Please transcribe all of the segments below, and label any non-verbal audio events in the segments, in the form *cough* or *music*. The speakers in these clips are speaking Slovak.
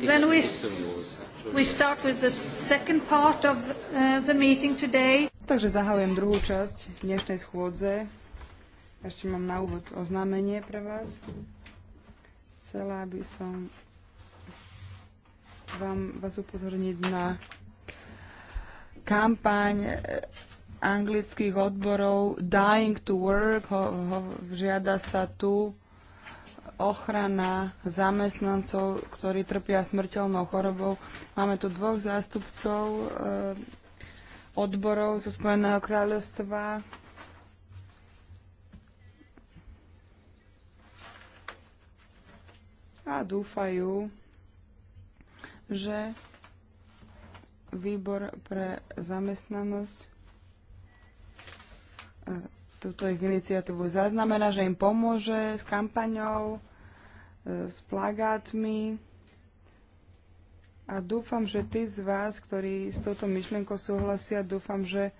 Then we, we start with the second part of uh, the meeting today. Takže zahajujem druhú časť dnešnej schôdze. Ešte mám na úvod oznámenie pre vás. Chcela by som vám vás upozorniť na kampaň e, anglických odborov Dying to Work. Ho, ho, žiada sa tu ochrana zamestnancov, ktorí trpia smrteľnou chorobou. Máme tu dvoch zástupcov eh, odborov zo Spojeného kráľovstva. A dúfajú, že výbor pre zamestnanosť eh, túto ich iniciatívu zaznamená, že im pomôže s kampaňou, e, s plagátmi. A dúfam, že tí z vás, ktorí s touto myšlienkou súhlasia, dúfam, že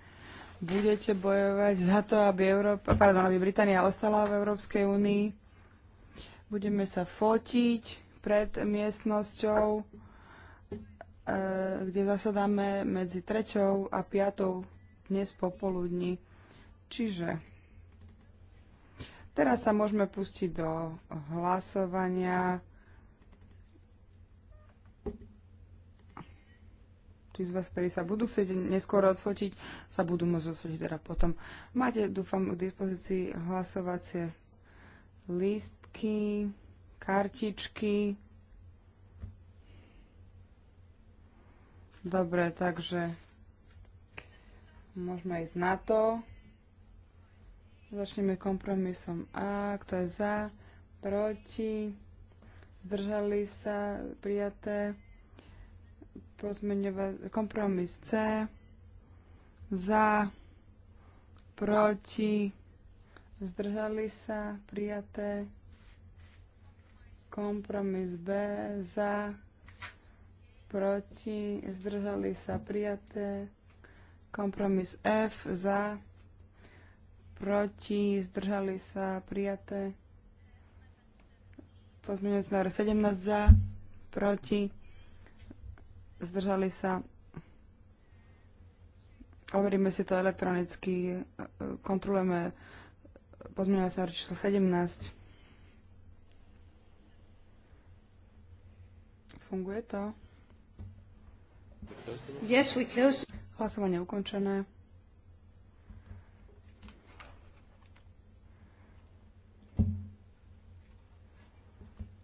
budete bojovať za to, aby, Európa, pardon, aby Británia ostala v Európskej únii. Budeme sa fotiť pred miestnosťou, e, kde zasadáme medzi 3. a 5. dnes popoludní. Čiže Teraz sa môžeme pustiť do hlasovania. Tí z vás, ktorí sa budú chcieť neskôr odfotiť, sa budú môcť odfotiť teda potom. Máte, dúfam, k dispozícii hlasovacie lístky, kartičky. Dobre, takže môžeme ísť na to. Začneme kompromisom A, kto je za, proti, zdržali sa, prijaté. Pozmeňova- kompromis C, za, proti, zdržali sa, prijaté. Kompromis B, za, proti, zdržali sa, prijaté. Kompromis F, za, proti proti, zdržali sa, prijaté. Pozmeňujúci návrh 17 za, proti, zdržali sa. Overíme si to elektronicky, kontrolujeme pozmeňovací návrh číslo 17. Funguje to? Yes, we close. Hlasovanie ukončené.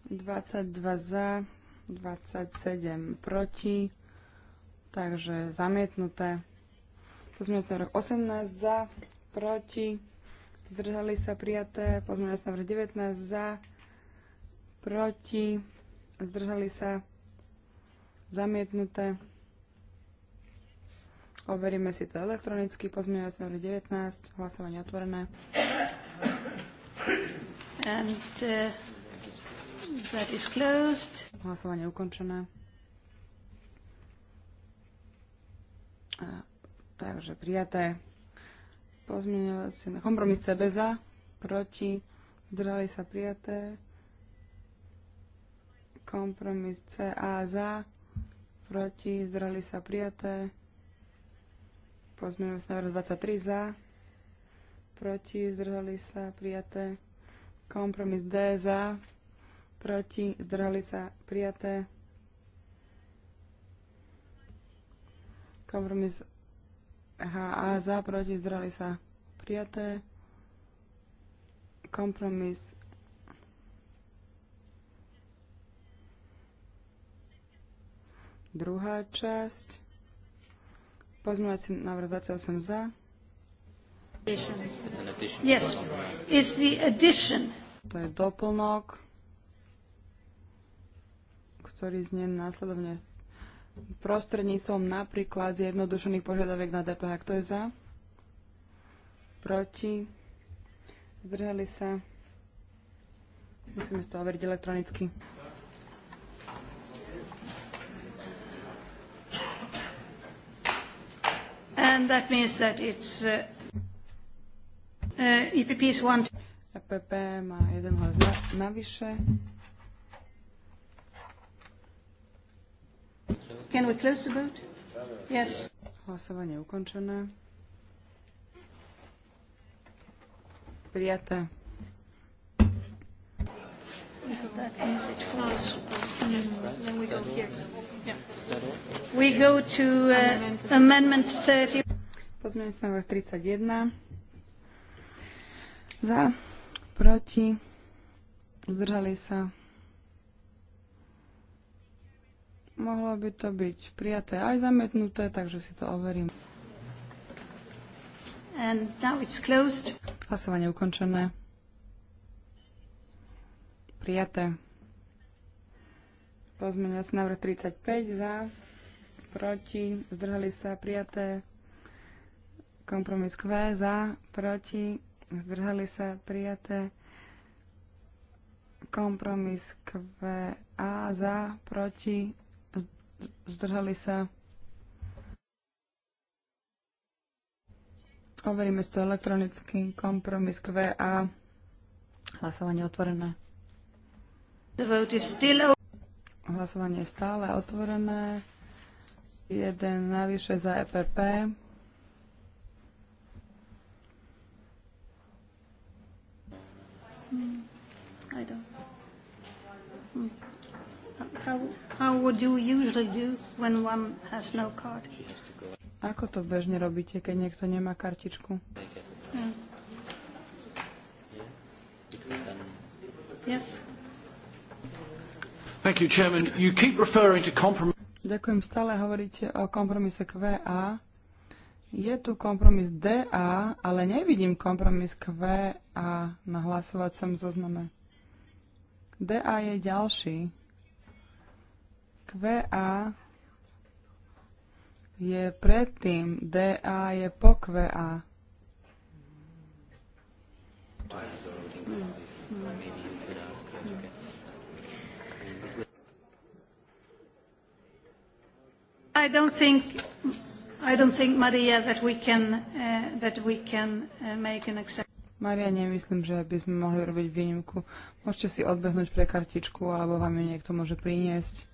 22 za, 27 proti, takže zamietnuté. Pozmeňovací návrh 18 za, proti, zdržali sa prijaté. Pozmeňovací návrh 19 za, proti, zdržali sa zamietnuté. Overíme si to elektronicky. Pozmeňovací návrh 19, hlasovanie otvorené. And, uh... That is closed. Hlasovanie ukončené. A, takže prijaté. Pozmeňovacie. Kompromis CB za, proti, Zdrali sa prijaté. Kompromis CA za, proti, Zdrali sa prijaté. Pozmeňovací návrh 23 za, proti, Zdrali sa prijaté. Kompromis D za, proti, zdrhali sa prijaté. Kompromis HA za, proti, zdrhali sa prijaté. Kompromis Druhá časť. Pozmeňovací návrh 28 za. Yes, the addition. To je doplnok ktorý znie následovne prostredníctvom napríklad zjednodušených požiadaviek na DPH. Kto je za? Proti? Zdržali sa? Musíme si to overiť elektronicky. And that means that it's uh, uh, EPP is one. EPP má jeden hlas na, navyše. Can we close the vote? Yes. Hlasovanie ukončené. Prijaté. We go to uh, amendment 30. Pozmeňujúci návrh 31. Za, proti, zdržali sa, Mohlo by to byť prijaté aj zamietnuté, takže si to overím. And now it's closed. Hlasovanie ukončené. Prijaté. sa návrh 35 za, proti, zdrhali sa, prijaté. Kompromis Q za, proti, zdrhali sa, prijaté. Kompromis QA za, proti, zdržali sa. Overíme si to elektronický kompromis QA. Hlasovanie otvorené. Hlasovanie je stále otvorené. Jeden navyše za EPP. Hmm. I don't. Hmm. How? How would you usually do when one has no card? Ako to bežne robíte, keď niekto nemá kartičku? Hmm. Ďakujem, stále hovoríte o kompromise QA. Je tu kompromis DA, ale nevidím kompromis QA na hlasovacom zozname. DA je ďalší. QA je predtým, DA je po QA. I don't think I don't think Maria that we can uh, that we can uh, make an exception. Maria, nemyslím, že by sme mohli robiť výnimku. Môžete si odbehnúť pre kartičku, alebo vám ju niekto môže priniesť.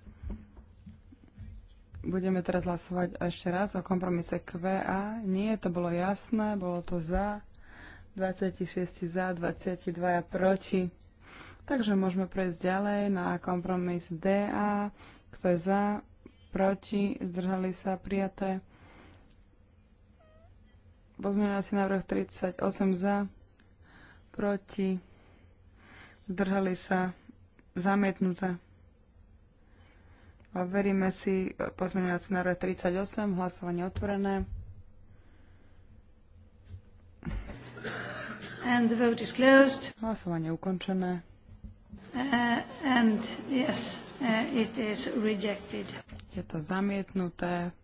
Budeme teraz hlasovať ešte raz o kompromise QA. Nie, to bolo jasné, bolo to za. 26 za, 22 proti. Takže môžeme prejsť ďalej na kompromis DA. Kto je za, proti, zdržali sa, prijaté. Pozmeňovací návrh 38 za, proti, zdržali sa, zamietnuté. Overíme si e, pozmeňovací návrh 38, hlasovanie otvorené. And the vote is closed. Hlasovanie ukončené. Uh, and yes, uh, it is rejected. Je to zamietnuté.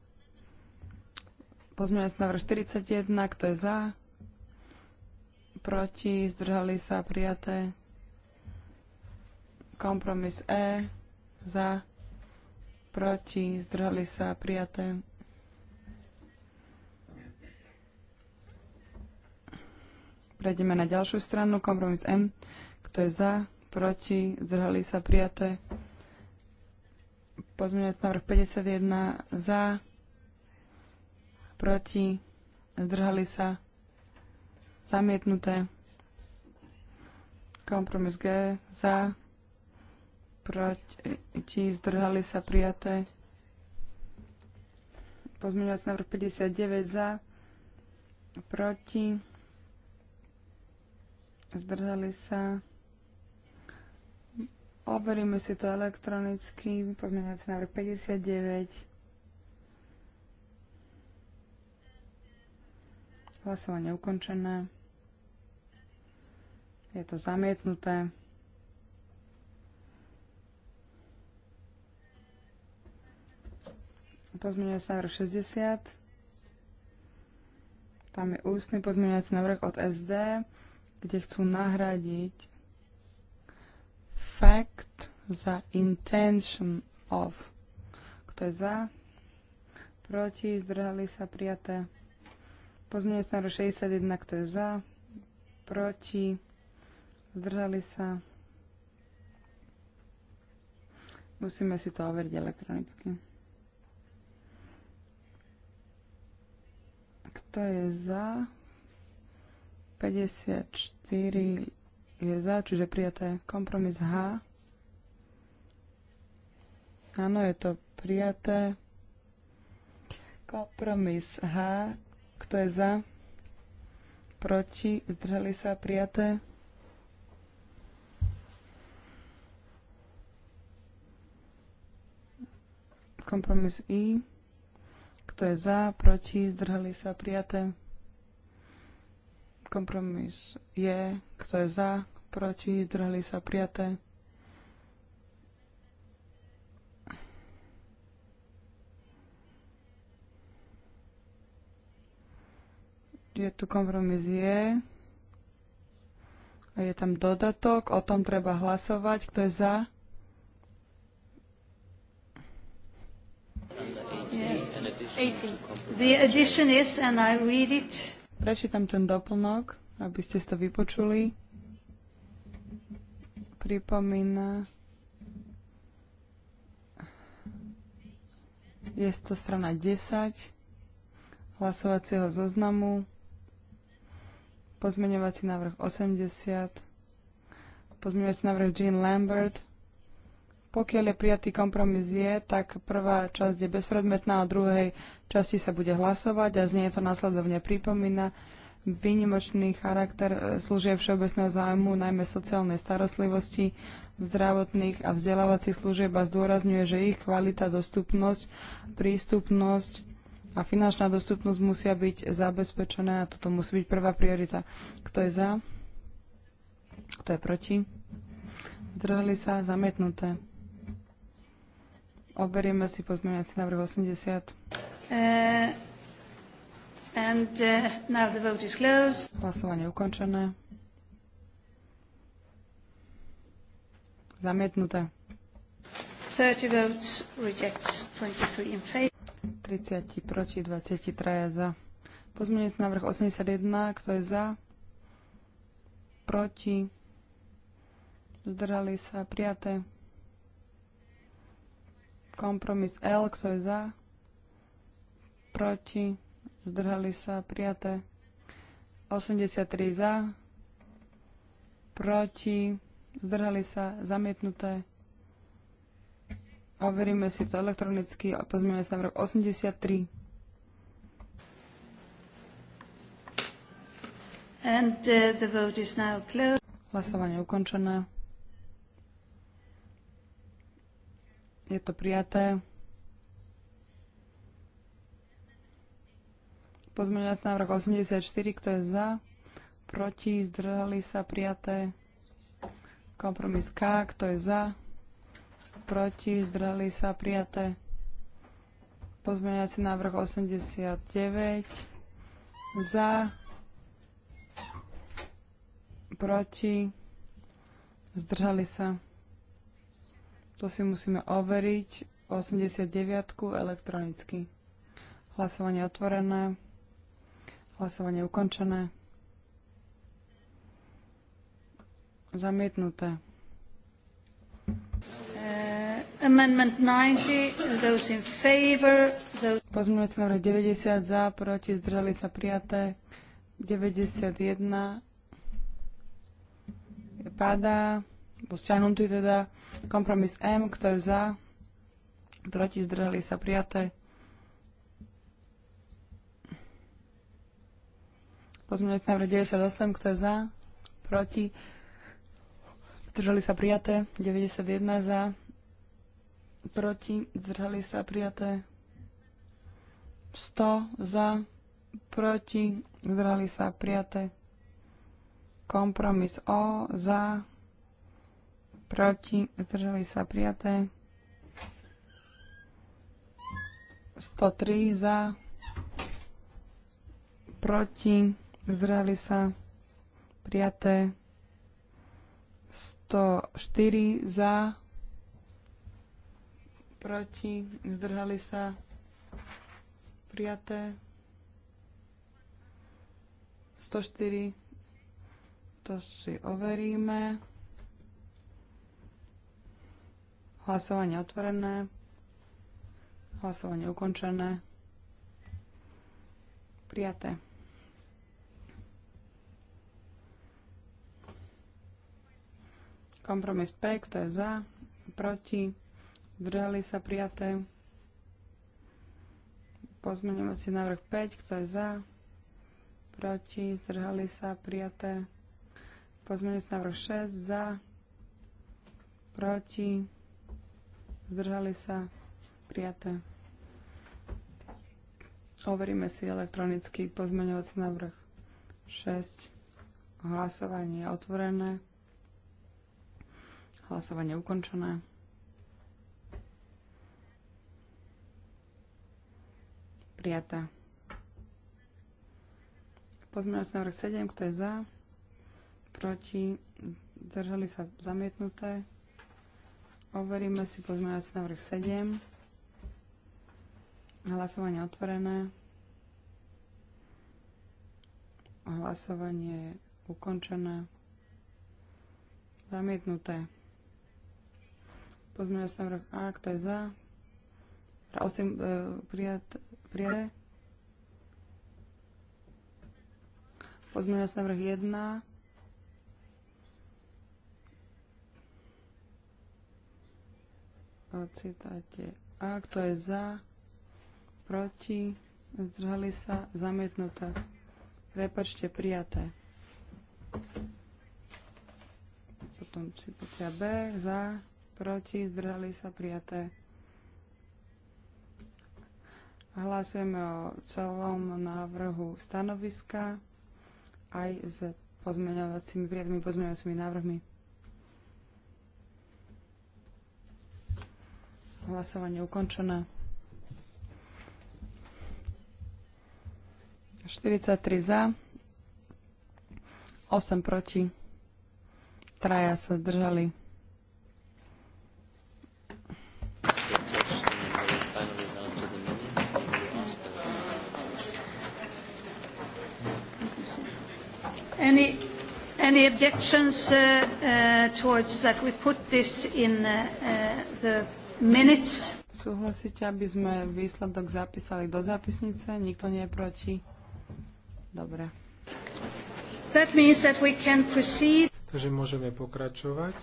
Pozmeňovací návrh 41, kto je za? Proti, zdržali sa, prijaté. Kompromis E, za proti, zdrhali sa, prijaté. Prejdeme na ďalšiu stranu, kompromis M. Kto je za, proti, zdrhali sa, prijaté. Pozmeňujúc návrh 51, za, proti, zdrhali sa, zamietnuté. Kompromis G, za, proti, zdržali sa prijaté. Pozmeňovací návrh 59 za, proti, zdržali sa. Overíme si to elektronicky. Pozmeňovací návrh 59. Hlasovanie ukončené. Je to zamietnuté. Pozmeňujúci návrh 60. Tam je ústny pozmeňujúci návrh od SD, kde chcú nahradiť fact za intention of. Kto je za? Proti? Zdrhali sa prijaté. Pozmeňujúci návrh 61. Kto je za? Proti? Zdrhali sa. Musíme si to overiť elektronicky. Kto je za? 54 je za, čiže prijaté kompromis H. Áno, je to prijaté. Kompromis H. Kto je za? Proti? Zdržali sa? Prijaté? Kompromis I. Kto je za, proti, zdržali sa, prijaté. Kompromis je. Kto je za, proti, zdržali sa, prijaté. Je tu kompromis je. A je tam dodatok, o tom treba hlasovať. Kto je za, The addition is, and I read it. Prečítam ten doplnok, aby ste to vypočuli. Pripomína. Je to strana 10 hlasovacieho zoznamu. Pozmeňovací návrh 80. Pozmeňovací návrh Jean Lambert pokiaľ je prijatý kompromis je, tak prvá časť je bezpredmetná a druhej časti sa bude hlasovať a znie to následovne pripomína výnimočný charakter e, služieb všeobecného zájmu, najmä sociálnej starostlivosti, zdravotných a vzdelávacích služieb a zdôrazňuje, že ich kvalita, dostupnosť, prístupnosť a finančná dostupnosť musia byť zabezpečené a toto musí byť prvá priorita. Kto je za? Kto je proti? Zdrhli sa? Zamietnuté. Oberieme si pozmeňovací návrh 80. Uh, eh, and, uh, now the vote is closed. Hlasovanie ukončené. Zamietnuté. 30 votes rejects, 23 in favor. 30 proti, 23 za. Pozmeňujúci návrh 81, kto je za? Proti? Zdržali sa? Prijaté? Kompromis L, kto je za? Proti? Zdrhali sa prijaté. 83 za. Proti? Zdrhali sa zamietnuté. Overíme si to elektronicky a pozrieme sa v rok 83. And, uh, the vote is now closed. Hlasovanie ukončené. Je to prijaté. Pozmeňovací návrh 84, kto je za? Proti? Zdržali sa? Prijaté. Kompromis K, kto je za? Proti? Zdržali sa? Prijaté. Pozmeňovací návrh 89. Za. Proti. Zdržali sa. To si musíme overiť. 89 elektronicky. Hlasovanie otvorené. Hlasovanie ukončené. Zamietnuté. Uh, amendment 90, those in favor, those... 90 za, proti, zdržali sa prijaté. 91 padá, bol teda. Kompromis M, kto je za? Proti zdržali sa prijaté. Pozmeňujúci návrh 98, kto je za? Proti? Zdržali sa prijaté. 91 za. Proti? Zdržali sa prijaté. 100 za. Proti? Zdržali sa prijaté. Kompromis O za proti, zdržali sa prijaté. 103 za, proti, zdržali sa prijaté. 104 za, proti, zdržali sa prijaté. 104, to si overíme. Hlasovanie otvorené. Hlasovanie ukončené. Prijaté. Kompromis P, kto je za, proti, zdržali sa prijaté. Pozmeňovací návrh 5, kto je za, proti, zdržali sa prijaté. Pozmeňovací návrh 6, za, proti, zdržali sa, prijaté. Overíme si elektronický pozmeňovací návrh 6. Hlasovanie je otvorené. Hlasovanie ukončené. Prijaté. Pozmeňovací návrh 7. Kto je za? Proti? Zdržali sa zamietnuté. Overíme si pozmeňovací návrh 7. Hlasovanie otvorené. Hlasovanie ukončené. Zamietnuté. Pozmeňovací návrh A, kto je za? 8 e, prijaté. Pozmeňovací návrh 1. citáte A, kto je za, proti, zdržali sa, zamietnuté. Prepačte, prijaté. Potom situácia B, za, proti, zdržali sa, prijaté. Hlasujeme o celom návrhu stanoviska aj s pozmeňovacími, prijatými pozmeňovacími návrhmi. Hlasovanie ukončené. 43 za, 8 proti, traja sa zdržali. Any, any objections uh, uh, towards that we put this in uh, uh, the minutes. Súhlasíte, aby sme výsledok zapísali do zápisnice? Nikto nie je proti? Dobre. That means that we can proceed. Takže môžeme pokračovať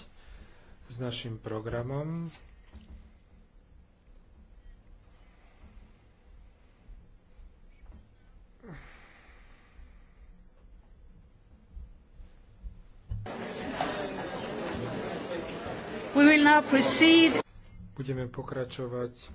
s našim programom. We will now proceed. Budeme pokračovať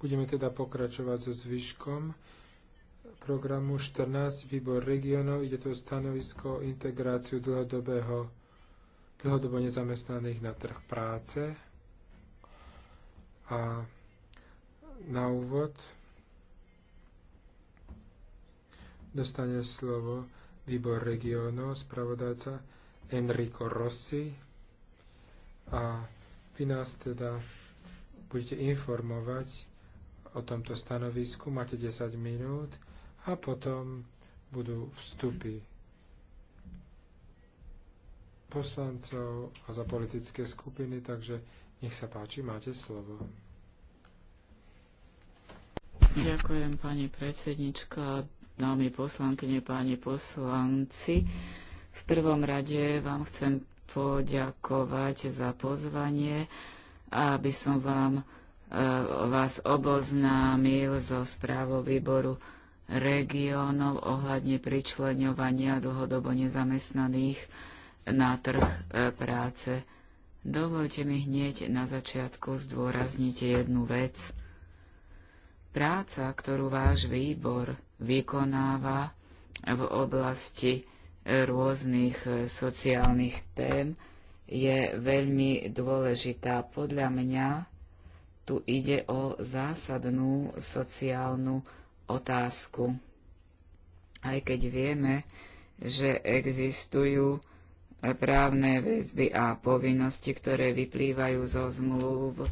Budeme teda pokračovať so zvyškom programu 14 Výbor regionov. Ide to stanovisko o integráciu dlhodobého, dlhodobo nezamestnaných na trh práce. A na úvod dostane slovo výbor regionov, spravodajca Enrico Rossi a vy nás teda budete informovať o tomto stanovisku. Máte 10 minút a potom budú vstupy poslancov a za politické skupiny, takže nech sa páči, máte slovo. Ďakujem pani predsednička, dámy poslankyne, páni poslanci. V prvom rade vám chcem poďakovať za pozvanie, aby som vám vás oboznámil so správou výboru regiónov ohľadne pričleňovania dlhodobo nezamestnaných na trh e, práce. Dovolte mi hneď na začiatku zdôrazniť jednu vec. Práca, ktorú váš výbor vykonáva v oblasti rôznych e, sociálnych tém, je veľmi dôležitá. Podľa mňa tu ide o zásadnú sociálnu otázku. Aj keď vieme, že existujú právne väzby a povinnosti, ktoré vyplývajú zo zmluv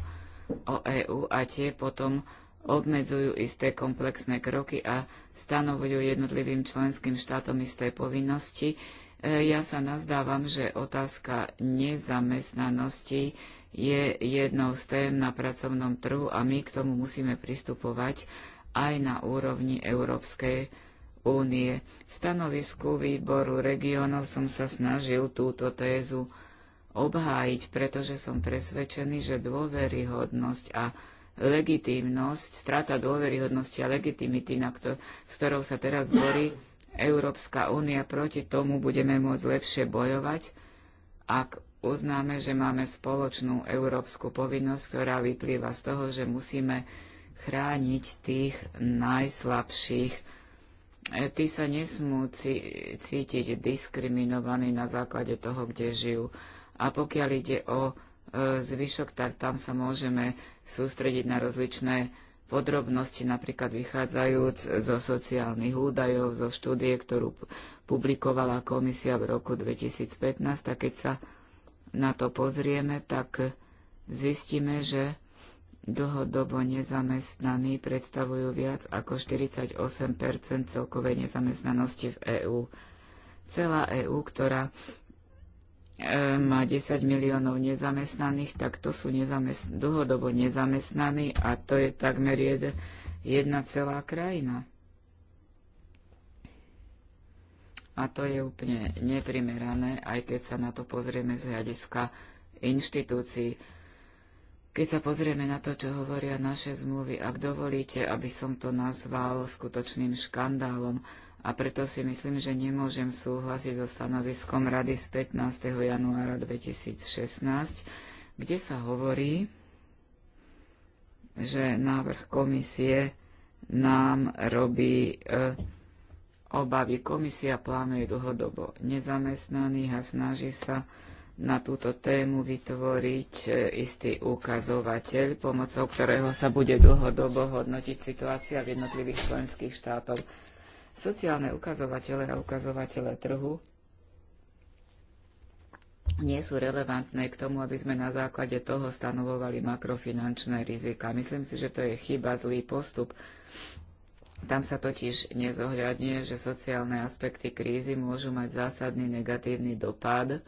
o EÚ a tie potom obmedzujú isté komplexné kroky a stanovujú jednotlivým členským štátom isté povinnosti. E, ja sa nazdávam, že otázka nezamestnanosti je jednou z tém na pracovnom trhu a my k tomu musíme pristupovať aj na úrovni Európskej únie. V stanovisku výboru regiónov som sa snažil túto tézu obhájiť, pretože som presvedčený, že dôveryhodnosť a legitímnosť, strata dôveryhodnosti a legitimity, na ktor- s ktorou sa teraz borí Európska únia, proti tomu budeme môcť lepšie bojovať, ak uznáme, že máme spoločnú európsku povinnosť, ktorá vyplýva z toho, že musíme chrániť tých najslabších. E, tí sa nesmú cítiť diskriminovaní na základe toho, kde žijú. A pokiaľ ide o e, zvyšok, tak tam sa môžeme sústrediť na rozličné podrobnosti, napríklad vychádzajúc zo sociálnych údajov, zo štúdie, ktorú publikovala komisia v roku 2015, tak keď sa na to pozrieme, tak zistíme, že dlhodobo nezamestnaní predstavujú viac ako 48 celkovej nezamestnanosti v EÚ. Celá EÚ, ktorá e, má 10 miliónov nezamestnaných, tak to sú nezamest- dlhodobo nezamestnaní a to je takmer jed- jedna celá krajina. A to je úplne neprimerané, aj keď sa na to pozrieme z hľadiska inštitúcií. Keď sa pozrieme na to, čo hovoria naše zmluvy, ak dovolíte, aby som to nazval skutočným škandálom, a preto si myslím, že nemôžem súhlasiť so stanoviskom Rady z 15. januára 2016, kde sa hovorí, že návrh komisie nám robí e, obavy. Komisia plánuje dlhodobo nezamestnaných a snaží sa na túto tému vytvoriť e, istý ukazovateľ, pomocou ktorého sa bude dlhodobo hodnotiť situácia v jednotlivých členských štátoch. Sociálne ukazovatele a ukazovatele trhu nie sú relevantné k tomu, aby sme na základe toho stanovovali makrofinančné rizika. Myslím si, že to je chyba, zlý postup. Tam sa totiž nezohľadňuje, že sociálne aspekty krízy môžu mať zásadný negatívny dopad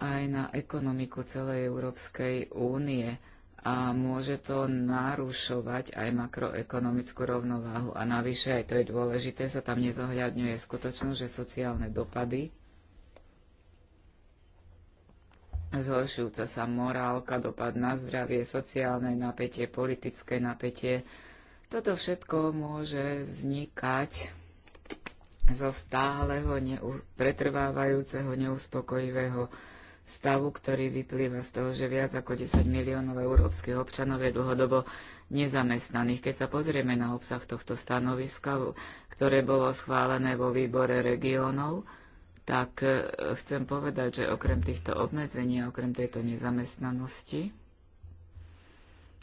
aj na ekonomiku celej Európskej únie a môže to narušovať aj makroekonomickú rovnováhu. A navyše, aj to je dôležité, sa tam nezohľadňuje skutočnosť, že sociálne dopady, zhoršujúca sa morálka, dopad na zdravie, sociálne napätie, politické napätie, toto všetko môže vznikať zo stáleho, neu, pretrvávajúceho, neuspokojivého stavu, ktorý vyplýva z toho, že viac ako 10 miliónov európskych občanov je dlhodobo nezamestnaných. Keď sa pozrieme na obsah tohto stanoviska, ktoré bolo schválené vo výbore regiónov, tak e, chcem povedať, že okrem týchto obmedzení, okrem tejto nezamestnanosti,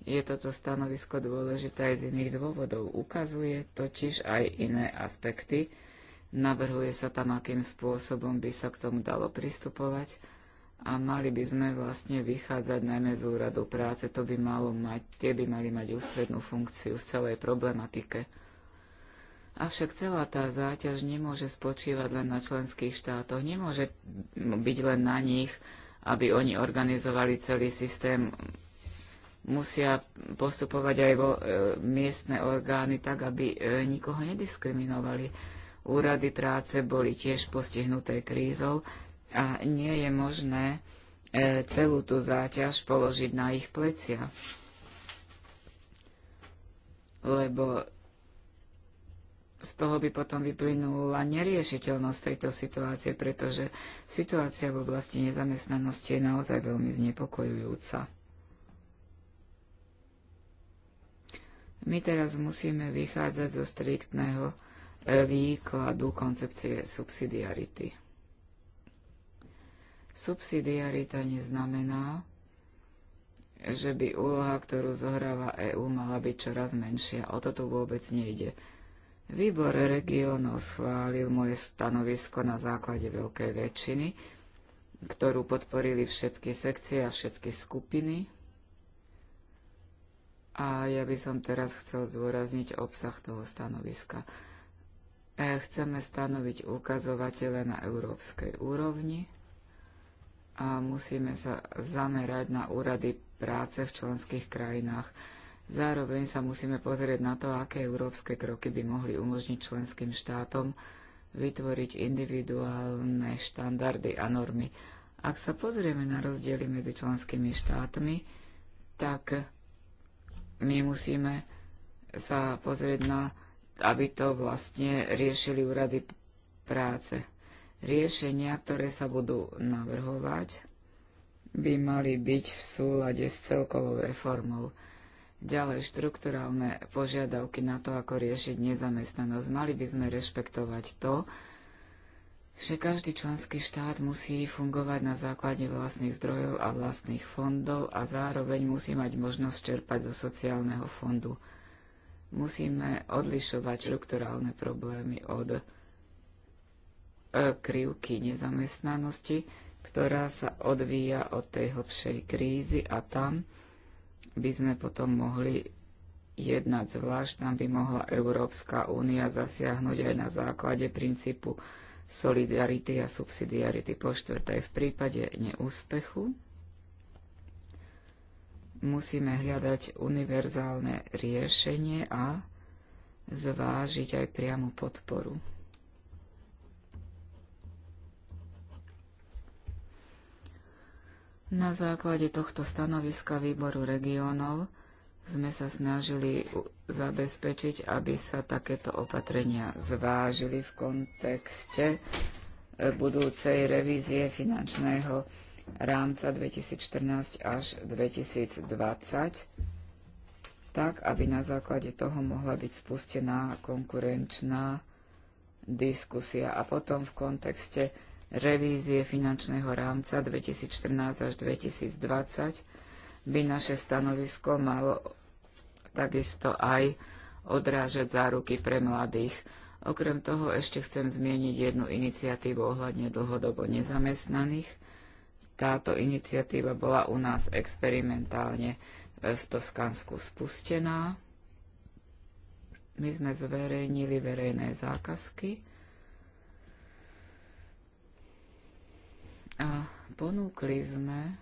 je toto stanovisko dôležité aj z iných dôvodov. Ukazuje totiž aj iné aspekty. Navrhuje sa tam, akým spôsobom by sa k tomu dalo pristupovať a mali by sme vlastne vychádzať najmä z úradu práce. To by malo mať, tie by mali mať ústrednú funkciu v celej problematike. Avšak celá tá záťaž nemôže spočívať len na členských štátoch, nemôže byť len na nich, aby oni organizovali celý systém musia postupovať aj vo, e, miestne orgány tak, aby e, nikoho nediskriminovali. Úrady práce boli tiež postihnuté krízou a nie je možné e, celú tú záťaž položiť na ich plecia. Lebo z toho by potom vyplynula neriešiteľnosť tejto situácie, pretože situácia v oblasti nezamestnanosti je naozaj veľmi znepokojujúca. My teraz musíme vychádzať zo striktného e, výkladu koncepcie subsidiarity. Subsidiarita neznamená, že by úloha, ktorú zohráva EÚ, mala byť čoraz menšia. O tu vôbec nejde. Výbor regiónov schválil moje stanovisko na základe veľkej väčšiny, ktorú podporili všetky sekcie a všetky skupiny a ja by som teraz chcel zdôrazniť obsah toho stanoviska. E, chceme stanoviť ukazovatele na európskej úrovni a musíme sa zamerať na úrady práce v členských krajinách. Zároveň sa musíme pozrieť na to, aké európske kroky by mohli umožniť členským štátom vytvoriť individuálne štandardy a normy. Ak sa pozrieme na rozdiely medzi členskými štátmi, tak my musíme sa pozrieť na, aby to vlastne riešili úrady práce. Riešenia, ktoré sa budú navrhovať, by mali byť v súlade s celkovou reformou. Ďalej štrukturálne požiadavky na to, ako riešiť nezamestnanosť. Mali by sme rešpektovať to, že každý členský štát musí fungovať na základe vlastných zdrojov a vlastných fondov a zároveň musí mať možnosť čerpať zo sociálneho fondu. Musíme odlišovať štrukturálne problémy od e, krivky nezamestnanosti, ktorá sa odvíja od tej hlbšej krízy a tam by sme potom mohli jednať zvlášť, tam by mohla Európska únia zasiahnuť aj na základe princípu solidarity a subsidiarity. Po štvrté, v prípade neúspechu musíme hľadať univerzálne riešenie a zvážiť aj priamu podporu. Na základe tohto stanoviska výboru regiónov sme sa snažili zabezpečiť, aby sa takéto opatrenia zvážili v kontexte e, budúcej revízie finančného rámca 2014 až 2020, tak aby na základe toho mohla byť spustená konkurenčná diskusia a potom v kontexte revízie finančného rámca 2014 až 2020 by naše stanovisko malo takisto aj odrážať záruky pre mladých. Okrem toho ešte chcem zmieniť jednu iniciatívu ohľadne dlhodobo nezamestnaných. Táto iniciatíva bola u nás experimentálne v Toskansku spustená. My sme zverejnili verejné zákazky a ponúkli sme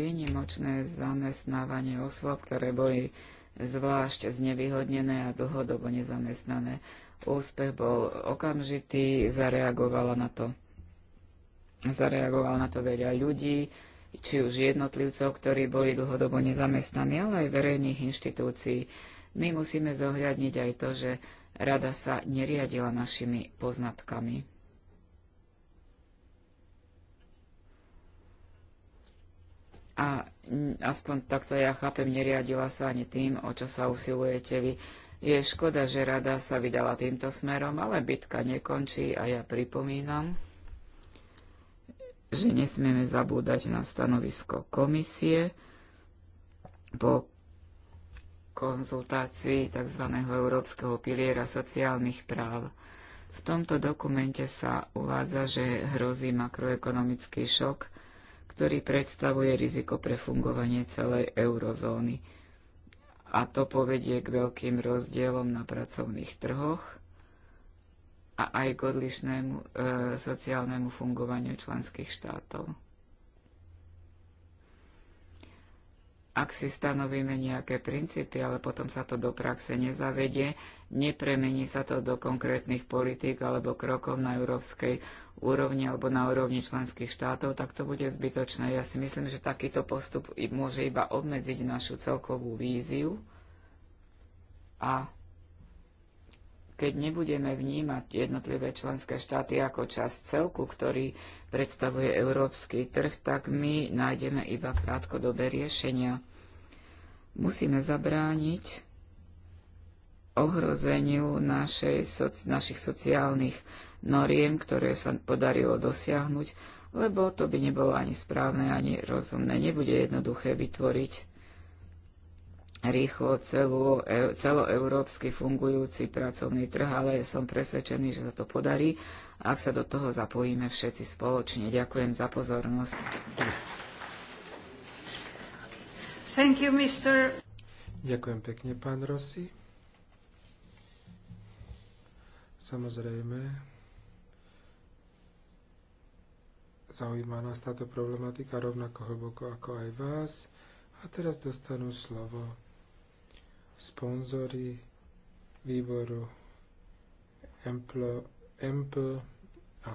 výnimočné zamestnávanie osôb, ktoré boli zvlášť znevýhodnené a dlhodobo nezamestnané. Úspech bol okamžitý, zareagovala na to, zareagovala na to veľa ľudí, či už jednotlivcov, ktorí boli dlhodobo nezamestnaní, ale aj verejných inštitúcií. My musíme zohľadniť aj to, že rada sa neriadila našimi poznatkami. a aspoň takto ja chápem, neriadila sa ani tým, o čo sa usilujete vy. Je škoda, že rada sa vydala týmto smerom, ale bitka nekončí a ja pripomínam, že nesmieme zabúdať na stanovisko komisie po konzultácii tzv. Európskeho piliera sociálnych práv. V tomto dokumente sa uvádza, že hrozí makroekonomický šok, ktorý predstavuje riziko pre fungovanie celej eurozóny. A to povedie k veľkým rozdielom na pracovných trhoch a aj k odlišnému e, sociálnemu fungovaniu členských štátov. Ak si stanovíme nejaké princípy, ale potom sa to do praxe nezavedie, nepremení sa to do konkrétnych politík alebo krokov na európskej úrovni alebo na úrovni členských štátov, tak to bude zbytočné. Ja si myslím, že takýto postup môže iba obmedziť našu celkovú víziu a keď nebudeme vnímať jednotlivé členské štáty ako časť celku, ktorý predstavuje európsky trh, tak my nájdeme iba krátkodobé riešenia. Musíme zabrániť ohrozeniu našej, našich sociálnych noriem, ktoré sa podarilo dosiahnuť, lebo to by nebolo ani správne, ani rozumné. Nebude jednoduché vytvoriť rýchlo celú, e, celoeurópsky fungujúci pracovný trh, ale som presvedčený, že sa to podarí, ak sa do toho zapojíme všetci spoločne. Ďakujem za pozornosť. Thank you, Mr. Ďakujem pekne, pán Rossi. Samozrejme, zaujíma nás táto problematika rovnako hlboko ako aj vás. A teraz dostanú slovo sponzori výboru Empl, a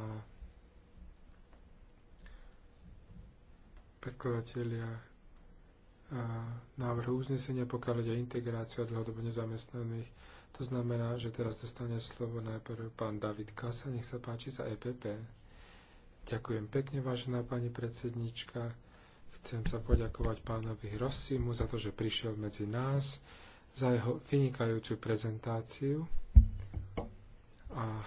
predkladatelia návrhu uznesenia, pokiaľ ide integráciu a dlhodobo nezamestnaných. To znamená, že teraz dostane slovo najprv pán David Kasa, nech sa páči za EPP. Ďakujem pekne, vážená pani predsednička. Chcem sa poďakovať pánovi Rossimu za to, že prišiel medzi nás za jeho vynikajúcu prezentáciu. A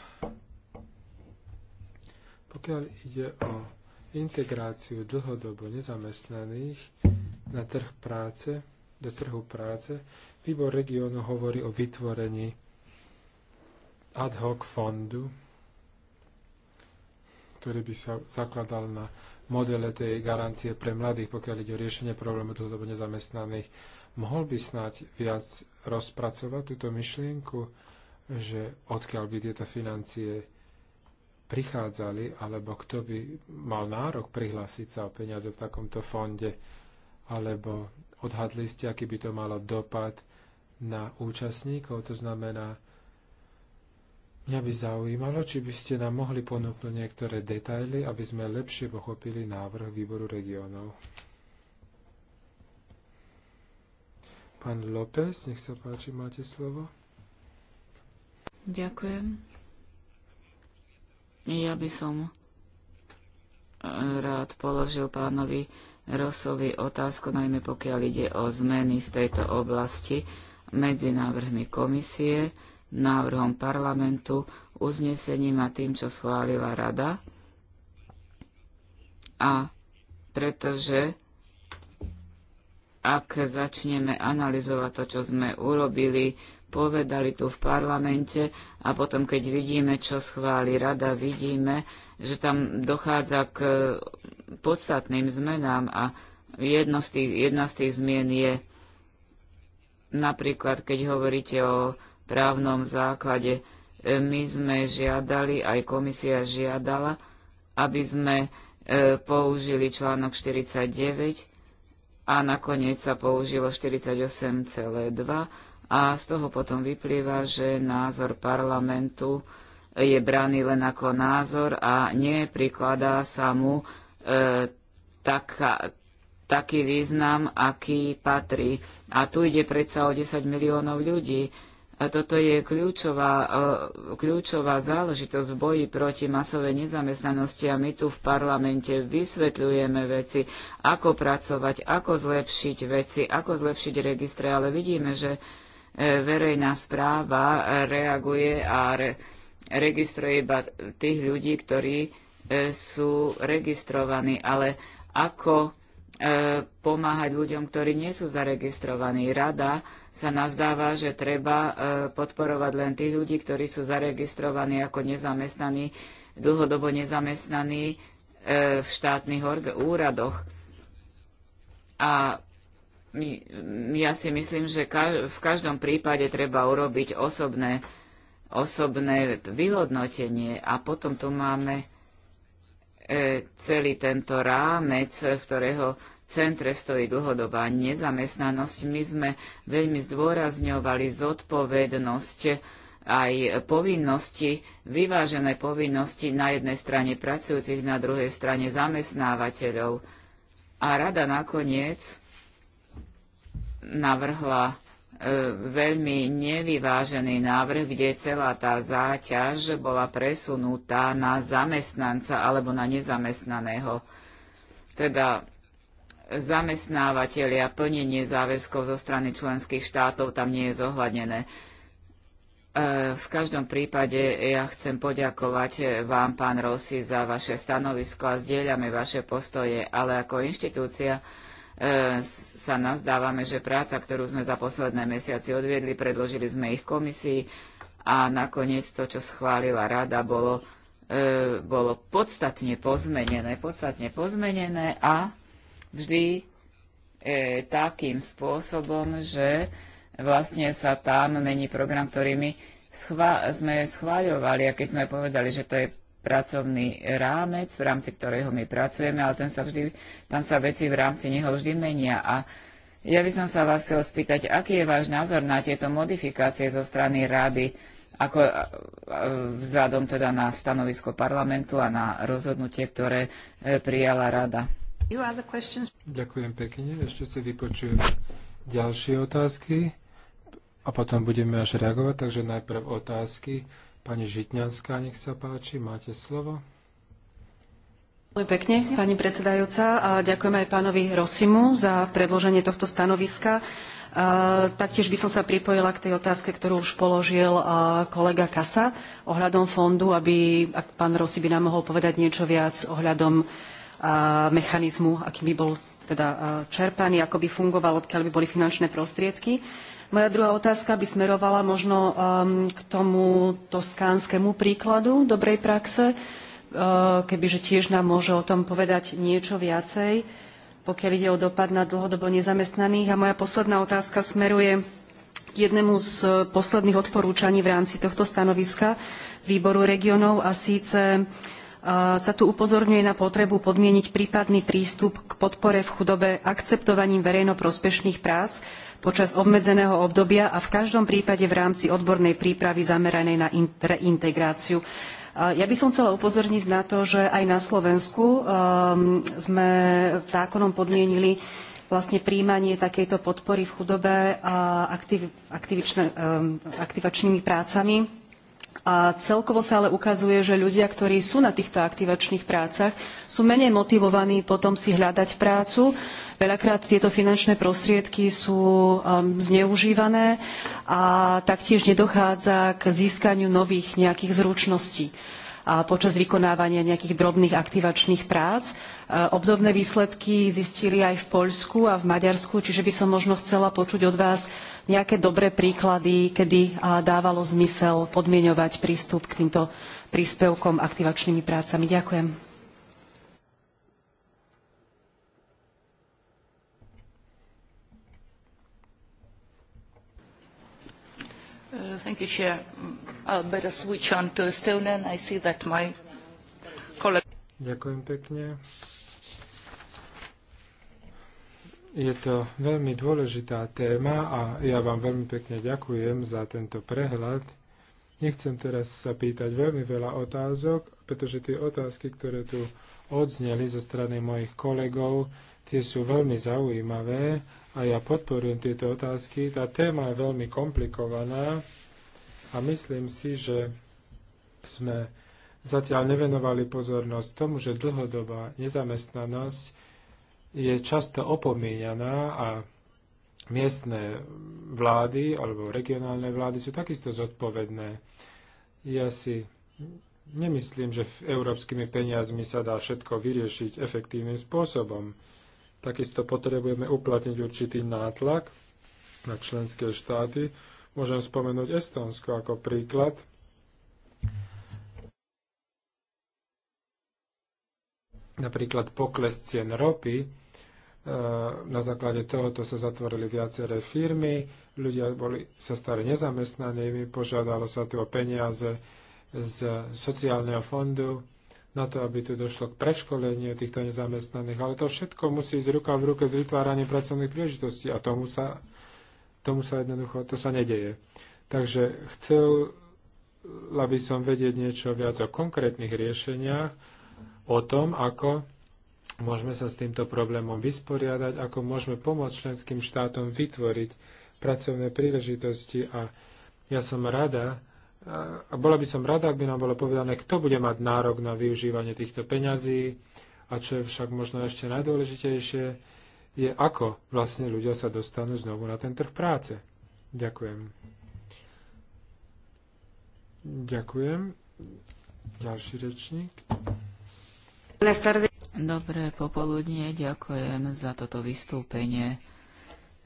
pokiaľ ide o integráciu dlhodobo nezamestnaných na trh práce, do trhu práce, výbor regiónu hovorí o vytvorení ad hoc fondu, ktorý by sa zakladal na modele tej garancie pre mladých, pokiaľ ide o riešenie problému dlhodobo nezamestnaných mohol by snáď viac rozpracovať túto myšlienku, že odkiaľ by tieto financie prichádzali, alebo kto by mal nárok prihlásiť sa o peniaze v takomto fonde, alebo odhadli ste, aký by to malo dopad na účastníkov. To znamená, mňa by zaujímalo, či by ste nám mohli ponúknuť niektoré detaily, aby sme lepšie pochopili návrh výboru regiónov. Pán López, nech sa páči, máte slovo. Ďakujem. Ja by som e, rád položil pánovi Rosovi otázku, najmä pokiaľ ide o zmeny v tejto oblasti medzi návrhmi komisie, návrhom parlamentu, uznesením a tým, čo schválila rada. A pretože ak začneme analyzovať to, čo sme urobili, povedali tu v parlamente a potom, keď vidíme, čo schváli rada, vidíme, že tam dochádza k podstatným zmenám a jedno z tých, jedna z tých zmien je napríklad, keď hovoríte o právnom základe, e, my sme žiadali, aj komisia žiadala, aby sme e, použili článok 49 a nakoniec sa použilo 48,2 a z toho potom vyplýva, že názor parlamentu je braný len ako názor a neprikladá sa mu e, taká, taký význam, aký patrí. A tu ide predsa o 10 miliónov ľudí. A toto je kľúčová, eh, kľúčová záležitosť v boji proti masovej nezamestnanosti a my tu v parlamente vysvetľujeme veci, ako pracovať, ako zlepšiť veci, ako zlepšiť registre, ale vidíme, že eh, verejná správa eh, reaguje a re, registruje iba tých ľudí, ktorí sú registrovaní, ale ako E, pomáhať ľuďom, ktorí nie sú zaregistrovaní. Rada sa nazdáva, že treba e, podporovať len tých ľudí, ktorí sú zaregistrovaní ako nezamestnaní, dlhodobo nezamestnaní e, v štátnych úradoch. A ja si myslím, že v každom prípade treba urobiť osobné, osobné vyhodnotenie a potom tu máme celý tento rámec, v ktorého centre stojí dlhodobá nezamestnanosť. My sme veľmi zdôrazňovali zodpovednosť aj povinnosti, vyvážené povinnosti na jednej strane pracujúcich, na druhej strane zamestnávateľov. A rada nakoniec navrhla e, veľmi nevyvážený návrh, kde celá tá záťaž bola presunutá na zamestnanca alebo na nezamestnaného. Teda zamestnávateľia, plnenie záväzkov zo strany členských štátov tam nie je zohľadnené. E, v každom prípade ja chcem poďakovať vám, pán Rossi, za vaše stanovisko a zdieľame vaše postoje, ale ako inštitúcia e, sa nazdávame, že práca, ktorú sme za posledné mesiaci odviedli, predložili sme ich komisii a nakoniec to, čo schválila rada, bolo, e, bolo podstatne pozmenené, podstatne pozmenené a vždy e, takým spôsobom, že vlastne sa tam mení program, ktorý my schva- sme schváľovali a keď sme povedali, že to je pracovný rámec, v rámci ktorého my pracujeme, ale ten sa vždy, tam sa veci v rámci neho vždy menia. A ja by som sa vás chcel spýtať, aký je váš názor na tieto modifikácie zo strany rady, ako vzhľadom teda na stanovisko parlamentu a na rozhodnutie, ktoré e, prijala rada. Ďakujem pekne. Ešte si vypočujem ďalšie otázky a potom budeme až reagovať. Takže najprv otázky. Pani Žitňanská, nech sa páči, máte slovo. pekne, pani predsedajúca. A ďakujem aj pánovi Rosimu za predloženie tohto stanoviska. Taktiež by som sa pripojila k tej otázke, ktorú už položil kolega Kasa ohľadom fondu, aby ak pán Rosi by nám mohol povedať niečo viac ohľadom mechanizmu, aký by bol teda čerpaný, ako by fungoval, odkiaľ by boli finančné prostriedky. Moja druhá otázka by smerovala možno um, k tomu toskánskemu príkladu dobrej praxe, uh, kebyže tiež nám môže o tom povedať niečo viacej, pokiaľ ide o dopad na dlhodobo nezamestnaných. A moja posledná otázka smeruje k jednému z posledných odporúčaní v rámci tohto stanoviska výboru regionov a síce sa tu upozorňuje na potrebu podmieniť prípadný prístup k podpore v chudobe akceptovaním verejnoprospešných prác počas obmedzeného obdobia a v každom prípade v rámci odbornej prípravy zameranej na reintegráciu. Ja by som chcela upozorniť na to, že aj na Slovensku ehm, sme zákonom podmienili vlastne príjmanie takejto podpory v chudobe ehm, aktivačnými prácami a celkovo sa ale ukazuje, že ľudia, ktorí sú na týchto aktivačných prácach, sú menej motivovaní potom si hľadať prácu. Veľakrát tieto finančné prostriedky sú um, zneužívané a taktiež nedochádza k získaniu nových nejakých zručností počas vykonávania nejakých drobných aktivačných prác. E, obdobné výsledky zistili aj v Poľsku a v Maďarsku, čiže by som možno chcela počuť od vás nejaké dobré príklady, kedy dávalo zmysel podmienovať prístup k týmto príspevkom aktivačnými prácami. Ďakujem. thank you, Chair. I'll better switch on to Estonian. I see that my colleague... Ďakujem pekne. Je to veľmi dôležitá téma a ja vám veľmi pekne ďakujem za tento prehľad. Nechcem teraz sa pýtať veľmi veľa otázok, pretože tie otázky, ktoré tu odzneli zo strany mojich kolegov, tie sú veľmi zaujímavé a ja podporujem tieto otázky. Tá téma je veľmi komplikovaná a myslím si, že sme zatiaľ nevenovali pozornosť tomu, že dlhodobá nezamestnanosť je často opomíňaná a miestne vlády alebo regionálne vlády sú takisto zodpovedné. Ja si nemyslím, že európskymi peniazmi sa dá všetko vyriešiť efektívnym spôsobom. Takisto potrebujeme uplatniť určitý nátlak na členské štáty. Môžem spomenúť Estonsko ako príklad. Napríklad pokles cien ropy. E, na základe tohoto sa zatvorili viaceré firmy, ľudia boli, sa stali nezamestnanými, požiadalo sa tu o peniaze z sociálneho fondu, na to, aby tu došlo k preškoleniu týchto nezamestnaných. Ale to všetko musí ísť ruka v ruke s vytváraním pracovných príležitostí a tomu sa, tomu sa jednoducho, to sa nedeje. Takže chcel, by som vedieť niečo viac o konkrétnych riešeniach, o tom, ako môžeme sa s týmto problémom vysporiadať, ako môžeme pomôcť členským štátom vytvoriť pracovné príležitosti a ja som rada, a bola by som rada, ak by nám bolo povedané, kto bude mať nárok na využívanie týchto peňazí a čo je však možno ešte najdôležitejšie, je ako vlastne ľudia sa dostanú znovu na ten trh práce. Ďakujem. Ďakujem. Ďalší rečník. Dobré popoludnie, ďakujem za toto vystúpenie.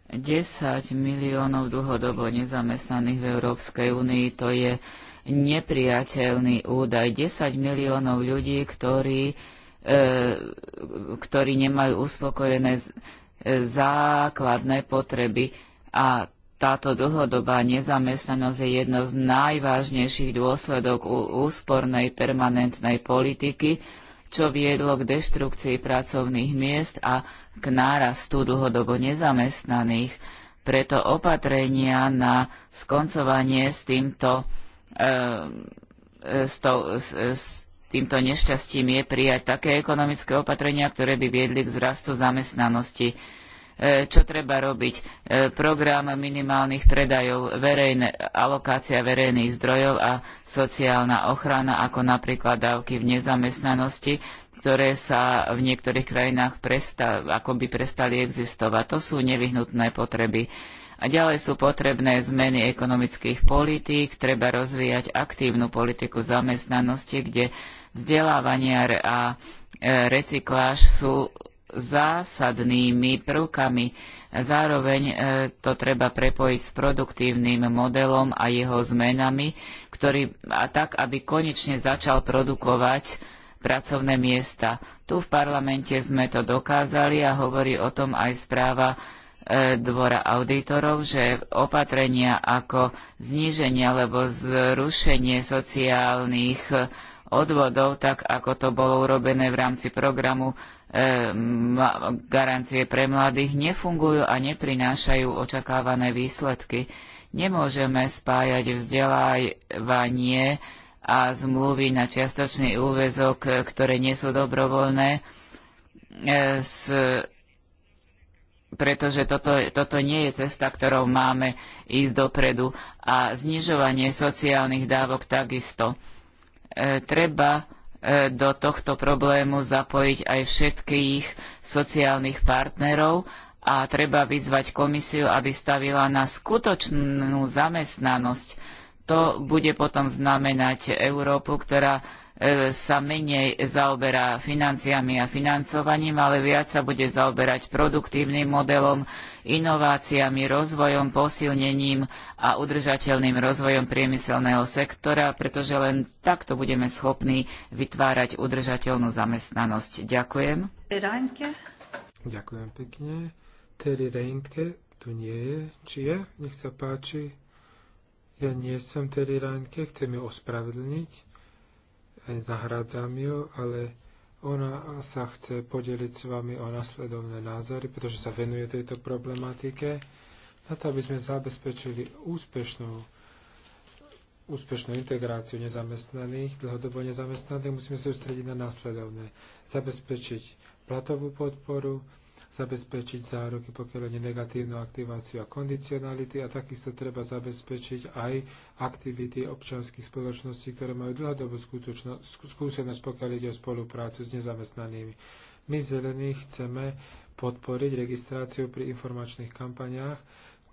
10 miliónov dlhodobo nezamestnaných v Európskej únii, to je nepriateľný údaj. 10 miliónov ľudí, ktorí, e, ktorí nemajú uspokojené e, základné potreby. A táto dlhodobá nezamestnanosť je jedno z najvážnejších dôsledok úspornej permanentnej politiky, čo viedlo k deštrukcii pracovných miest a k nárastu dlhodobo nezamestnaných. Preto opatrenia na skoncovanie s týmto, e, s, to, s, s týmto nešťastím je prijať také ekonomické opatrenia, ktoré by viedli k zrastu zamestnanosti. E, čo treba robiť. E, program minimálnych predajov, verejne, alokácia verejných zdrojov a sociálna ochrana, ako napríklad dávky v nezamestnanosti, ktoré sa v niektorých krajinách presta, akoby prestali existovať. To sú nevyhnutné potreby. A ďalej sú potrebné zmeny ekonomických politík, treba rozvíjať aktívnu politiku zamestnanosti, kde vzdelávania a e, recykláž sú zásadnými prvkami. Zároveň e, to treba prepojiť s produktívnym modelom a jeho zmenami, ktorý, a tak, aby konečne začal produkovať pracovné miesta. Tu v parlamente sme to dokázali a hovorí o tom aj správa e, Dvora auditorov, že opatrenia ako zníženie alebo zrušenie sociálnych odvodov, tak ako to bolo urobené v rámci programu E, garancie pre mladých nefungujú a neprinášajú očakávané výsledky. Nemôžeme spájať vzdelávanie a zmluvy na čiastočný úvezok, ktoré nie sú dobrovoľné, e, s, pretože toto, toto nie je cesta, ktorou máme ísť dopredu. A znižovanie sociálnych dávok takisto. E, treba E, do tohto problému zapojiť aj všetkých sociálnych partnerov a treba vyzvať komisiu, aby stavila na skutočnú zamestnanosť. To bude potom znamenať Európu, ktorá E, sa menej zaoberá financiami a financovaním, ale viac sa bude zaoberať produktívnym modelom, inováciami, rozvojom, posilnením a udržateľným rozvojom priemyselného sektora, pretože len takto budeme schopní vytvárať udržateľnú zamestnanosť. Ďakujem. Ďakujem pekne. Terry Reintke tu nie je. Či je? Nech sa páči. Ja nie som Terry Reintke, chcem ju ospravedlniť zahrádzam ju, ale ona sa chce podeliť s vami o nasledovné názory, pretože sa venuje tejto problematike, na to, aby sme zabezpečili úspešnú úspešnú integráciu nezamestnaných, dlhodobo nezamestnaných, musíme sa sústrediť na následovné. Zabezpečiť platovú podporu, zabezpečiť zároky, pokiaľ je negatívnu aktiváciu a kondicionality a takisto treba zabezpečiť aj aktivity občanských spoločností, ktoré majú dlhodobú skúsenosť, pokiaľ ide o spoluprácu s nezamestnanými. My zelení chceme podporiť registráciu pri informačných kampaniách,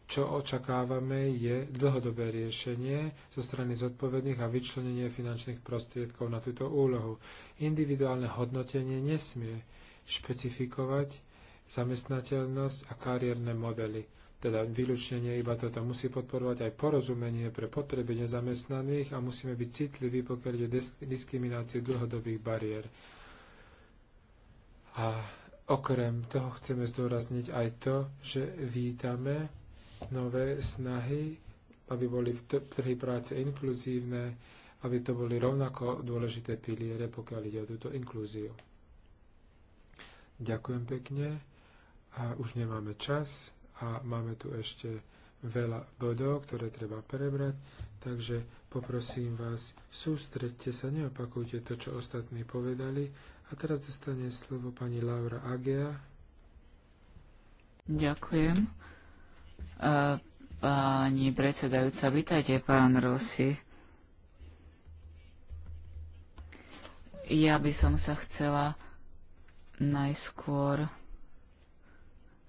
čo očakávame, je dlhodobé riešenie zo strany zodpovedných a vyčlenenie finančných prostriedkov na túto úlohu. Individuálne hodnotenie nesmie špecifikovať zamestnateľnosť a kariérne modely. Teda vylúčenie iba toto. Musí podporovať aj porozumenie pre potreby nezamestnaných a musíme byť citliví, pokiaľ ide diskrimináciu dlhodobých bariér. A okrem toho chceme zdôrazniť aj to, že vítame nové snahy, aby boli v trhy práce inkluzívne, aby to boli rovnako dôležité piliere, pokiaľ ide o túto inklúziu. Ďakujem pekne. A už nemáme čas a máme tu ešte veľa bodov, ktoré treba prebrať, takže poprosím vás, sústredte sa, neopakujte to, čo ostatní povedali. A teraz dostane slovo pani Laura Agea. Ďakujem. A pani predsedajúca, vítajte, pán Rossi. Ja by som sa chcela najskôr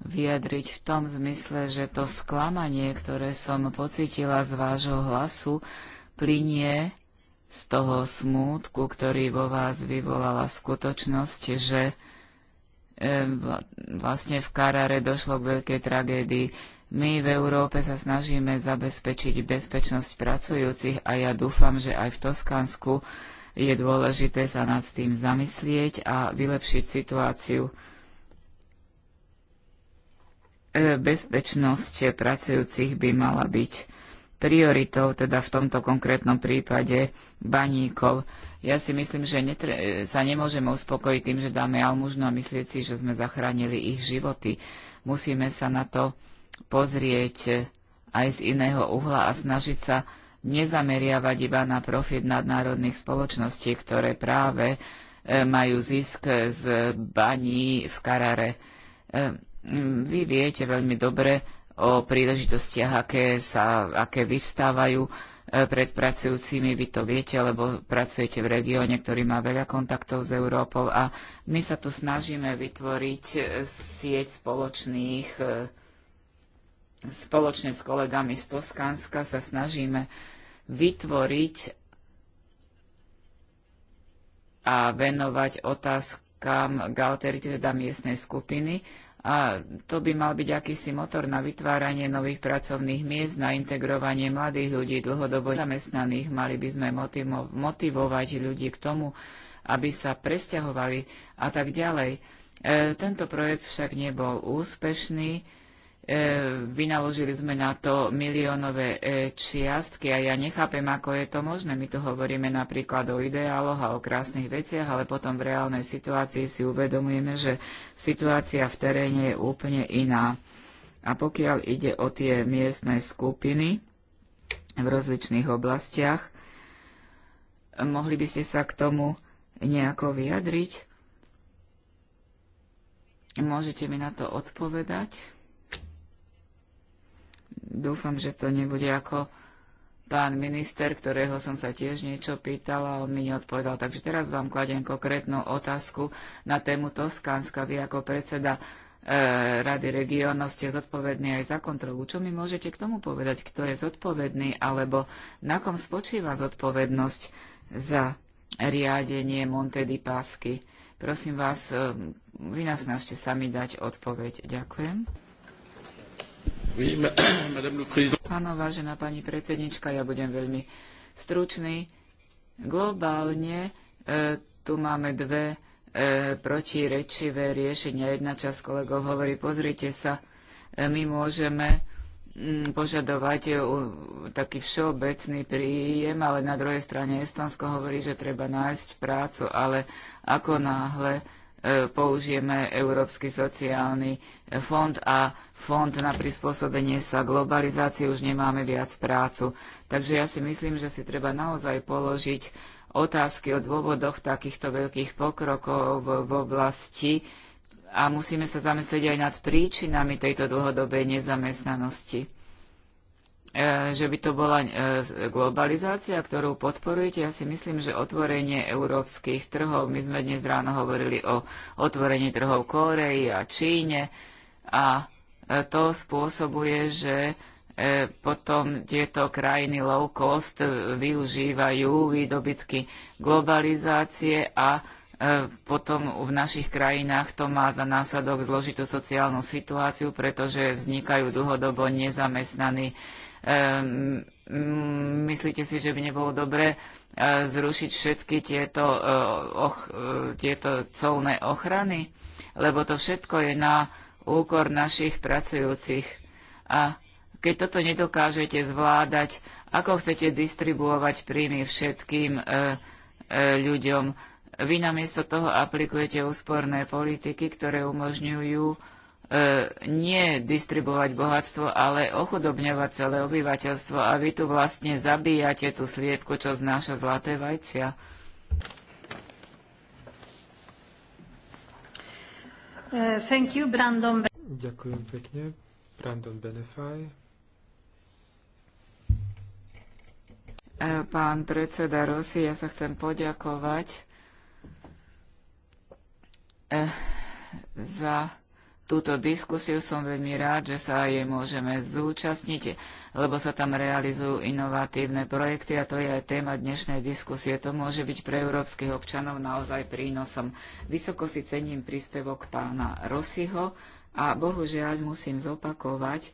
vyjadriť v tom zmysle, že to sklamanie, ktoré som pocitila z vášho hlasu, plinie z toho smútku, ktorý vo vás vyvolala skutočnosť, že e, vlastne v Karare došlo k veľkej tragédii. My v Európe sa snažíme zabezpečiť bezpečnosť pracujúcich a ja dúfam, že aj v Toskansku je dôležité sa nad tým zamyslieť a vylepšiť situáciu E, bezpečnosť pracujúcich by mala byť prioritou, teda v tomto konkrétnom prípade baníkov. Ja si myslím, že netre- sa nemôžeme uspokojiť tým, že dáme almužno a myslieť si, že sme zachránili ich životy. Musíme sa na to pozrieť aj z iného uhla a snažiť sa nezameriavať iba na profit nadnárodných spoločností, ktoré práve e, majú zisk z baní v Karare e, vy viete veľmi dobre o príležitostiach, aké, sa, aké vyvstávajú e, pred pracujúcimi. Vy to viete, lebo pracujete v regióne, ktorý má veľa kontaktov s Európou a my sa tu snažíme vytvoriť e, sieť spoločných e, spoločne s kolegami z Toskanska sa snažíme vytvoriť a venovať otázkam Galterity, teda miestnej skupiny, a to by mal byť akýsi motor na vytváranie nových pracovných miest, na integrovanie mladých ľudí, dlhodobo zamestnaných. Mali by sme motivo- motivovať ľudí k tomu, aby sa presťahovali a tak ďalej. E, tento projekt však nebol úspešný E, vynaložili sme na to miliónové e, čiastky a ja nechápem, ako je to možné. My tu hovoríme napríklad o ideáloch a o krásnych veciach, ale potom v reálnej situácii si uvedomujeme, že situácia v teréne je úplne iná. A pokiaľ ide o tie miestne skupiny v rozličných oblastiach, mohli by ste sa k tomu nejako vyjadriť? Môžete mi na to odpovedať? Dúfam, že to nebude ako pán minister, ktorého som sa tiež niečo pýtala a on mi neodpovedal. Takže teraz vám kladiem konkrétnu otázku na tému Toskánska. Vy ako predseda e, Rady regionov ste zodpovední aj za kontrolu. Čo mi môžete k tomu povedať? Kto je zodpovedný alebo na kom spočíva zodpovednosť za riadenie Monte di Pasky? Prosím vás, e, vy nás sami dať odpoveď. Ďakujem. *coughs* Áno, vážená pani predsednička, ja budem veľmi stručný. Globálne e, tu máme dve e, protirečivé riešenia. Jedna časť kolegov hovorí, pozrite sa, e, my môžeme mm, požadovať e, taký všeobecný príjem, ale na druhej strane Estonsko hovorí, že treba nájsť prácu, ale ako náhle E, použijeme Európsky sociálny fond a fond na prispôsobenie sa globalizácii už nemáme viac prácu. Takže ja si myslím, že si treba naozaj položiť otázky o dôvodoch takýchto veľkých pokrokov v, v oblasti a musíme sa zamyslieť aj nad príčinami tejto dlhodobej nezamestnanosti. E, že by to bola e, globalizácia, ktorú podporujete. Ja si myslím, že otvorenie európskych trhov, my sme dnes ráno hovorili o otvorení trhov Kóreji a Číne a e, to spôsobuje, že potom tieto krajiny low cost využívajú výdobytky globalizácie a potom v našich krajinách to má za následok zložitú sociálnu situáciu, pretože vznikajú dlhodobo nezamestnaní Ehm, myslíte si, že by nebolo dobré e, zrušiť všetky tieto, e, och, e, tieto colné ochrany? Lebo to všetko je na úkor našich pracujúcich. A keď toto nedokážete zvládať, ako chcete distribuovať príjmy všetkým e, e, ľuďom? Vy namiesto toho aplikujete úsporné politiky, ktoré umožňujú E, nie distribuovať bohatstvo, ale ochudobňovať celé obyvateľstvo a vy tu vlastne zabíjate tú sliepku, čo znáša zlaté vajcia. Uh, thank you, Brandon. Ďakujem pekne. Brandon Benefaj. E, pán predseda Rosy, ja sa chcem poďakovať za túto diskusiu. Som veľmi rád, že sa jej môžeme zúčastniť, lebo sa tam realizujú inovatívne projekty a to je aj téma dnešnej diskusie. To môže byť pre európskych občanov naozaj prínosom. Vysoko si cením príspevok pána Rosiho a bohužiaľ musím zopakovať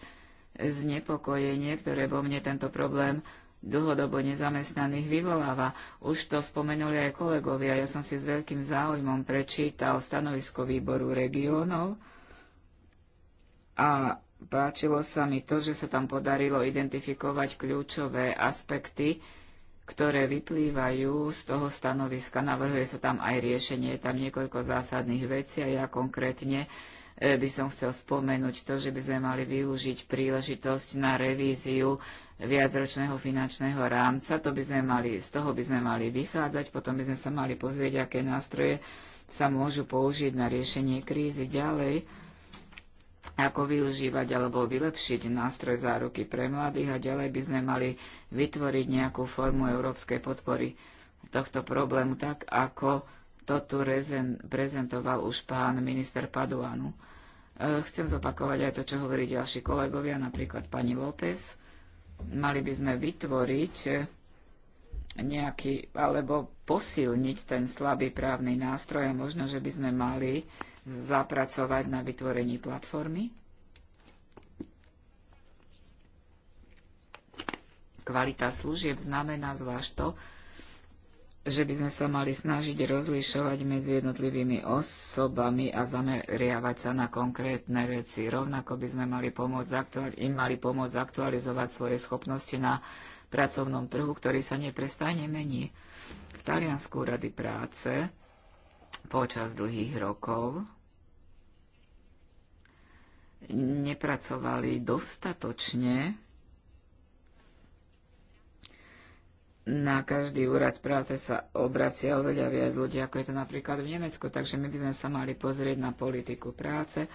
znepokojenie, ktoré vo mne tento problém dlhodobo nezamestnaných vyvoláva. Už to spomenuli aj kolegovia. Ja som si s veľkým záujmom prečítal stanovisko výboru regiónov a páčilo sa mi to, že sa tam podarilo identifikovať kľúčové aspekty, ktoré vyplývajú z toho stanoviska. Navrhuje sa tam aj riešenie, je tam niekoľko zásadných vecí a ja konkrétne e, by som chcel spomenúť to, že by sme mali využiť príležitosť na revíziu viacročného finančného rámca. To by sme mali, z toho by sme mali vychádzať, potom by sme sa mali pozrieť, aké nástroje sa môžu použiť na riešenie krízy ďalej ako využívať alebo vylepšiť nástroj záruky pre mladých a ďalej by sme mali vytvoriť nejakú formu európskej podpory tohto problému, tak ako to tu rezen, prezentoval už pán minister Paduanu. E, chcem zopakovať aj to, čo hovorí ďalší kolegovia, napríklad pani López. Mali by sme vytvoriť e, nejaký, alebo posilniť ten slabý právny nástroj a možno, že by sme mali zapracovať na vytvorení platformy. Kvalita služieb znamená zvlášť to, že by sme sa mali snažiť rozlišovať medzi jednotlivými osobami a zameriavať sa na konkrétne veci. Rovnako by sme mali pomôcť, im mali pomôcť aktualizovať svoje schopnosti na pracovnom trhu, ktorý sa neprestane mení. V Taliansku rady práce počas dlhých rokov nepracovali dostatočne na každý úrad práce sa obracia oveľa viac ľudí, ako je to napríklad v Nemecku. Takže my by sme sa mali pozrieť na politiku práce,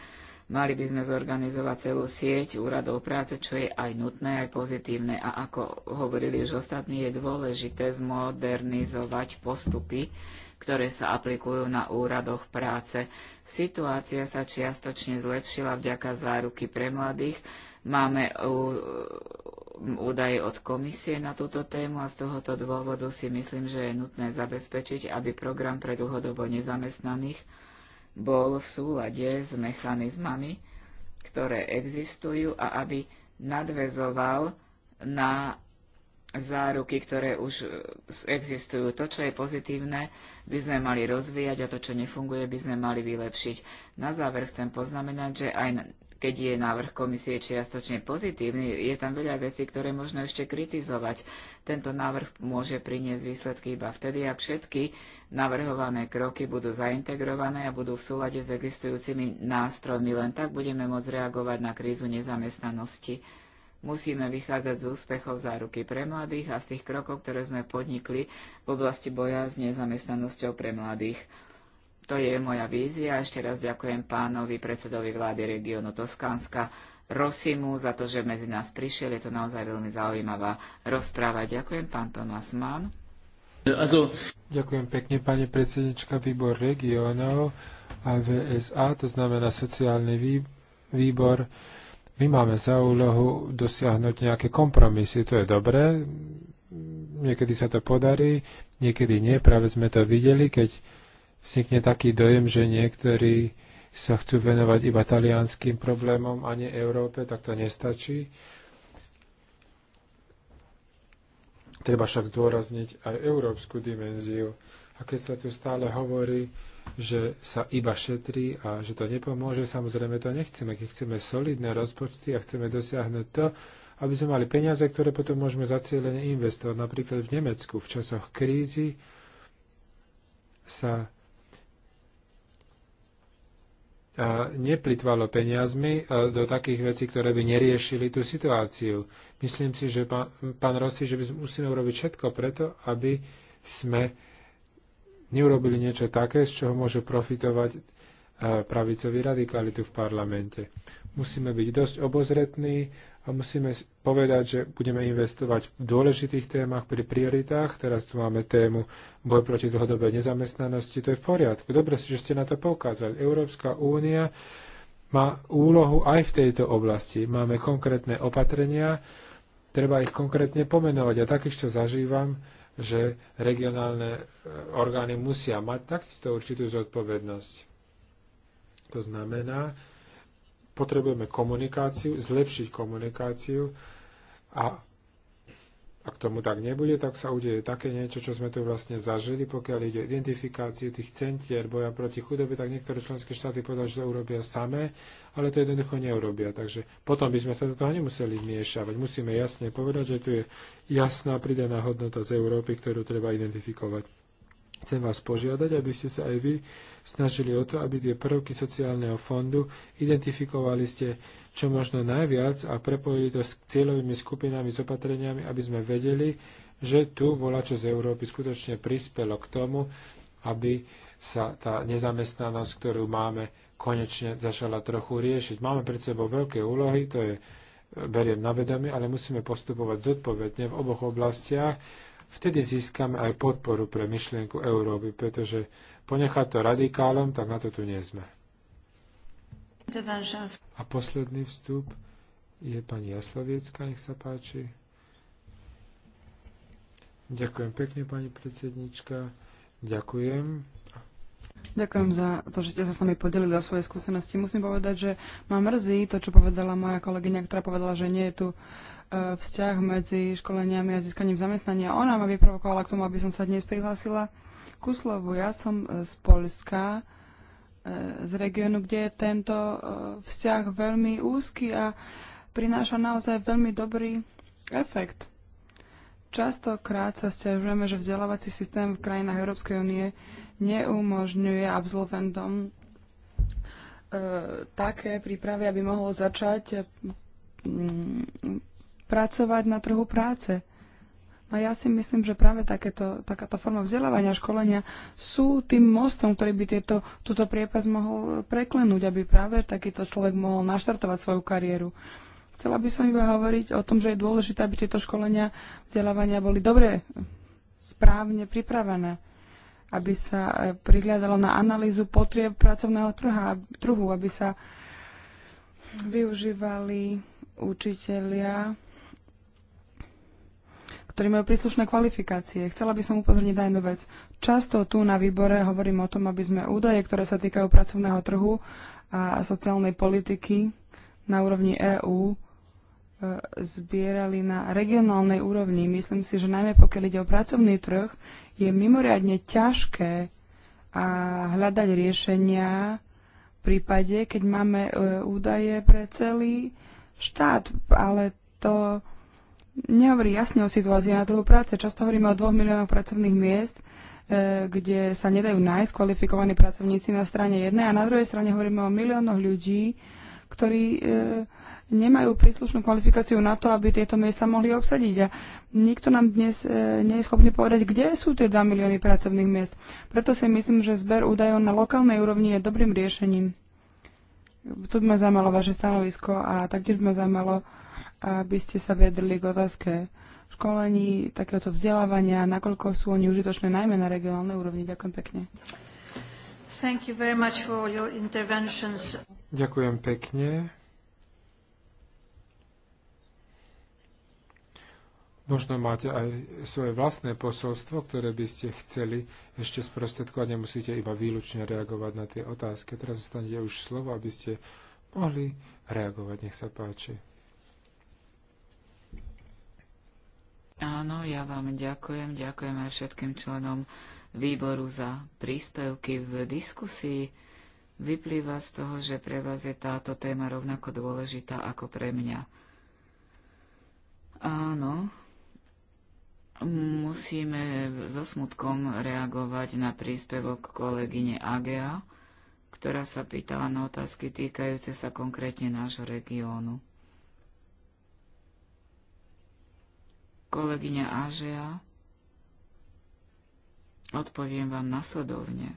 mali by sme zorganizovať celú sieť úradov práce, čo je aj nutné, aj pozitívne. A ako hovorili už ostatní, je dôležité zmodernizovať postupy ktoré sa aplikujú na úradoch práce. Situácia sa čiastočne zlepšila vďaka záruky pre mladých. Máme údaje od komisie na túto tému a z tohoto dôvodu si myslím, že je nutné zabezpečiť, aby program pre dlhodobo nezamestnaných bol v súlade s mechanizmami, ktoré existujú a aby nadvezoval na záruky, ktoré už existujú. To, čo je pozitívne by sme mali rozvíjať a to, čo nefunguje, by sme mali vylepšiť. Na záver chcem poznamenať, že aj keď je návrh komisie čiastočne pozitívny, je tam veľa vecí, ktoré možno ešte kritizovať. Tento návrh môže priniesť výsledky iba vtedy, ak všetky navrhované kroky budú zaintegrované a budú v súlade s existujúcimi nástrojmi. Len tak budeme môcť reagovať na krízu nezamestnanosti. Musíme vychádzať z úspechov záruky pre mladých a z tých krokov, ktoré sme podnikli v oblasti boja s nezamestnanosťou pre mladých. To je moja vízia. Ešte raz ďakujem pánovi predsedovi vlády regiónu Toskánska Rosimu za to, že medzi nás prišiel. Je to naozaj veľmi zaujímavá rozpráva. Ďakujem, pán Tomás Mann. Ďakujem pekne, pani predsednička, výbor regionov a VSA, to znamená sociálny výbor my máme za úlohu dosiahnuť nejaké kompromisy, to je dobré, niekedy sa to podarí, niekedy nie, práve sme to videli, keď vznikne taký dojem, že niektorí sa chcú venovať iba talianským problémom a nie Európe, tak to nestačí. Treba však zdôrazniť aj európsku dimenziu. A keď sa tu stále hovorí že sa iba šetrí a že to nepomôže. Samozrejme to nechceme. Keď chceme solidné rozpočty a chceme dosiahnuť to, aby sme mali peniaze, ktoré potom môžeme zacielene investovať. Napríklad v Nemecku v časoch krízy sa neplitvalo peniazmi do takých vecí, ktoré by neriešili tú situáciu. Myslím si, že pán, pán Rossi, že by sme musíme urobiť všetko preto, aby sme neurobili niečo také, z čoho môžu profitovať e, pravicovi radikáli tu v parlamente. Musíme byť dosť obozretní a musíme povedať, že budeme investovať v dôležitých témach pri prioritách. Teraz tu máme tému boj proti dlhodobej nezamestnanosti. To je v poriadku. Dobre, si, že ste na to poukázali. Európska únia má úlohu aj v tejto oblasti. Máme konkrétne opatrenia, treba ich konkrétne pomenovať. A ja takých, čo zažívam, že regionálne e, orgány musia mať takisto určitú zodpovednosť. To znamená, potrebujeme komunikáciu, zlepšiť komunikáciu a ak tomu tak nebude, tak sa udeje také niečo, čo sme tu vlastne zažili, pokiaľ ide o identifikáciu tých centier boja proti chudobe, tak niektoré členské štáty povedali, že to urobia samé, ale to jednoducho neurobia. Takže potom by sme sa do toho nemuseli zmiešavať. Musíme jasne povedať, že tu je jasná pridaná hodnota z Európy, ktorú treba identifikovať. Chcem vás požiadať, aby ste sa aj vy snažili o to, aby tie prvky sociálneho fondu identifikovali ste čo možno najviac a prepojili to s cieľovými skupinami, s opatreniami, aby sme vedeli, že tu volačo z Európy skutočne prispelo k tomu, aby sa tá nezamestnanosť, ktorú máme, konečne začala trochu riešiť. Máme pred sebou veľké úlohy, to je beriem na vedomie, ale musíme postupovať zodpovedne v oboch oblastiach. Vtedy získame aj podporu pre myšlienku Európy, pretože ponechať to radikálom, tak na to tu nie sme. A posledný vstup je pani Jasloviecka, nech sa páči. Ďakujem pekne, pani predsednička. Ďakujem. Ďakujem za to, že ste sa s nami podelili o svoje skúsenosti. Musím povedať, že ma mrzí to, čo povedala moja kolegyňa, ktorá povedala, že nie je tu e, vzťah medzi školeniami a získaním zamestnania. Ona ma vyprovokovala k tomu, aby som sa dnes prihlásila ku slovu. Ja som e, z Polska z regiónu, kde je tento e, vzťah veľmi úzky a prináša naozaj veľmi dobrý efekt. Častokrát sa stiažujeme, že vzdelávací systém v krajinách Európskej únie neumožňuje absolventom e, také prípravy, aby mohol začať pracovať na trhu práce. No ja si myslím, že práve takéto, takáto forma vzdelávania, školenia sú tým mostom, ktorý by tieto, túto priepas mohol preklenúť, aby práve takýto človek mohol naštartovať svoju kariéru. Chcela by som iba hovoriť o tom, že je dôležité, aby tieto školenia, vzdelávania boli dobre, správne pripravené aby sa e, prihľadalo na analýzu potrieb pracovného trha, trhu, aby sa využívali učitelia ktorí majú príslušné kvalifikácie. Chcela by som upozorniť na jednu vec. Často tu na výbore hovorím o tom, aby sme údaje, ktoré sa týkajú pracovného trhu a sociálnej politiky na úrovni EÚ e, zbierali na regionálnej úrovni. Myslím si, že najmä pokiaľ ide o pracovný trh, je mimoriadne ťažké a hľadať riešenia v prípade, keď máme e, údaje pre celý štát, ale to nehovorí jasne o situácii na trhu práce. Často hovoríme o dvoch miliónoch pracovných miest, e, kde sa nedajú nájsť kvalifikovaní pracovníci na strane jednej a na druhej strane hovoríme o miliónoch ľudí, ktorí e, nemajú príslušnú kvalifikáciu na to, aby tieto miesta mohli obsadiť. A nikto nám dnes e, nie je schopný povedať, kde sú tie 2 milióny pracovných miest. Preto si myslím, že zber údajov na lokálnej úrovni je dobrým riešením. Tu by ma zaujímalo vaše stanovisko a taktiež by ma zaujímalo, aby ste sa vyjadrili k otázke školení, takéhoto vzdelávania, nakoľko sú oni užitočné najmä na regionálnej úrovni. Ďakujem pekne. Thank you very much for your interventions. Ďakujem pekne. Možno máte aj svoje vlastné posolstvo, ktoré by ste chceli ešte sprostredkovať. Nemusíte iba výlučne reagovať na tie otázky. Teraz zostanete už slovo, aby ste mohli reagovať. Nech sa páči. Áno, ja vám ďakujem. Ďakujem aj všetkým členom výboru za príspevky v diskusii. Vyplýva z toho, že pre vás je táto téma rovnako dôležitá ako pre mňa. Áno, musíme so smutkom reagovať na príspevok kolegyne Agea, ktorá sa pýtala na otázky týkajúce sa konkrétne nášho regiónu. Kolegyňa Ažea, odpoviem vám nasledovne.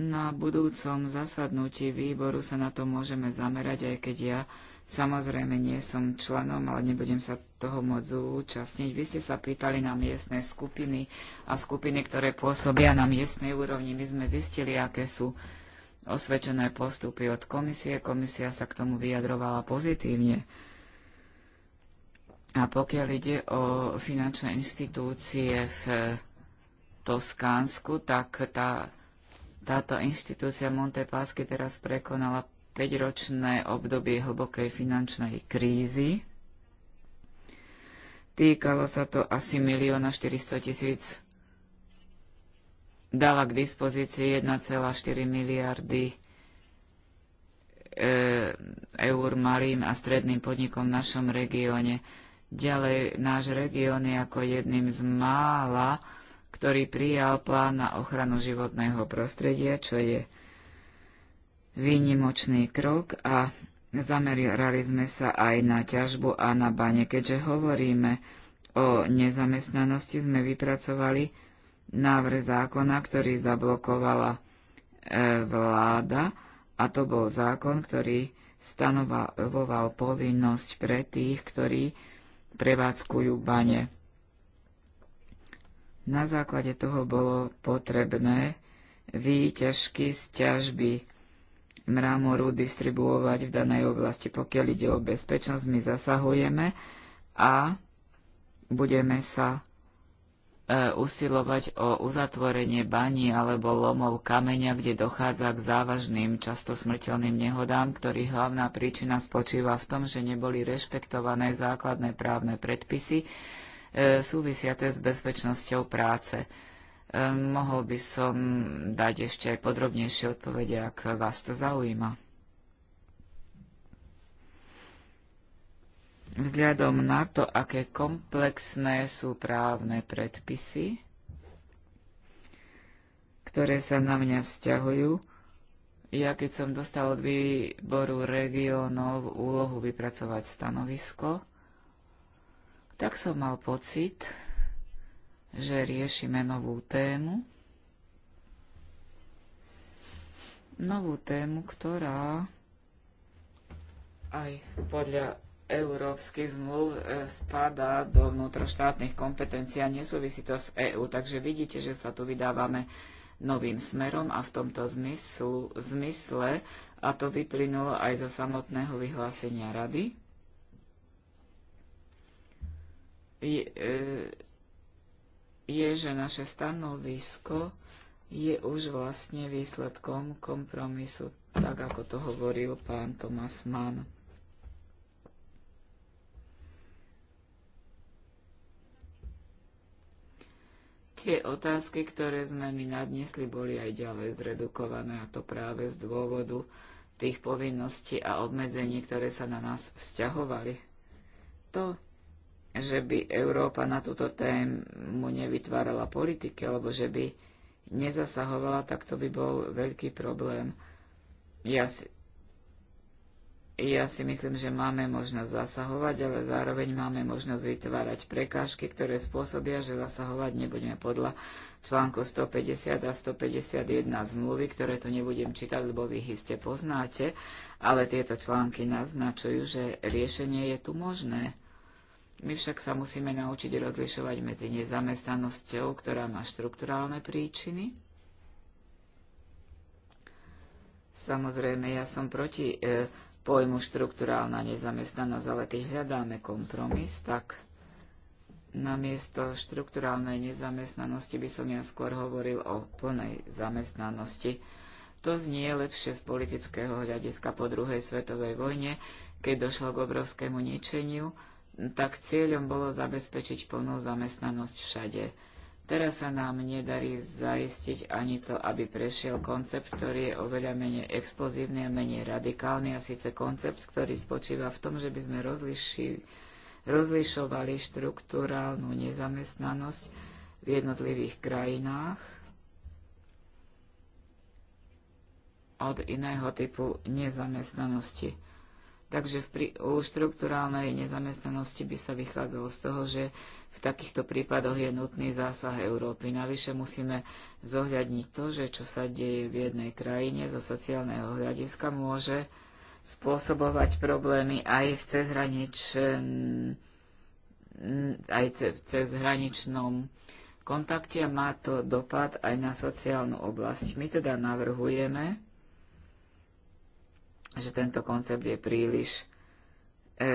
Na budúcom zasadnutí výboru sa na to môžeme zamerať, aj keď ja samozrejme nie som členom, ale nebudem sa toho môcť zúčastniť. Vy ste sa pýtali na miestne skupiny a skupiny, ktoré pôsobia na miestnej úrovni. My sme zistili, aké sú osvedčené postupy od komisie. Komisia sa k tomu vyjadrovala pozitívne. A pokiaľ ide o finančné inštitúcie v Toskánsku, tak tá, táto inštitúcia Monte Montepasky teraz prekonala 5-ročné obdobie hlbokej finančnej krízy. Týkalo sa to asi 1 400 tisíc. Dala k dispozícii 1,4 miliardy e, eur malým a stredným podnikom v našom regióne. Ďalej, náš región je ako jedným z mála, ktorý prijal plán na ochranu životného prostredia, čo je výnimočný krok a zamerali sme sa aj na ťažbu a na bane. Keďže hovoríme o nezamestnanosti, sme vypracovali návrh zákona, ktorý zablokovala e, vláda a to bol zákon, ktorý stanovoval povinnosť pre tých, ktorí prevádzkujú bane. Na základe toho bolo potrebné výťažky z ťažby mramoru distribuovať v danej oblasti. Pokiaľ ide o bezpečnosť, my zasahujeme a budeme sa E, usilovať o uzatvorenie baní alebo lomov kameňa, kde dochádza k závažným, často smrteľným nehodám, ktorých hlavná príčina spočíva v tom, že neboli rešpektované základné právne predpisy e, súvisiate s bezpečnosťou práce. E, mohol by som dať ešte aj podrobnejšie odpovede, ak vás to zaujíma. vzhľadom na to, aké komplexné sú právne predpisy, ktoré sa na mňa vzťahujú. Ja keď som dostal od výboru regiónov úlohu vypracovať stanovisko, tak som mal pocit, že riešime novú tému. Novú tému, ktorá aj podľa európskych zmluv e, spadá do vnútroštátnych kompetencií a nesúvisí to s EÚ. Takže vidíte, že sa tu vydávame novým smerom a v tomto zmyslu, zmysle, a to vyplynulo aj zo samotného vyhlásenia rady, je, e, je že naše stanovisko je už vlastne výsledkom kompromisu, tak ako to hovoril pán Tomas Mann. Tie otázky, ktoré sme mi nadnesli, boli aj ďalej zredukované a to práve z dôvodu tých povinností a obmedzení, ktoré sa na nás vzťahovali. To, že by Európa na túto tému nevytvárala politiky, alebo že by nezasahovala, tak to by bol veľký problém. Ja si, ja si myslím, že máme možnosť zasahovať, ale zároveň máme možnosť vytvárať prekážky, ktoré spôsobia, že zasahovať nebudeme podľa článku 150 a 151 zmluvy, ktoré tu nebudem čítať, lebo vy ich iste poznáte, ale tieto články naznačujú, že riešenie je tu možné. My však sa musíme naučiť rozlišovať medzi nezamestnanosťou, ktorá má štrukturálne príčiny. Samozrejme, ja som proti e, pojmu štruktúrálna nezamestnanosť, ale keď hľadáme kompromis, tak namiesto štruktúrálnej nezamestnanosti by som ja skôr hovoril o plnej zamestnanosti. To znie lepšie z politického hľadiska po druhej svetovej vojne, keď došlo k obrovskému ničeniu, tak cieľom bolo zabezpečiť plnú zamestnanosť všade Teraz sa nám nedarí zaistiť ani to, aby prešiel koncept, ktorý je oveľa menej explozívny a menej radikálny, a síce koncept, ktorý spočíva v tom, že by sme rozliši, rozlišovali štruktúrálnu nezamestnanosť v jednotlivých krajinách od iného typu nezamestnanosti. Takže v, prí- u štruktúrálnej nezamestnanosti by sa vychádzalo z toho, že v takýchto prípadoch je nutný zásah Európy. Navyše musíme zohľadniť to, že čo sa deje v jednej krajine zo sociálneho hľadiska môže spôsobovať problémy aj v cezhraničnom aj v cezhraničnom kontakte má to dopad aj na sociálnu oblasť. My teda navrhujeme, že tento koncept je príliš e,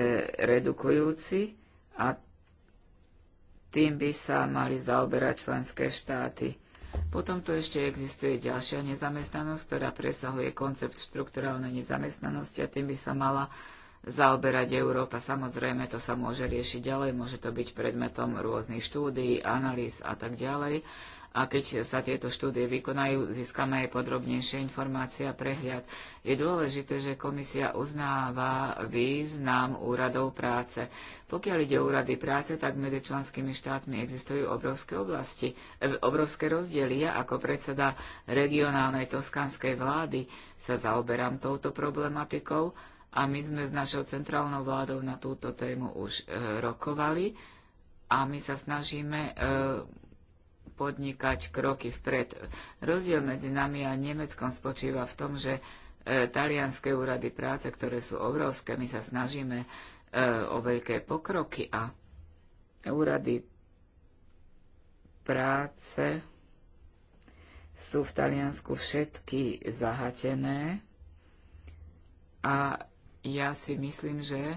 redukujúci a tým by sa mali zaoberať členské štáty. Potom tu ešte existuje ďalšia nezamestnanosť, ktorá presahuje koncept štrukturálnej nezamestnanosti a tým by sa mala zaoberať Európa. Samozrejme, to sa môže riešiť ďalej, môže to byť predmetom rôznych štúdií, analýz a tak ďalej a keď sa tieto štúdie vykonajú, získame aj podrobnejšie informácie a prehľad. Je dôležité, že komisia uznáva význam úradov práce. Pokiaľ ide o úrady práce, tak medzi členskými štátmi existujú obrovské oblasti, e, obrovské rozdiely. Ja ako predseda regionálnej toskanskej vlády sa zaoberám touto problematikou a my sme s našou centrálnou vládou na túto tému už e, rokovali a my sa snažíme e, podnikať kroky vpred. Rozdiel medzi nami a Nemeckom spočíva v tom, že e, talianské úrady práce, ktoré sú obrovské, my sa snažíme e, o veľké pokroky a úrady práce sú v Taliansku všetky zahatené a ja si myslím, že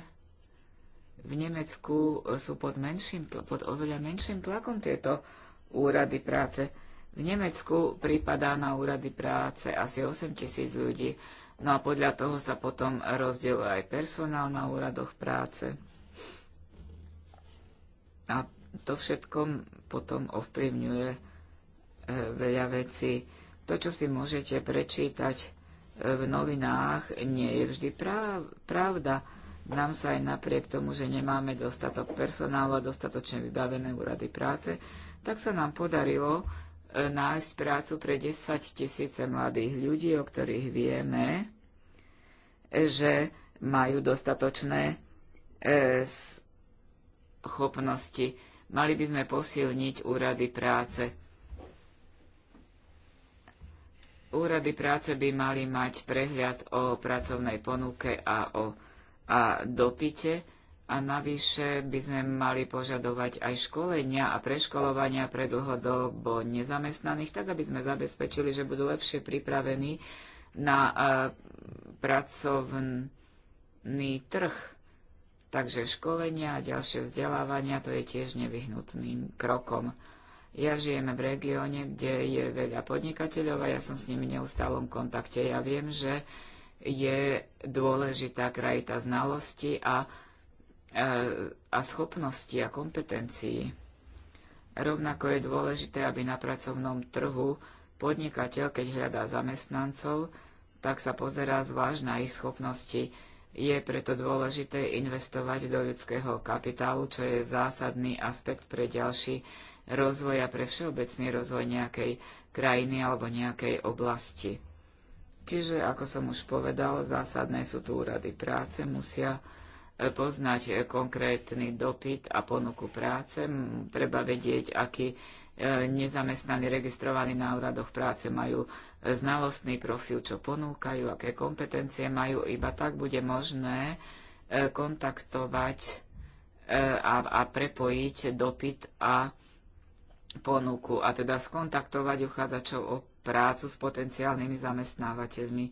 v Nemecku sú pod, menším, pod oveľa menším tlakom tieto úrady práce. V Nemecku pripadá na úrady práce asi 8 tisíc ľudí, no a podľa toho sa potom rozdeluje aj personál na úradoch práce. A to všetko potom ovplyvňuje e, veľa vecí. To, čo si môžete prečítať e, v novinách, nie je vždy práv- pravda. Nám sa aj napriek tomu, že nemáme dostatok personálu a dostatočne vybavené úrady práce, tak sa nám podarilo e, nájsť prácu pre 10 tisíce mladých ľudí, o ktorých vieme, e, že majú dostatočné e, schopnosti. Mali by sme posilniť úrady práce. Úrady práce by mali mať prehľad o pracovnej ponuke a o a dopite a navyše by sme mali požadovať aj školenia a preškolovania pre dlhodobo nezamestnaných, tak aby sme zabezpečili, že budú lepšie pripravení na e, pracovný trh. Takže školenia a ďalšie vzdelávania to je tiež nevyhnutným krokom. Ja žijem v regióne, kde je veľa podnikateľov a ja som s nimi v neustálom kontakte. Ja viem, že je dôležitá krajita znalosti a a schopnosti a kompetencií. Rovnako je dôležité, aby na pracovnom trhu podnikateľ, keď hľadá zamestnancov, tak sa pozerá zvlášť na ich schopnosti. Je preto dôležité investovať do ľudského kapitálu, čo je zásadný aspekt pre ďalší rozvoj a pre všeobecný rozvoj nejakej krajiny alebo nejakej oblasti. Čiže, ako som už povedal, zásadné sú tu úrady práce, musia poznať konkrétny dopyt a ponuku práce, treba vedieť, aký e, nezamestnaní registrovaní na úradoch práce majú e, znalostný profil, čo ponúkajú, aké kompetencie majú. Iba tak bude možné e, kontaktovať a, a prepojiť dopyt a ponuku a teda skontaktovať uchádzačov o prácu s potenciálnymi zamestnávateľmi.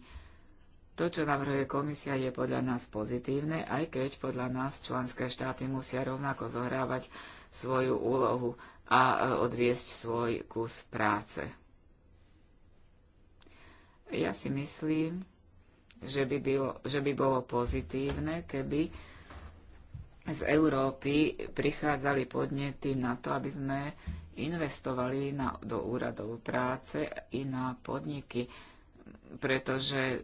To, čo navrhuje komisia, je podľa nás pozitívne, aj keď podľa nás členské štáty musia rovnako zohrávať svoju úlohu a e, odviesť svoj kus práce. Ja si myslím, že by, bylo, že by bolo pozitívne, keby z Európy prichádzali podnety na to, aby sme investovali na, do úradov práce i na podniky pretože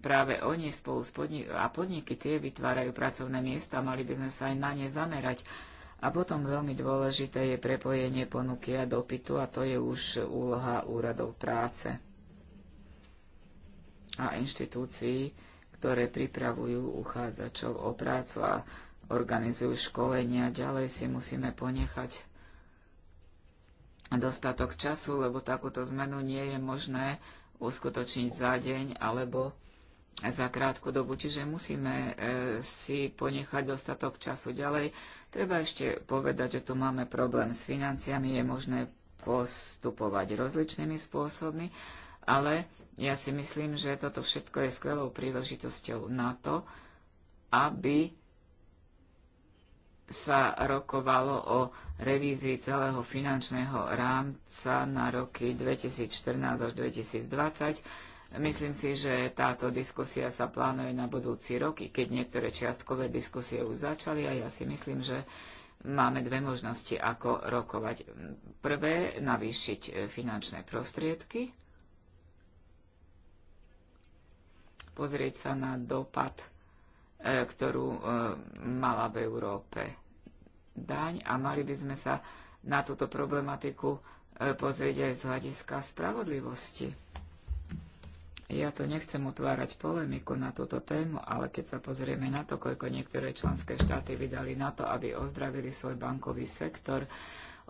práve oni spolu podnik- a podniky tie vytvárajú pracovné miesta, mali by sme sa aj na ne zamerať. A potom veľmi dôležité je prepojenie ponuky a dopytu a to je už úloha úradov práce a inštitúcií, ktoré pripravujú uchádzačov o prácu a organizujú školenia. Ďalej si musíme ponechať dostatok času, lebo takúto zmenu nie je možné uskutočniť za deň alebo za krátku dobu. Čiže musíme e, si ponechať dostatok času ďalej. Treba ešte povedať, že tu máme problém s financiami. Je možné postupovať rozličnými spôsobmi, ale ja si myslím, že toto všetko je skvelou príležitosťou na to, aby sa rokovalo o revízii celého finančného rámca na roky 2014 až 2020. Myslím si, že táto diskusia sa plánuje na budúci rok, i keď niektoré čiastkové diskusie už začali a ja si myslím, že máme dve možnosti, ako rokovať. Prvé, navýšiť e, finančné prostriedky, pozrieť sa na dopad, e, ktorú e, mala v Európe daň a mali by sme sa na túto problematiku e, pozrieť aj z hľadiska spravodlivosti. Ja to nechcem utvárať polemiku na túto tému, ale keď sa pozrieme na to, koľko niektoré členské štáty vydali na to, aby ozdravili svoj bankový sektor,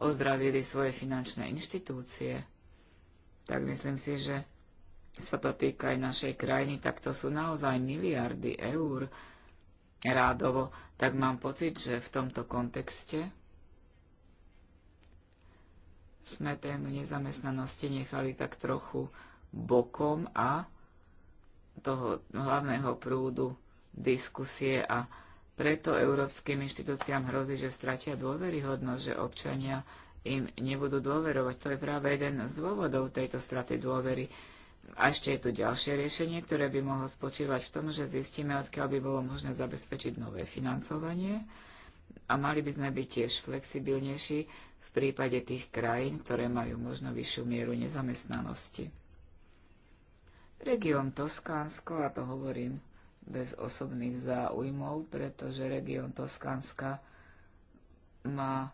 ozdravili svoje finančné inštitúcie, tak myslím si, že sa to týka aj našej krajiny, tak to sú naozaj miliardy eur, rádovo, tak mám pocit, že v tomto kontexte sme tému nezamestnanosti nechali tak trochu bokom a toho hlavného prúdu diskusie a preto európskym inštitúciám hrozí, že stratia dôveryhodnosť, že občania im nebudú dôverovať. To je práve jeden z dôvodov tejto straty dôvery. A ešte je tu ďalšie riešenie, ktoré by mohlo spočívať v tom, že zistíme, odkiaľ by bolo možné zabezpečiť nové financovanie a mali by sme byť tiež flexibilnejší v prípade tých krajín, ktoré majú možno vyššiu mieru nezamestnanosti. Región Toskánsko, a to hovorím bez osobných záujmov, pretože región Toskánska má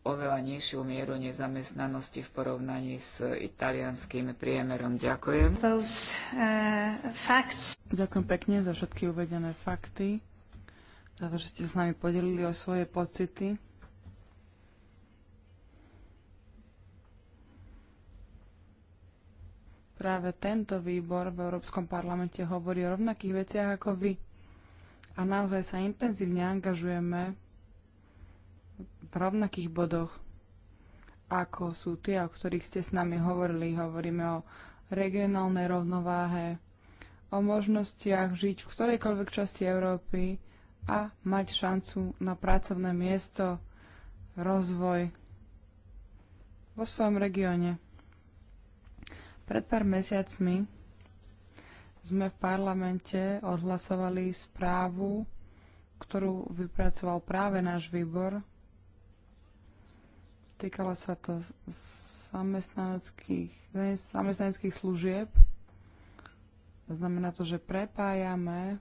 oveľa nižšiu mieru nezamestnanosti v porovnaní s italianským priemerom. Ďakujem. Those, uh, Ďakujem pekne za všetky uvedené fakty, za to, že ste s nami podelili o svoje pocity. Práve tento výbor v Európskom parlamente hovorí o rovnakých veciach ako vy. A naozaj sa intenzívne angažujeme v rovnakých bodoch, ako sú tie, o ktorých ste s nami hovorili. Hovoríme o regionálnej rovnováhe, o možnostiach žiť v ktorejkoľvek časti Európy a mať šancu na pracovné miesto, rozvoj vo svojom regióne. Pred pár mesiacmi sme v parlamente odhlasovali správu, ktorú vypracoval práve náš výbor Týkala sa to zamestnaneckých, zamestnaneckých služieb. Znamená to, že prepájame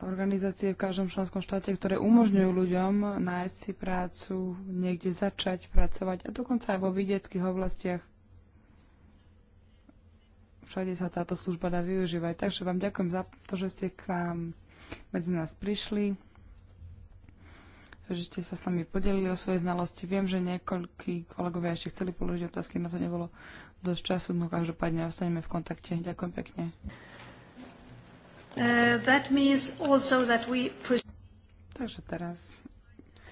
organizácie v každom členskom štáte, ktoré umožňujú ľuďom nájsť si prácu, niekde začať pracovať a dokonca aj vo vidieckých oblastiach. Všade sa táto služba dá využívať. Takže vám ďakujem za to, že ste k nám medzi nás prišli že ste sa s nami podelili o svoje znalosti. Viem, že niekoľkí kolegovia ešte chceli položiť otázky, na to nebolo dosť času, no každopádne ostaneme v kontakte. Ďakujem pekne. Uh, that means also that we... Takže teraz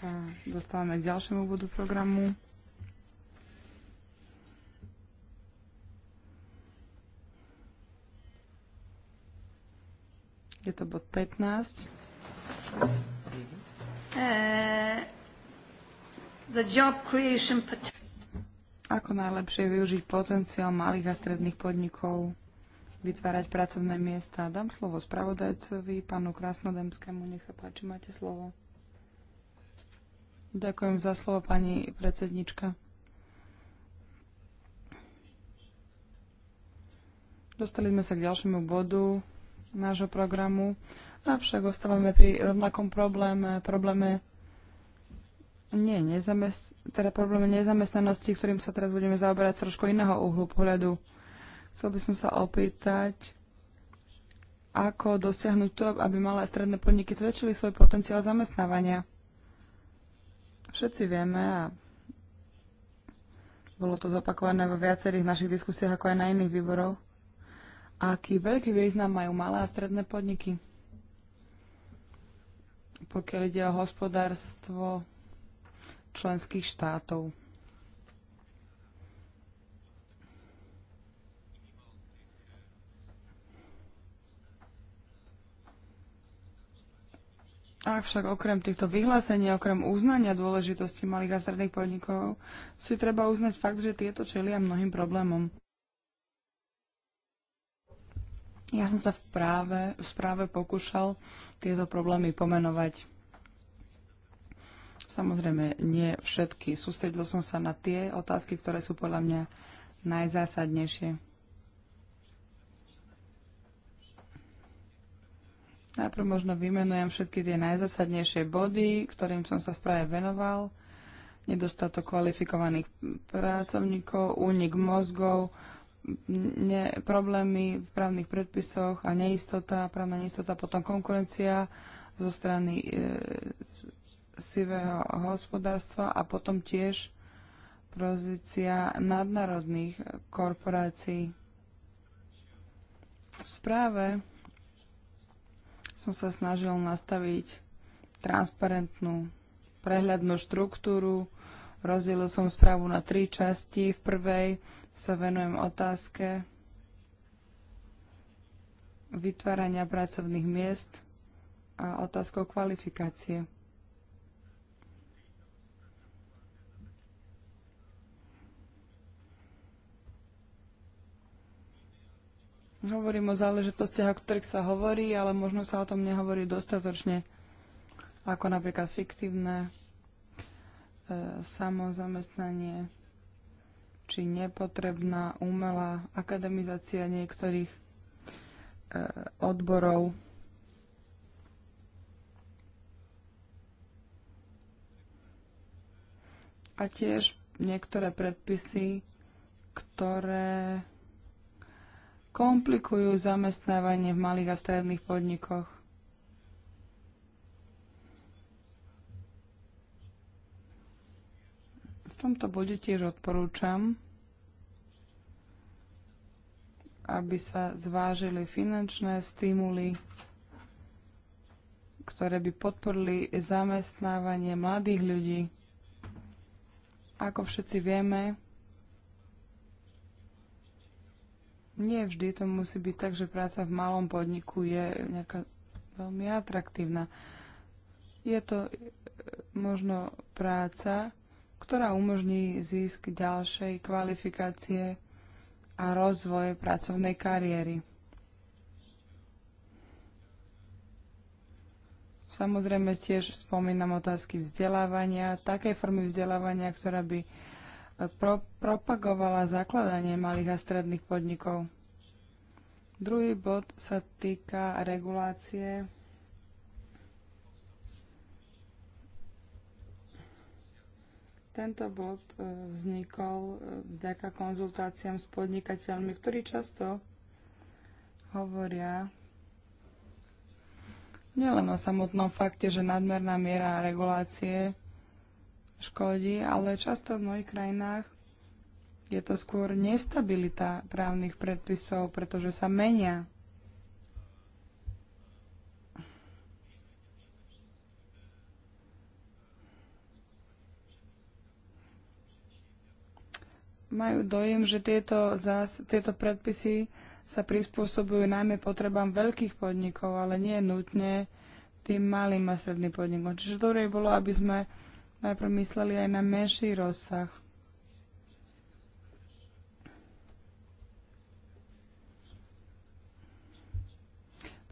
sa dostávame k ďalšiemu bodu programu. Je to bod 15. Uh, creation... Ako najlepšie využiť potenciál malých a stredných podnikov, vytvárať pracovné miesta. Dám slovo spravodajcovi, pánu Krasnodemskému. Nech sa páči, máte slovo. Ďakujem za slovo, pani predsednička. Dostali sme sa k ďalšiemu bodu nášho programu. Avšak ostávame pri rovnakom probléme, probléme nie, nezamest- teda probléme nezamestnanosti, ktorým sa teraz budeme zaoberať trošku iného uhlu pohľadu. Chcel by som sa opýtať, ako dosiahnuť to, aby malé a stredné podniky zväčšili svoj potenciál zamestnávania. Všetci vieme a bolo to zopakované vo viacerých našich diskusiách, ako aj na iných výboroch, aký veľký význam majú malé a stredné podniky pokiaľ ide o hospodárstvo členských štátov. Avšak okrem týchto vyhlásení, okrem uznania dôležitosti malých a stredných podnikov, si treba uznať fakt, že tieto čelia mnohým problémom. Ja som sa v, práve, v správe pokúšal tieto problémy pomenovať. Samozrejme, nie všetky. Sústredil som sa na tie otázky, ktoré sú podľa mňa najzásadnejšie. Najprv možno vymenujem všetky tie najzásadnejšie body, ktorým som sa správe venoval. Nedostatok kvalifikovaných pracovníkov, únik mozgov, ne, problémy v právnych predpisoch a neistota, právna neistota, potom konkurencia zo strany e, sivého hospodárstva a potom tiež pozícia nadnárodných korporácií. V správe som sa snažil nastaviť transparentnú prehľadnú štruktúru, Rozdielil som správu na tri časti. V prvej sa venujem otázke vytvárania pracovných miest a otázkou kvalifikácie. Hovorím o záležitostiach, o ktorých sa hovorí, ale možno sa o tom nehovorí dostatočne, ako napríklad fiktívne samozamestnanie či nepotrebná umelá akademizácia niektorých e, odborov. A tiež niektoré predpisy, ktoré komplikujú zamestnávanie v malých a stredných podnikoch. tomto bode tiež odporúčam, aby sa zvážili finančné stimuly, ktoré by podporili zamestnávanie mladých ľudí. Ako všetci vieme, nie vždy to musí byť tak, že práca v malom podniku je nejaká veľmi atraktívna. Je to e, možno práca, ktorá umožní získ ďalšej kvalifikácie a rozvoj pracovnej kariéry. Samozrejme tiež spomínam otázky vzdelávania, také formy vzdelávania, ktorá by e, pro- propagovala zakladanie malých a stredných podnikov. Druhý bod sa týka regulácie Tento bod e, vznikol e, vďaka konzultáciám s podnikateľmi, ktorí často hovoria nielen o samotnom fakte, že nadmerná miera regulácie škodí, ale často v mnohých krajinách je to skôr nestabilita právnych predpisov, pretože sa menia. majú dojem, že tieto, zás, tieto predpisy sa prispôsobujú najmä potrebám veľkých podnikov, ale nie nutne tým malým a stredným podnikom. Čiže dobre bolo, aby sme najprv mysleli aj na menší rozsah.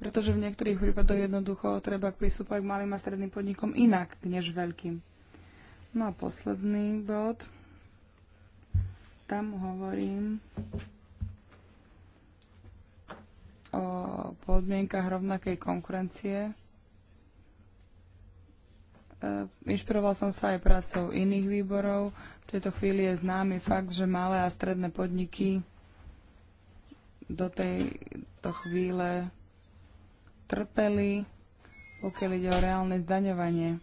Pretože v niektorých prípadoch jednoducho treba pristúpať k malým a stredným podnikom inak, než veľkým. No a posledný bod tam hovorím o podmienkach rovnakej konkurencie. E, inšpiroval som sa aj prácou iných výborov. V tejto chvíli je známy fakt, že malé a stredné podniky do tejto chvíle trpeli, pokiaľ ide o reálne zdaňovanie.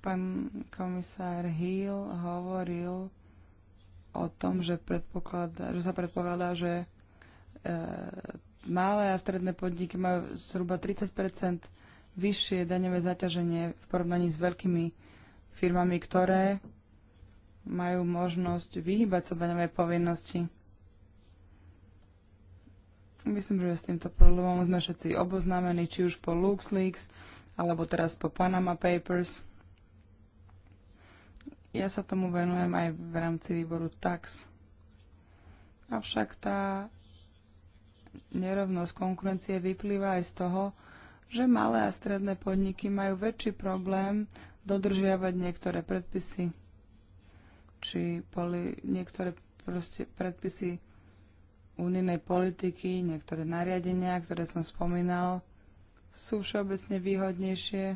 Pán komisár Hill hovoril o tom, že, že sa predpokladá, že e, malé a stredné podniky majú zhruba 30 vyššie daňové zaťaženie v porovnaní s veľkými firmami, ktoré majú možnosť vyhybať sa daňovej povinnosti. Myslím, že s týmto problémom sme všetci oboznámení, či už po LuxLeaks, alebo teraz po Panama Papers. Ja sa tomu venujem aj v rámci výboru TAX. Avšak tá nerovnosť konkurencie vyplýva aj z toho, že malé a stredné podniky majú väčší problém dodržiavať niektoré predpisy či poli, niektoré predpisy únijnej politiky, niektoré nariadenia, ktoré som spomínal, sú všeobecne výhodnejšie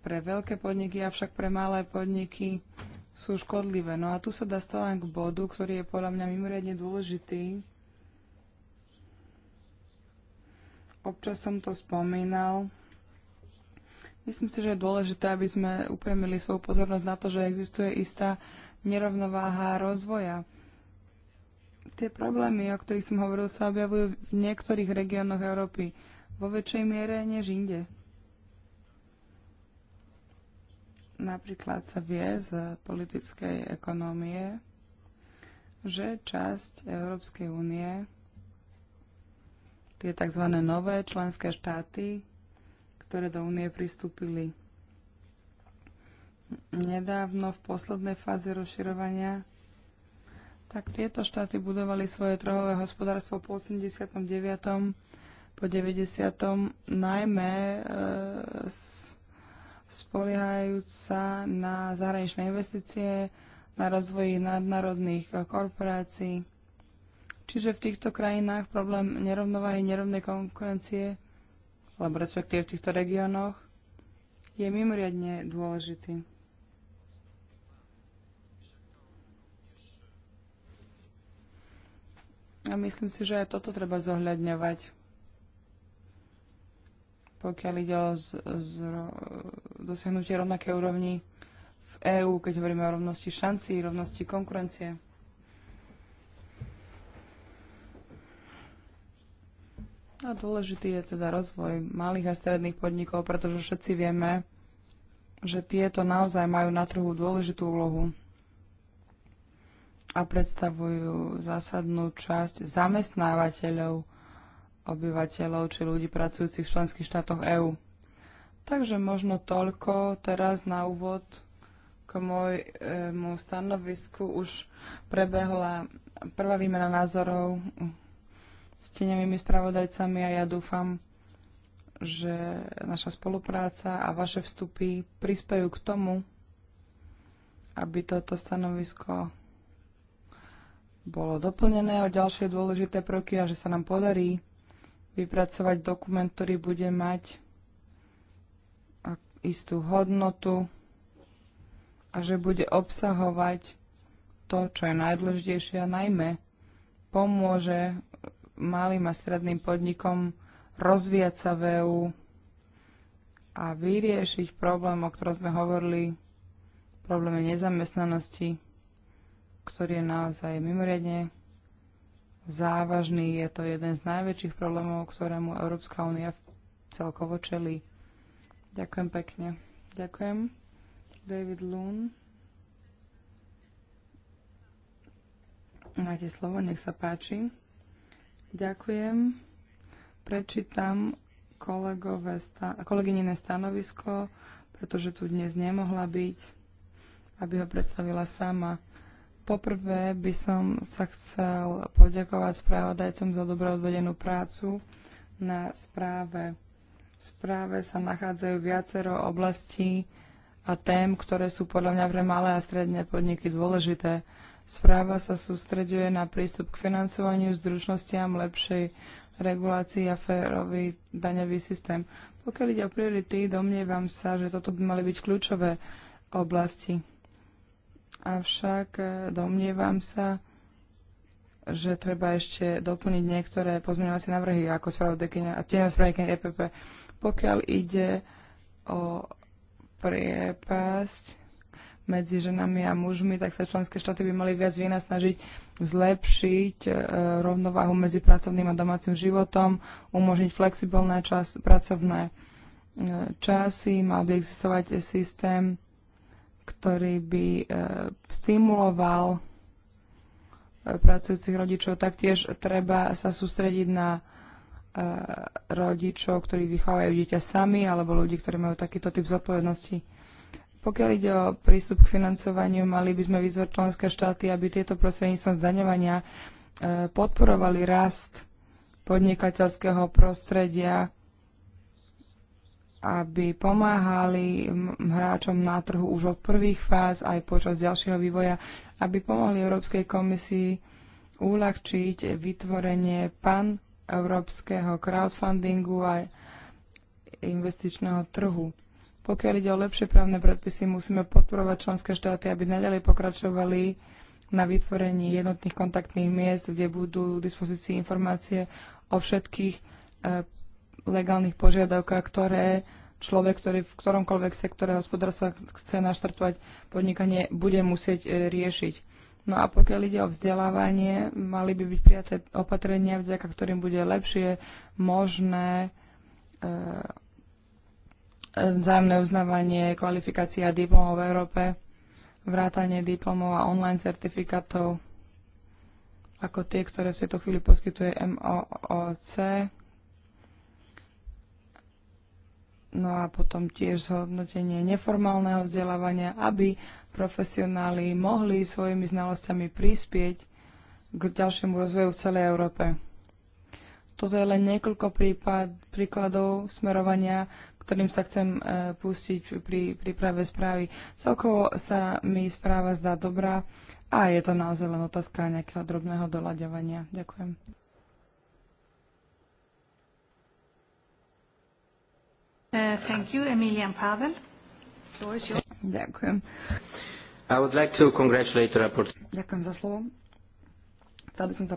pre veľké podniky, avšak pre malé podniky sú škodlivé. No a tu sa dostávam k bodu, ktorý je podľa mňa mimoriadne dôležitý. Občas som to spomínal. Myslím si, že je dôležité, aby sme upremili svoju pozornosť na to, že existuje istá nerovnováha rozvoja. Tie problémy, o ktorých som hovoril, sa objavujú v niektorých regiónoch Európy vo väčšej miere než inde. Napríklad sa vie z politickej ekonomie, že časť Európskej únie, tie tzv. nové členské štáty, ktoré do únie pristúpili nedávno v poslednej fáze rozširovania, tak tieto štáty budovali svoje trhové hospodárstvo po 89. po 90. najmä e, s spoliehajúc sa na zahraničné investície, na rozvoj nadnárodných eh, korporácií. Čiže v týchto krajinách problém nerovnováhy, nerovnej konkurencie, alebo respektíve v týchto regiónoch, je mimoriadne dôležitý. A myslím si, že aj toto treba zohľadňovať pokiaľ ide o z, z, dosiahnutie rovnaké úrovni v EÚ, keď hovoríme o rovnosti šancí, rovnosti konkurencie. A dôležitý je teda rozvoj malých a stredných podnikov, pretože všetci vieme, že tieto naozaj majú na trhu dôležitú úlohu a predstavujú zásadnú časť zamestnávateľov obyvateľov či ľudí pracujúcich v členských štátoch EÚ. Takže možno toľko teraz na úvod k môjmu stanovisku. Už prebehla prvá výmena názorov s teňovými spravodajcami a ja dúfam, že naša spolupráca a vaše vstupy prispejú k tomu, aby toto stanovisko bolo doplnené o ďalšie dôležité prvky a že sa nám podarí vypracovať dokument, ktorý bude mať istú hodnotu a že bude obsahovať to, čo je najdôležitejšie a najmä pomôže malým a stredným podnikom rozvíjať sa v EU a vyriešiť problém, o ktorom sme hovorili, probléme nezamestnanosti, ktorý je naozaj mimoriadne závažný. Je to jeden z najväčších problémov, ktorému Európska únia celkovo čelí. Ďakujem pekne. Ďakujem. David Loon. Máte slovo, nech sa páči. Ďakujem. Prečítam kolegové sta- kolegynené stanovisko, pretože tu dnes nemohla byť, aby ho predstavila sama. Poprvé by som sa chcel poďakovať správodajcom za dobre odvedenú prácu na správe. V správe sa nachádzajú viacero oblastí a tém, ktoré sú podľa mňa pre malé a stredné podniky dôležité. Správa sa sústreďuje na prístup k financovaniu, zdručnostiam, lepšej regulácii a férový daňový systém. Pokiaľ ide o priority, domnievam sa, že toto by mali byť kľúčové oblasti avšak e, domnievam sa, že treba ešte doplniť niektoré pozmeňovacie návrhy ako spravodajkynia a tieňa spravodajkynia EPP. Pokiaľ ide o priepasť medzi ženami a mužmi, tak sa členské štáty by mali viac snažiť zlepšiť e, rovnováhu medzi pracovným a domácim životom, umožniť flexibilné čas, pracovné e, časy, mal by existovať systém ktorý by eh, stimuloval eh, pracujúcich rodičov. Taktiež treba sa sústrediť na eh, rodičov, ktorí vychovajú dieťa sami, alebo ľudí, ktorí majú takýto typ zodpovednosti. Pokiaľ ide o prístup k financovaniu, mali by sme vyzvať členské štáty, aby tieto prostredníctvom zdaňovania podporovali rast podnikateľského prostredia aby pomáhali hráčom na trhu už od prvých fáz aj počas ďalšieho vývoja, aby pomohli Európskej komisii uľahčiť vytvorenie pan európskeho crowdfundingu a investičného trhu. Pokiaľ ide o lepšie právne predpisy, musíme podporovať členské štáty, aby nadalej pokračovali na vytvorení jednotných kontaktných miest, kde budú v dispozícii informácie o všetkých e, legálnych požiadavkách, ktoré človek, ktorý v ktoromkoľvek sektore hospodárstva chce naštartovať podnikanie, bude musieť e, riešiť. No a pokiaľ ide o vzdelávanie, mali by byť prijaté opatrenia, vďaka ktorým bude lepšie možné e, e, vzájomné uznávanie kvalifikácia, diplomov v Európe, vrátanie diplomov a online certifikátov ako tie, ktoré v tejto chvíli poskytuje MOOC No a potom tiež zhodnotenie neformálneho vzdelávania, aby profesionáli mohli svojimi znalosťami prispieť k ďalšiemu rozvoju v celej Európe. Toto je len niekoľko prípad, príkladov smerovania, ktorým sa chcem e, pustiť pri príprave správy. Celkovo sa mi správa zdá dobrá a je to naozaj len otázka nejakého drobného doľaďovania. Ďakujem. Uh, thank you, Emilian Pavel. Floor is yours. Ďakujem. I would like to congratulate the Ďakujem za slovo. Chcel by som sa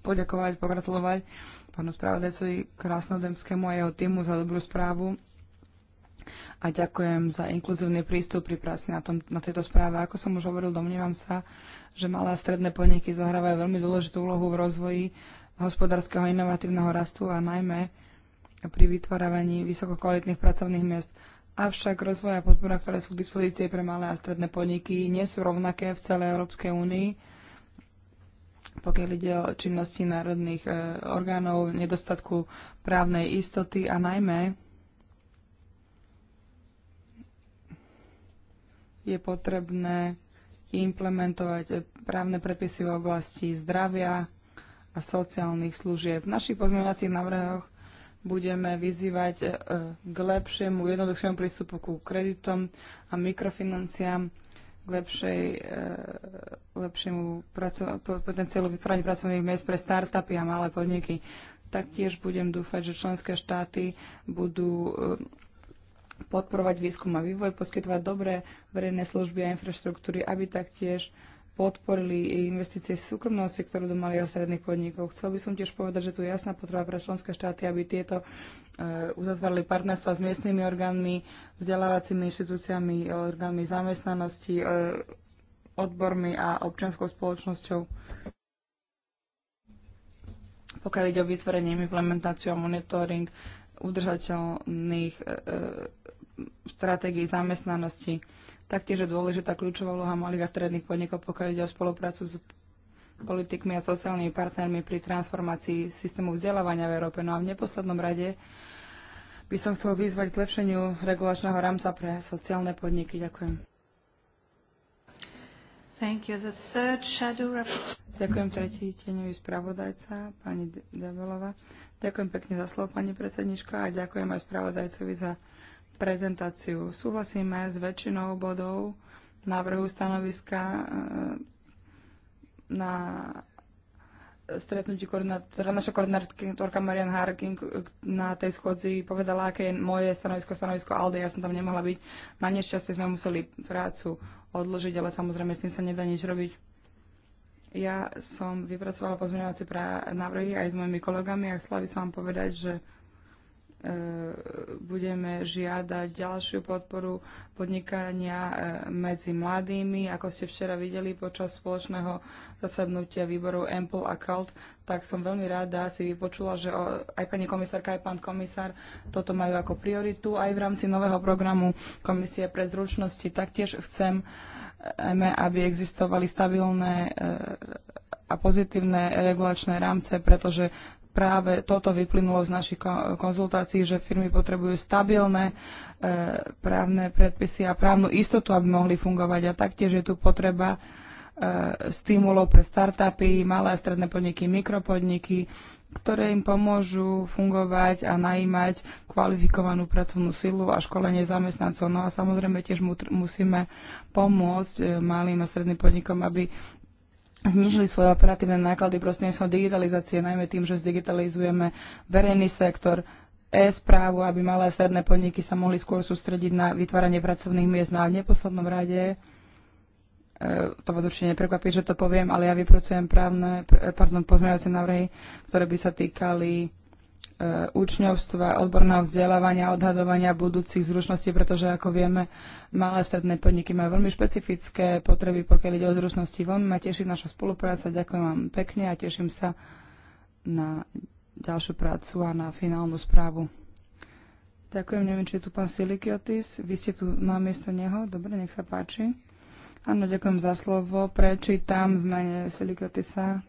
poďakovať, pogratulovať pánu spravodajcovi Krásnodemskému a jeho týmu za dobrú správu a ďakujem za inkluzívny prístup pri práci na, tom, na tejto správe. Ako som už hovoril, domnievam sa, že malé a stredné podniky zohrávajú veľmi dôležitú úlohu v rozvoji hospodárskeho inovatívneho rastu a najmä pri vytváraní vysokokvalitných pracovných miest. Avšak rozvoj a podpora, ktoré sú k dispozícii pre malé a stredné podniky, nie sú rovnaké v celej Európskej únii, pokiaľ ide o činnosti národných e, orgánov, nedostatku právnej istoty a najmä je potrebné implementovať právne predpisy v oblasti zdravia a sociálnych služieb. V našich pozmeňovacích návrhoch budeme vyzývať e, k lepšiemu, jednoduchšiemu prístupu ku kreditom a mikrofinanciám, k lepšej, e, lepšiemu potenciálu vytvárania pracovných miest pre startupy a malé podniky. Taktiež budem dúfať, že členské štáty budú e, podporovať výskum a vývoj, poskytovať dobré verejné služby a infraštruktúry, aby taktiež uh, podporili investície súkromného sektoru do malých a stredných podnikov. Chcel by som tiež povedať, že tu je jasná potreba pre členské štáty, aby tieto e, uzatvárali partnerstva s miestnymi orgánmi, vzdelávacími inštitúciami, e, orgánmi zamestnanosti, e, odbormi a občianskou spoločnosťou pokiaľ ide o vytvorenie, implementáciu a monitoring udržateľných e, stratégií zamestnanosti. Taktiež je dôležitá kľúčová úloha malých a stredných podnikov, pokiaľ ide o spoluprácu s politikmi a sociálnymi partnermi pri transformácii systému vzdelávania v Európe. No a v neposlednom rade by som chcel vyzvať k lepšeniu regulačného rámca pre sociálne podniky. Ďakujem. Ďakujem tretí tieňový spravodajca, pani Develova. Ďakujem pekne za slovo, pani predsednička, a ďakujem aj spravodajcovi za prezentáciu. Súhlasíme s väčšinou bodov návrhu stanoviska eh, na stretnutí koordinátora, naša koordinátorka Marian Harking na tej schodzi povedala, aké je moje stanovisko, stanovisko Alde, ja som tam nemohla byť. Na nešťastie sme museli prácu odložiť, ale samozrejme s tým sa nedá nič robiť. Ja som vypracovala pozmeňovacie návrhy aj s mojimi kolegami a chcela by som vám povedať, že E, budeme žiadať ďalšiu podporu podnikania e, medzi mladými. Ako ste včera videli počas spoločného zasadnutia výborov Ample a Cult, tak som veľmi rada si vypočula, že aj pani komisárka, aj pán komisár toto majú ako prioritu. Aj v rámci nového programu Komisie pre zručnosti taktiež chcem, e, aby existovali stabilné a pozitívne regulačné rámce, pretože práve toto vyplynulo z našich konzultácií, že firmy potrebujú stabilné e, právne predpisy a právnu istotu, aby mohli fungovať. A taktiež je tu potreba e, stimulov pre startupy, malé a stredné podniky, mikropodniky, ktoré im pomôžu fungovať a najímať kvalifikovanú pracovnú silu a školenie zamestnancov. No a samozrejme tiež mu, musíme pomôcť e, malým a stredným podnikom, aby znižili svoje operatívne náklady prostredníctvom digitalizácie, najmä tým, že zdigitalizujeme verejný sektor, e-správu, aby malé a stredné podniky sa mohli skôr sústrediť na vytváranie pracovných miest. No a v neposlednom rade, e, to vás určite neprekvapí, že to poviem, ale ja vypracujem právne, pardon, pozmeňovacie návrhy, ktoré by sa týkali E, učňovstva, odborného vzdelávania, odhadovania budúcich zručností, pretože ako vieme, malé stredné podniky majú veľmi špecifické potreby, pokiaľ ide o zručnosti. Veľmi ma teší naša spolupráca, ďakujem vám pekne a teším sa na ďalšiu prácu a na finálnu správu. Ďakujem, neviem, či je tu pán Silikiotis. Vy ste tu na miesto neho. Dobre, nech sa páči. Áno, ďakujem za slovo. Prečítam v mene Silikiotisa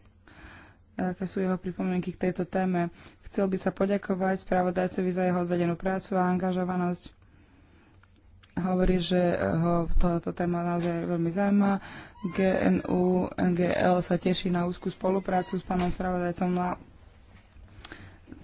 aké sú jeho pripomienky k tejto téme. Chcel by sa poďakovať spravodajcovi za jeho odvedenú prácu a angažovanosť. Hovorí, že eh, ho toto téma naozaj veľmi zaujíma. GNU, NGL sa teší na úzkú spoluprácu s pánom spravodajcom na no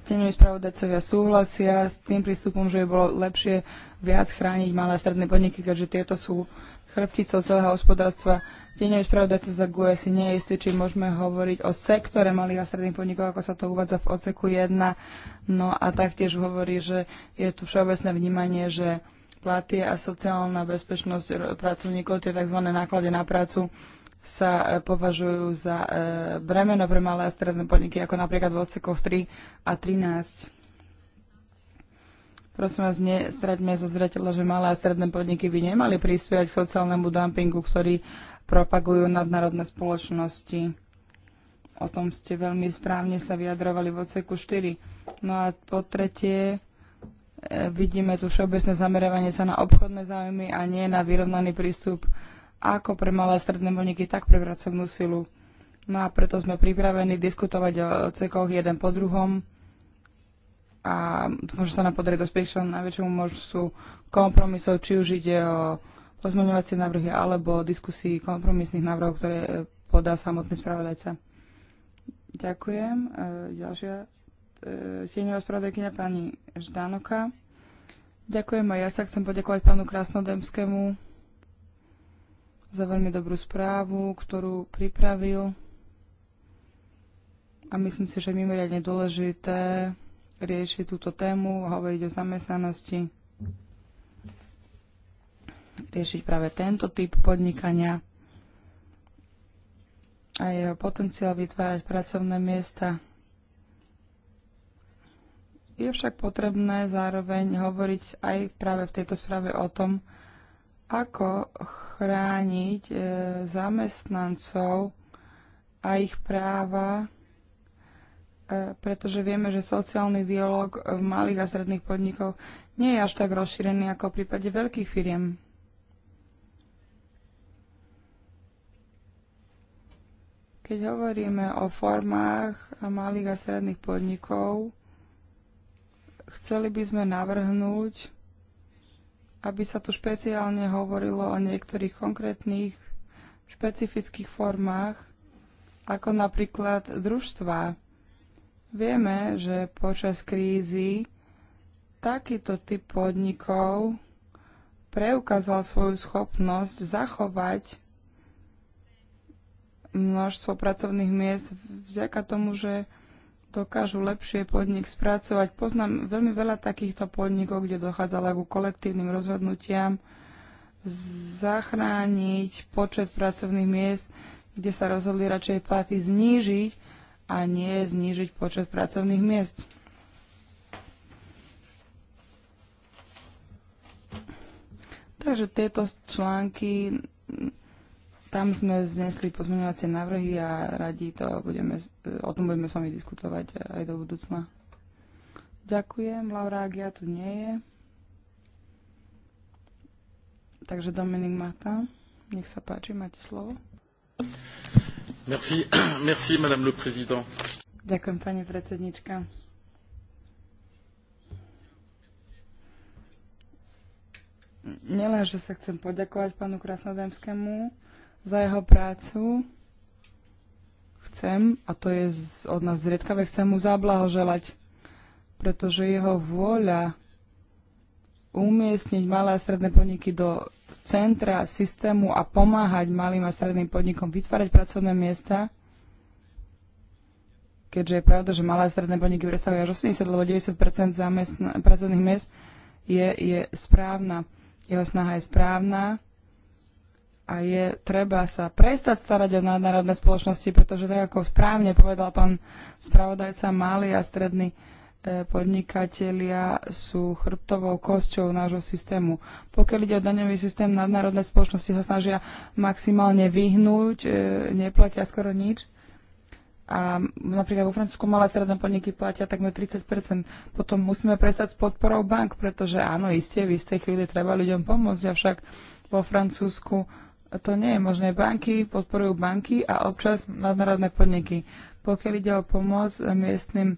Teňoví spravodajcovia súhlasia s tým prístupom, že by bolo lepšie viac chrániť malé a stredné podniky, keďže tieto sú chrbticou celého hospodárstva. Tieňový spravodajca za GUE si nie je istý, či môžeme hovoriť o sektore malých a stredných podnikov, ako sa to uvádza v odseku 1. No a taktiež hovorí, že je tu všeobecné vnímanie, že platy a sociálna bezpečnosť pracovníkov, tie tzv. náklady na prácu, sa e, považujú za e, bremeno pre malé a stredné podniky, ako napríklad v odsekoch 3 a 13. Prosím vás, nestraťme zo zreteľa, že malé a stredné podniky by nemali prispievať k sociálnemu dumpingu, ktorý propagujú nadnárodné spoločnosti. O tom ste veľmi správne sa vyjadrovali v odseku 4. No a po tretie, e, vidíme tu všeobecné zamerovanie sa na obchodné záujmy a nie na vyrovnaný prístup ako pre malé a stredné voľníky, tak pre pracovnú silu. No a preto sme pripravení diskutovať o cekoch jeden po druhom a dúfam, že sa nám podarí dospieť čo najväčšiemu sú kompromisov, či už ide o pozmeňovacie návrhy alebo diskusii kompromisných návrhov, ktoré e, podá samotný spravodajca. Ďakujem. E, ďalšia e, tieňová spravodajkynia pani Ždánoka. Ďakujem a ja sa chcem poďakovať pánu Krasnodemskému za veľmi dobrú správu, ktorú pripravil. A myslím si, že je mimoriadne dôležité riešiť túto tému, hovoriť o zamestnanosti riešiť práve tento typ podnikania a jeho potenciál vytvárať pracovné miesta. Je však potrebné zároveň hovoriť aj práve v tejto správe o tom, ako chrániť e, zamestnancov a ich práva, e, pretože vieme, že sociálny dialog v malých a stredných podnikoch nie je až tak rozšírený ako v prípade veľkých firiem. Keď hovoríme o formách malých a stredných podnikov, chceli by sme navrhnúť, aby sa tu špeciálne hovorilo o niektorých konkrétnych špecifických formách, ako napríklad družstva. Vieme, že počas krízy takýto typ podnikov preukázal svoju schopnosť zachovať množstvo pracovných miest vďaka tomu, že dokážu lepšie podnik spracovať. Poznám veľmi veľa takýchto podnikov, kde dochádzala ku kolektívnym rozhodnutiam zachrániť počet pracovných miest, kde sa rozhodli radšej platy znížiť a nie znížiť počet pracovných miest. Takže tieto články tam sme znesli pozmeňovacie návrhy a radi to budeme, e, o tom budeme s vami diskutovať e, aj do budúcna. Ďakujem, Laura Agia tu nie je. Takže Dominik Mata, nech sa páči, máte slovo. Merci, *clears throat* merci, madame le président. Ďakujem, pani predsednička. Nielen, že sa chcem poďakovať pánu Krasnodemskému, za jeho prácu. Chcem, a to je od nás zriedkavé, chcem mu zablahoželať, pretože jeho vôľa umiestniť malé a stredné podniky do centra systému a pomáhať malým a stredným podnikom vytvárať pracovné miesta, keďže je pravda, že malé a stredné podniky predstavujú až 80 alebo 90 zamestn- pracovných miest, je, je správna. Jeho snaha je správna a je treba sa prestať starať o nadnárodné spoločnosti, pretože tak ako správne povedal pán spravodajca, malí a strední e, podnikatelia sú chrbtovou kosťou nášho systému. Pokiaľ ide o daňový systém, nadnárodné spoločnosti sa snažia maximálne vyhnúť, e, neplatia skoro nič. A napríklad vo Francúzsku malé stredné podniky platia takmer 30 Potom musíme prestať s podporou bank, pretože áno, isté, v istej chvíli treba ľuďom pomôcť, avšak vo Francúzsku to nie je možné. Banky podporujú banky a občas nadnárodné podniky. Pokiaľ ide o pomoc miestnym e,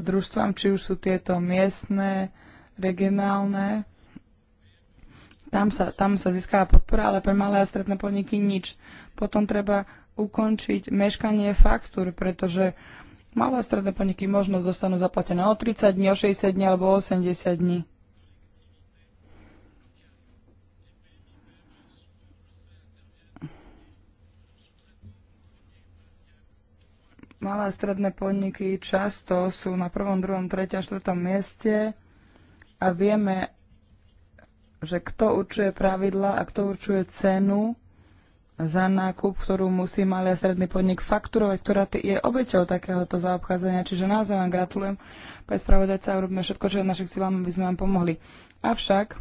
družstvám, či už sú tieto miestne, regionálne, tam sa, tam sa získala podpora, ale pre malé a stredné podniky nič. Potom treba ukončiť meškanie faktúr, pretože malé a stredné podniky možno dostanú zaplatené o 30 dní, o 60 dní alebo o 80 dní. malé a stredné podniky často sú na prvom, druhom, treťom, štvrtom mieste a vieme, že kto určuje pravidla a kto určuje cenu za nákup, ktorú musí malý a stredný podnik fakturovať, ktorá je obeťou takéhoto zaobchádzania. Čiže naozaj vám gratulujem, pán spravodajca, urobíme všetko, čo je v našich silách, aby sme vám pomohli. Avšak,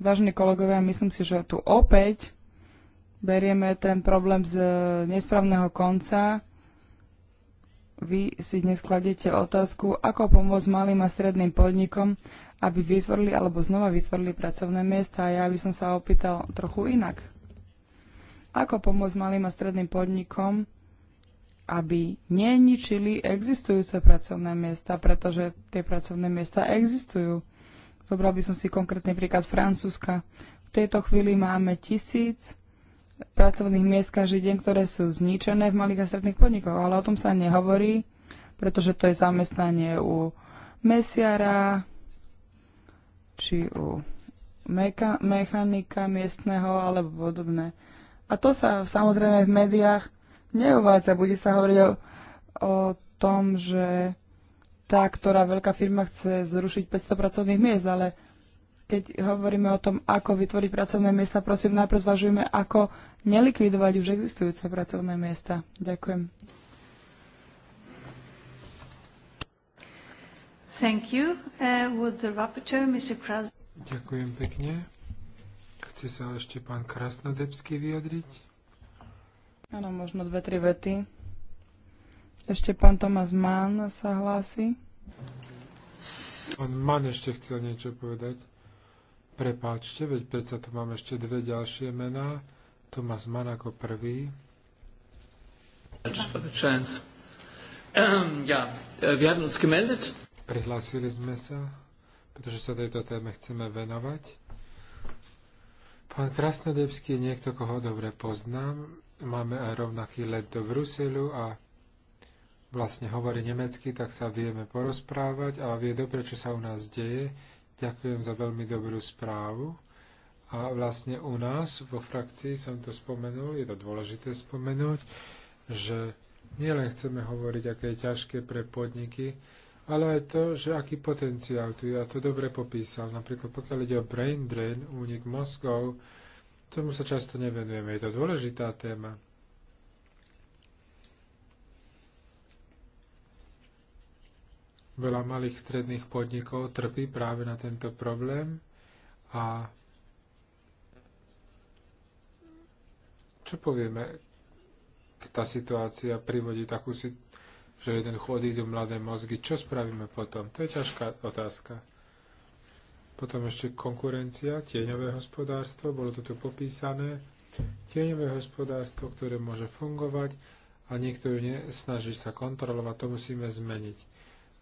vážení kolegovia, myslím si, že tu opäť berieme ten problém z e, nesprávneho konca vy si dnes kladete otázku, ako pomôcť malým a stredným podnikom, aby vytvorili alebo znova vytvorili pracovné miesta. A ja by som sa opýtal trochu inak. Ako pomôcť malým a stredným podnikom, aby neničili existujúce pracovné miesta, pretože tie pracovné miesta existujú. Zobral by som si konkrétny príklad Francúzska. V tejto chvíli máme tisíc pracovných miest každý deň, ktoré sú zničené v malých a stredných podnikoch, ale o tom sa nehovorí, pretože to je zamestnanie u mesiara či u meka- mechanika miestneho alebo podobné. A to sa samozrejme v médiách neuvádza. Bude sa hovoriť o, o tom, že tá, ktorá veľká firma chce zrušiť 500 pracovných miest, ale keď hovoríme o tom, ako vytvoriť pracovné miesta, prosím, najprv zvažujeme, ako nelikvidovať už existujúce pracovné miesta. Ďakujem. Thank you. Uh, would the rapporteur, Mr. Kras... Ďakujem pekne. Chce sa ešte pán Krasnodebský vyjadriť? Áno, možno dve, tri vety. Ešte pán Tomás Mann sa hlási. Pán Mann ešte chcel niečo povedať. Prepáčte, veď predsa tu mám ešte dve ďalšie mená. Tomas Mann ako prvý. Ehm, e, Prihlásili sme sa, pretože sa tejto téme chceme venovať. Pán Krasnodebský je niekto, koho dobre poznám. Máme aj rovnaký let do Bruselu a vlastne hovorí nemecky, tak sa vieme porozprávať a vie dobre, čo sa u nás deje Ďakujem za veľmi dobrú správu. A vlastne u nás vo frakcii som to spomenul, je to dôležité spomenúť, že nielen chceme hovoriť, aké je ťažké pre podniky, ale aj to, že aký potenciál tu je. A to dobre popísal. Napríklad pokiaľ ide o brain drain, únik mozgov, tomu sa často nevenujeme. Je to dôležitá téma. Veľa malých stredných podnikov trpí práve na tento problém a čo povieme, tá situácia privodí takú si, že jeden chod idú mladé mozgy, čo spravíme potom? To je ťažká otázka. Potom ešte konkurencia, tieňové hospodárstvo, bolo to tu popísané. Tieňové hospodárstvo, ktoré môže fungovať a niekto ju nesnaží sa kontrolovať, to musíme zmeniť.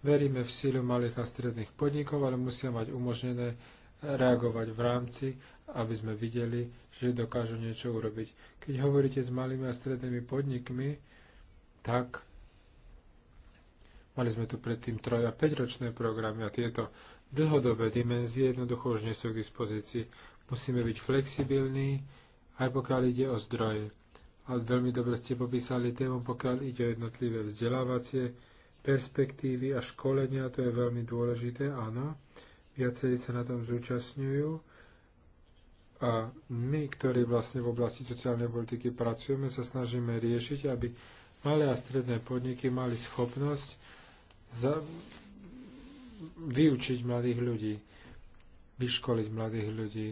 Veríme v sílu malých a stredných podnikov, ale musia mať umožnené reagovať v rámci, aby sme videli, že dokážu niečo urobiť. Keď hovoríte s malými a strednými podnikmi, tak mali sme tu predtým 3 a 5 ročné programy a tieto dlhodobé dimenzie jednoducho už nie sú k dispozícii. Musíme byť flexibilní, aj pokiaľ ide o zdroje. Ale veľmi dobre ste popísali tému, pokiaľ ide o jednotlivé vzdelávacie perspektívy a školenia, to je veľmi dôležité, áno. Viacerí sa na tom zúčastňujú. A my, ktorí vlastne v oblasti sociálnej politiky pracujeme, sa snažíme riešiť, aby malé a stredné podniky mali schopnosť za... vyučiť mladých ľudí, vyškoliť mladých ľudí.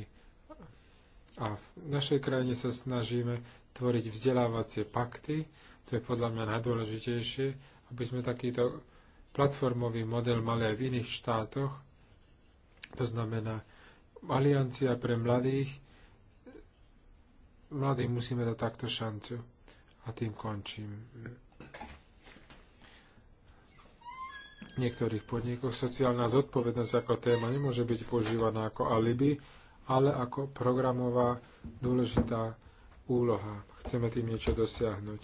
A v našej krajine sa snažíme tvoriť vzdelávacie pakty, to je podľa mňa najdôležitejšie, aby sme takýto platformový model mali aj v iných štátoch. To znamená, aliancia pre mladých, mladých musíme dať takto šancu. A tým končím. V niektorých podnikoch sociálna zodpovednosť ako téma nemôže byť používaná ako alibi, ale ako programová dôležitá úloha. Chceme tým niečo dosiahnuť.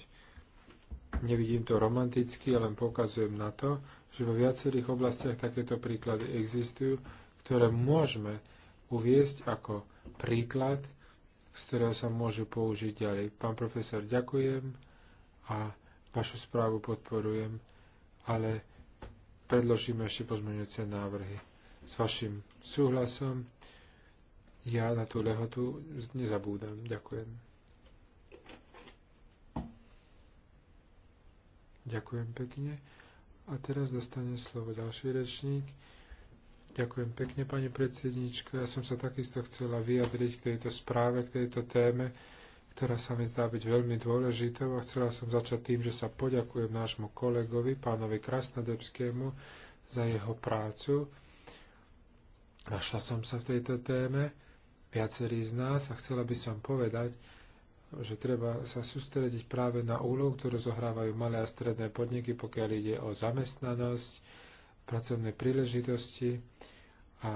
Nevidím to romanticky, len poukazujem na to, že vo viacerých oblastiach takéto príklady existujú, ktoré môžeme uviesť ako príklad, z ktorého sa môžu použiť ďalej. Pán profesor, ďakujem a vašu správu podporujem, ale predložíme ešte pozmeňujúce návrhy. S vašim súhlasom ja na tú lehotu nezabúdam. Ďakujem. Ďakujem pekne. A teraz dostane slovo ďalší rečník. Ďakujem pekne, pani predsednička. Ja som sa takisto chcela vyjadriť k tejto správe, k tejto téme, ktorá sa mi zdá byť veľmi dôležitou a chcela som začať tým, že sa poďakujem nášmu kolegovi, pánovi Krasnodebskému, za jeho prácu. Našla som sa v tejto téme, viacerí z nás, a chcela by som povedať, že treba sa sústrediť práve na úlohu, ktorú zohrávajú malé a stredné podniky, pokiaľ ide o zamestnanosť, pracovné príležitosti a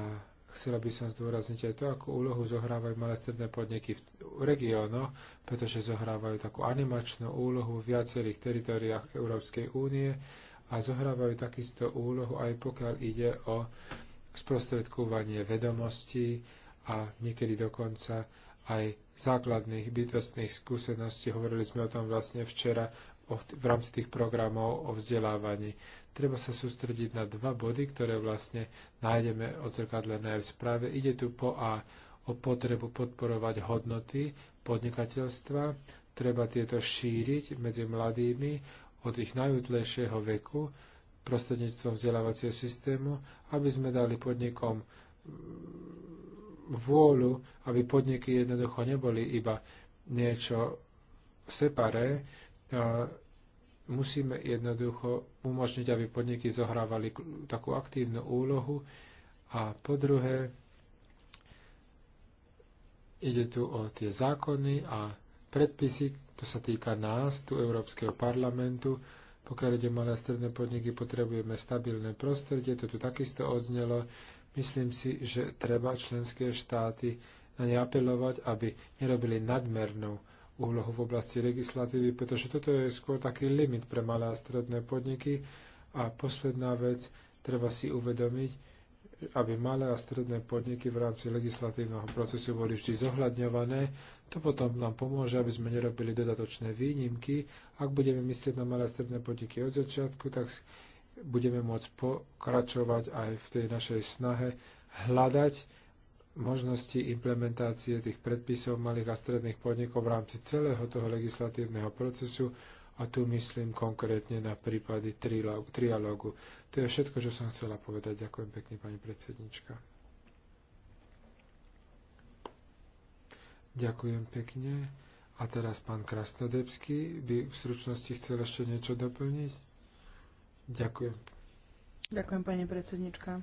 chcela by som zdôrazniť aj to, ako úlohu zohrávajú malé stredné podniky v regiónoch, pretože zohrávajú takú animačnú úlohu v viacerých teritoriách Európskej únie a zohrávajú takisto úlohu aj pokiaľ ide o sprostredkovanie vedomostí a niekedy dokonca aj základných bytostných skúseností. Hovorili sme o tom vlastne včera v rámci tých programov o vzdelávaní. Treba sa sústrediť na dva body, ktoré vlastne nájdeme odzrkadlené v správe. Ide tu po A o potrebu podporovať hodnoty podnikateľstva. Treba tieto šíriť medzi mladými od ich najútlejšieho veku prostredníctvom vzdelávacieho systému, aby sme dali podnikom vôľu, aby podniky jednoducho neboli iba niečo separé, musíme jednoducho umožniť, aby podniky zohrávali takú aktívnu úlohu. A po druhé, ide tu o tie zákony a predpisy, to sa týka nás, tu Európskeho parlamentu. Pokiaľ ide malé a stredné podniky, potrebujeme stabilné prostredie, to tu takisto odznelo. Myslím si, že treba členské štáty na ne apelovať, aby nerobili nadmernú úlohu v oblasti legislatívy, pretože toto je skôr taký limit pre malé a stredné podniky. A posledná vec, treba si uvedomiť, aby malé a stredné podniky v rámci legislatívneho procesu boli vždy zohľadňované. To potom nám pomôže, aby sme nerobili dodatočné výnimky. Ak budeme myslieť na malé a stredné podniky od začiatku, tak budeme môcť pokračovať aj v tej našej snahe hľadať možnosti implementácie tých predpisov malých a stredných podnikov v rámci celého toho legislatívneho procesu a tu myslím konkrétne na prípady trialógu. To je všetko, čo som chcela povedať. Ďakujem pekne, pani predsednička. Ďakujem pekne. A teraz pán Krasnodebský by v stručnosti chcel ešte niečo doplniť? Ďakujem. Ďakujem, pani predsednička.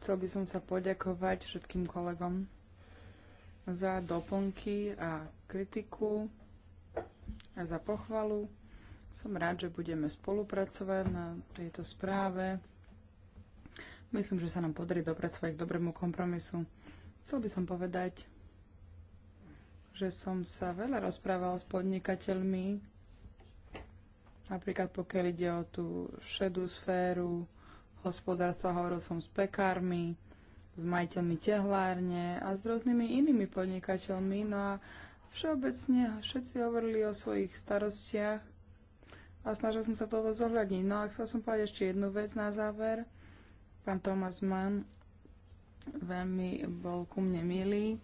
Chcel by som sa poďakovať všetkým kolegom za doplnky a kritiku a za pochvalu. Som rád, že budeme spolupracovať na tejto správe. Myslím, že sa nám podarí dopracovať k dobrému kompromisu. Chcel by som povedať, že som sa veľa rozprával s podnikateľmi, Napríklad pokiaľ ide o tú šedú sféru hospodárstva, hovoril som s pekármi, s majiteľmi tehlárne a s rôznymi inými podnikateľmi. No a všeobecne všetci hovorili o svojich starostiach a snažil som sa toto zohľadniť. No a chcel som povedať ešte jednu vec na záver. Pán Thomas Mann veľmi bol ku mne milý.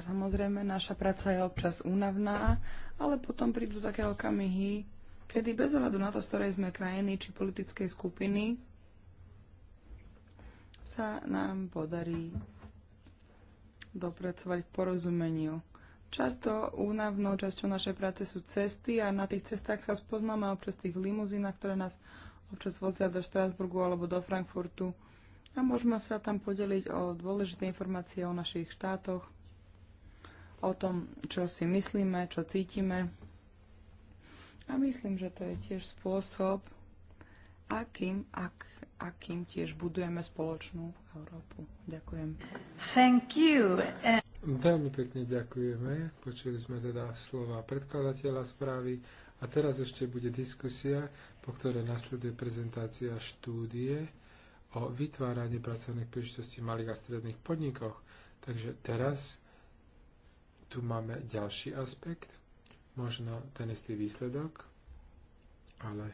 Samozrejme, naša práca je občas únavná, ale potom prídu také okamihy, kedy bez ohľadu na to, z ktorej sme krajiny či politickej skupiny, sa nám podarí dopracovať k porozumeniu. Často únavnou časťou našej práce sú cesty a na tých cestách sa spoznáme občas tých limuzínach, ktoré nás občas vozia do Štrásburgu alebo do Frankfurtu a môžeme sa tam podeliť o dôležité informácie o našich štátoch, o tom, čo si myslíme, čo cítime. A myslím, že to je tiež spôsob, akým, ak, akým tiež budujeme spoločnú Európu. Ďakujem. Thank you. Veľmi pekne ďakujeme. Počuli sme teda slova predkladateľa správy a teraz ešte bude diskusia, po ktorej nasleduje prezentácia štúdie o vytváraní pracovných príležitostí malých a stredných podnikoch. Takže teraz tu máme ďalší aspekt možno ten istý výsledok, ale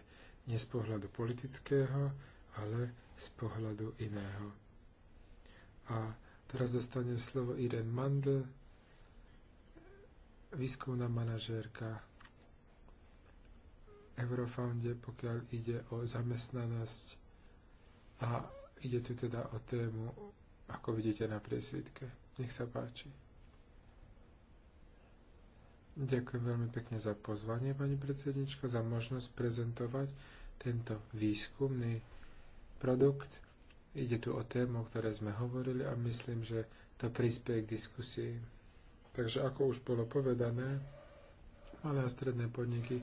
nie z pohľadu politického, ale z pohľadu iného. A teraz dostane slovo Irene Mandl, výskumná manažérka Eurofounde, pokiaľ ide o zamestnanosť a ide tu teda o tému, ako vidíte na priesvitke. Nech sa páči. Ďakujem veľmi pekne za pozvanie, pani predsednička, za možnosť prezentovať tento výskumný produkt. Ide tu o tému, o ktorej sme hovorili a myslím, že to prispieje k diskusii. Takže ako už bolo povedané, malé a stredné podniky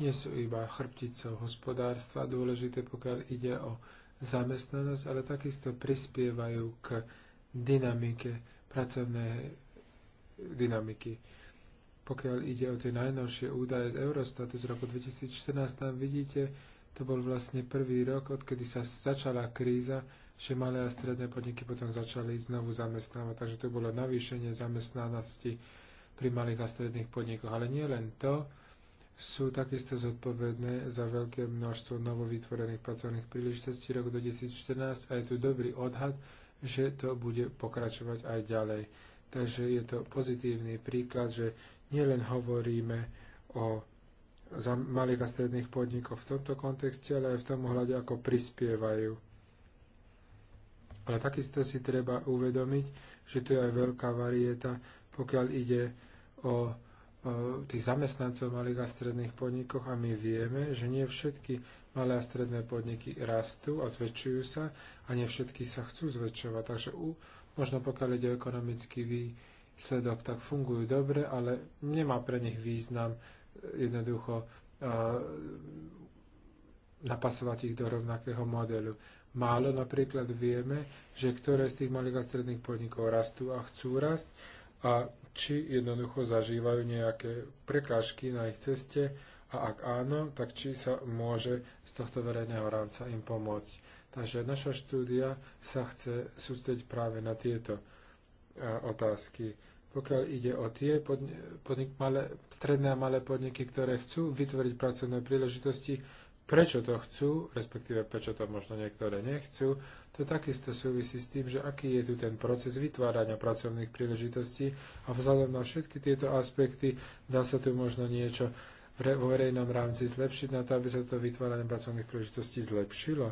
nie sú iba chrbticou hospodárstva, dôležité pokiaľ ide o zamestnanosť, ale takisto prispievajú k dynamike pracovnej dynamiky. Pokiaľ ide o tie najnovšie údaje z Eurostatu z roku 2014, tam vidíte, to bol vlastne prvý rok, odkedy sa začala kríza, že malé a stredné podniky potom začali znovu zamestnávať. Takže to bolo navýšenie zamestnanosti pri malých a stredných podnikoch. Ale nie len to, sú takisto zodpovedné za veľké množstvo novovytvorených pracovných príležitostí roku 2014 a je tu dobrý odhad, že to bude pokračovať aj ďalej. Takže je to pozitívny príklad, že nielen hovoríme o za malých a stredných podnikov v tomto kontexte, ale aj v tom ohľade, ako prispievajú. Ale takisto si treba uvedomiť, že tu je aj veľká varieta, pokiaľ ide o Eh, tých zamestnancov malých a stredných podnikoch a my vieme, že nie všetky malé a stredné podniky rastú a zväčšujú sa a nie všetky sa chcú zväčšovať. Takže u, možno pokiaľ ide o ekonomický výsledok, tak fungujú dobre, ale nemá pre nich význam eh, jednoducho uh, napasovať ich do rovnakého modelu. Málo napríklad vieme, že ktoré z tých malých a stredných podnikov rastú a chcú rast a či jednoducho zažívajú nejaké prekážky na ich ceste a ak áno, tak či sa môže z tohto verejného rámca im pomôcť. Takže naša štúdia sa chce sústrediť práve na tieto e, otázky. Pokiaľ ide o tie podnik, podnik, malé, stredné a malé podniky, ktoré chcú vytvoriť pracovné príležitosti, prečo to chcú, respektíve prečo to možno niektoré nechcú to takisto súvisí s tým, že aký je tu ten proces vytvárania pracovných príležitostí a vzhľadom na všetky tieto aspekty dá sa tu možno niečo vo verejnom rámci zlepšiť na to, aby sa to vytváranie pracovných príležitostí zlepšilo.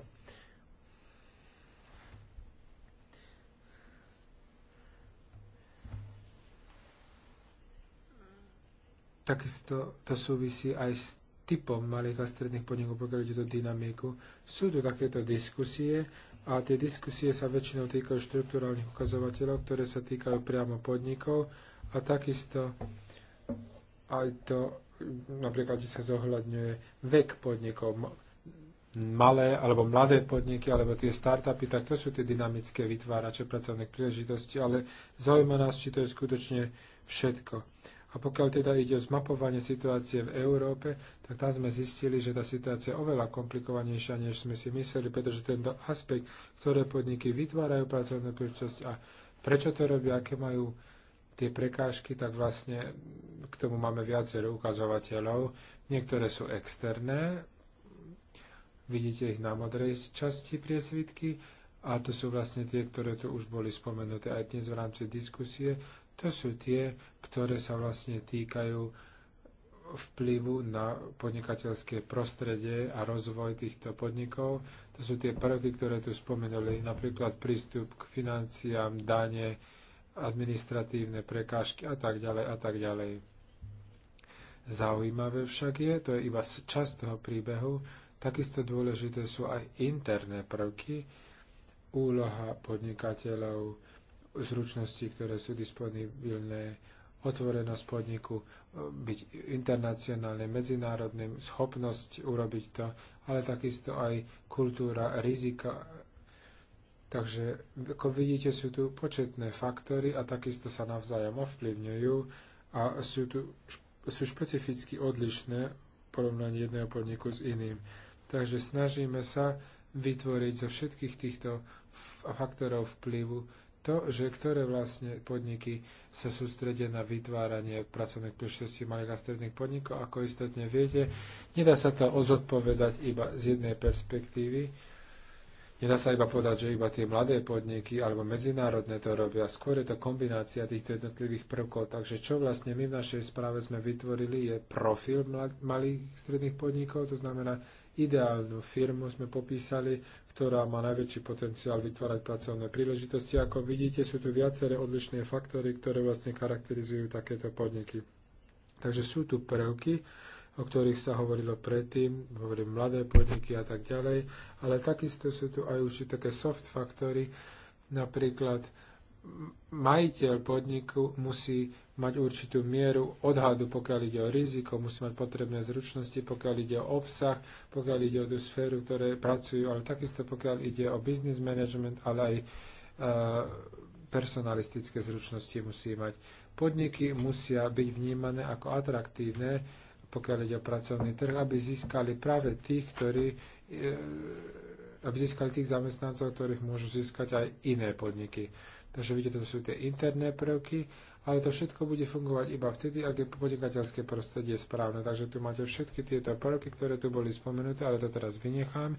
Takisto to súvisí aj s typom malých a stredných podnikov, pokiaľ ide o dynamiku. Sú tu takéto diskusie a tie diskusie sa väčšinou týkajú štruktúrálnych ukazovateľov, ktoré sa týkajú priamo podnikov a takisto aj to, napríklad, sa zohľadňuje vek podnikov, malé alebo mladé podniky, alebo tie startupy, tak to sú tie dynamické vytvárače pracovných príležitostí, ale zaujíma nás, či to je skutočne všetko. A pokiaľ teda ide o zmapovanie situácie v Európe, tak tam sme zistili, že tá situácia je oveľa komplikovanejšia, než sme si mysleli, pretože tento aspekt, ktoré podniky vytvárajú pracovnú príležitosť a prečo to robia, aké majú tie prekážky, tak vlastne k tomu máme viacero ukazovateľov. Niektoré sú externé, vidíte ich na modrej časti priesvitky, a to sú vlastne tie, ktoré tu už boli spomenuté aj dnes v rámci diskusie, to sú tie, ktoré sa vlastne týkajú vplyvu na podnikateľské prostredie a rozvoj týchto podnikov. To sú tie prvky, ktoré tu spomenuli, napríklad prístup k financiám, dane, administratívne prekážky a tak ďalej a tak ďalej. Zaujímavé však je, to je iba časť toho príbehu, takisto dôležité sú aj interné prvky, úloha podnikateľov, zručnosti, ktoré sú disponibilné, otvorenosť podniku, e, byť internacionálne, medzinárodným, schopnosť urobiť to, ale takisto aj kultúra rizika. Takže, ako vidíte, sú tu početné faktory a takisto sa navzájom ovplyvňujú a sú tu sú špecificky odlišné porovnaní jedného podniku s iným. Takže snažíme sa vytvoriť zo všetkých týchto faktorov vplyvu to, že ktoré vlastne podniky sa sústredia na vytváranie pracovných príležitostí malých a stredných podnikov, ako istotne viete. Nedá sa to ozodpovedať iba z jednej perspektívy. Nedá sa iba povedať, že iba tie mladé podniky alebo medzinárodné to robia. Skôr je to kombinácia týchto jednotlivých prvkov. Takže čo vlastne my v našej správe sme vytvorili je profil malých stredných podnikov, to znamená ideálnu firmu sme popísali, ktorá má najväčší potenciál vytvárať pracovné príležitosti. Ako vidíte, sú tu viaceré odlišné faktory, ktoré vlastne charakterizujú takéto podniky. Takže sú tu prvky, o ktorých sa hovorilo predtým, hovorím mladé podniky a tak ďalej, ale takisto sú tu aj určité také soft faktory, napríklad majiteľ podniku musí mať určitú mieru odhadu, pokiaľ ide o riziko, musí mať potrebné zručnosti, pokiaľ ide o obsah, pokiaľ ide o tú sféru, ktoré pracujú, ale takisto pokiaľ ide o business management, ale aj e, personalistické zručnosti musí mať. Podniky musia byť vnímané ako atraktívne, pokiaľ ide o pracovný trh, aby získali práve tých, ktorí e, aby získali tých zamestnancov, ktorých môžu získať aj iné podniky. Takže vidíte, to sú tie interné prvky, ale to všetko bude fungovať iba vtedy, ak je podnikateľské prostredie správne. Takže tu máte všetky tieto prvky, ktoré tu boli spomenuté, ale to teraz vynechám.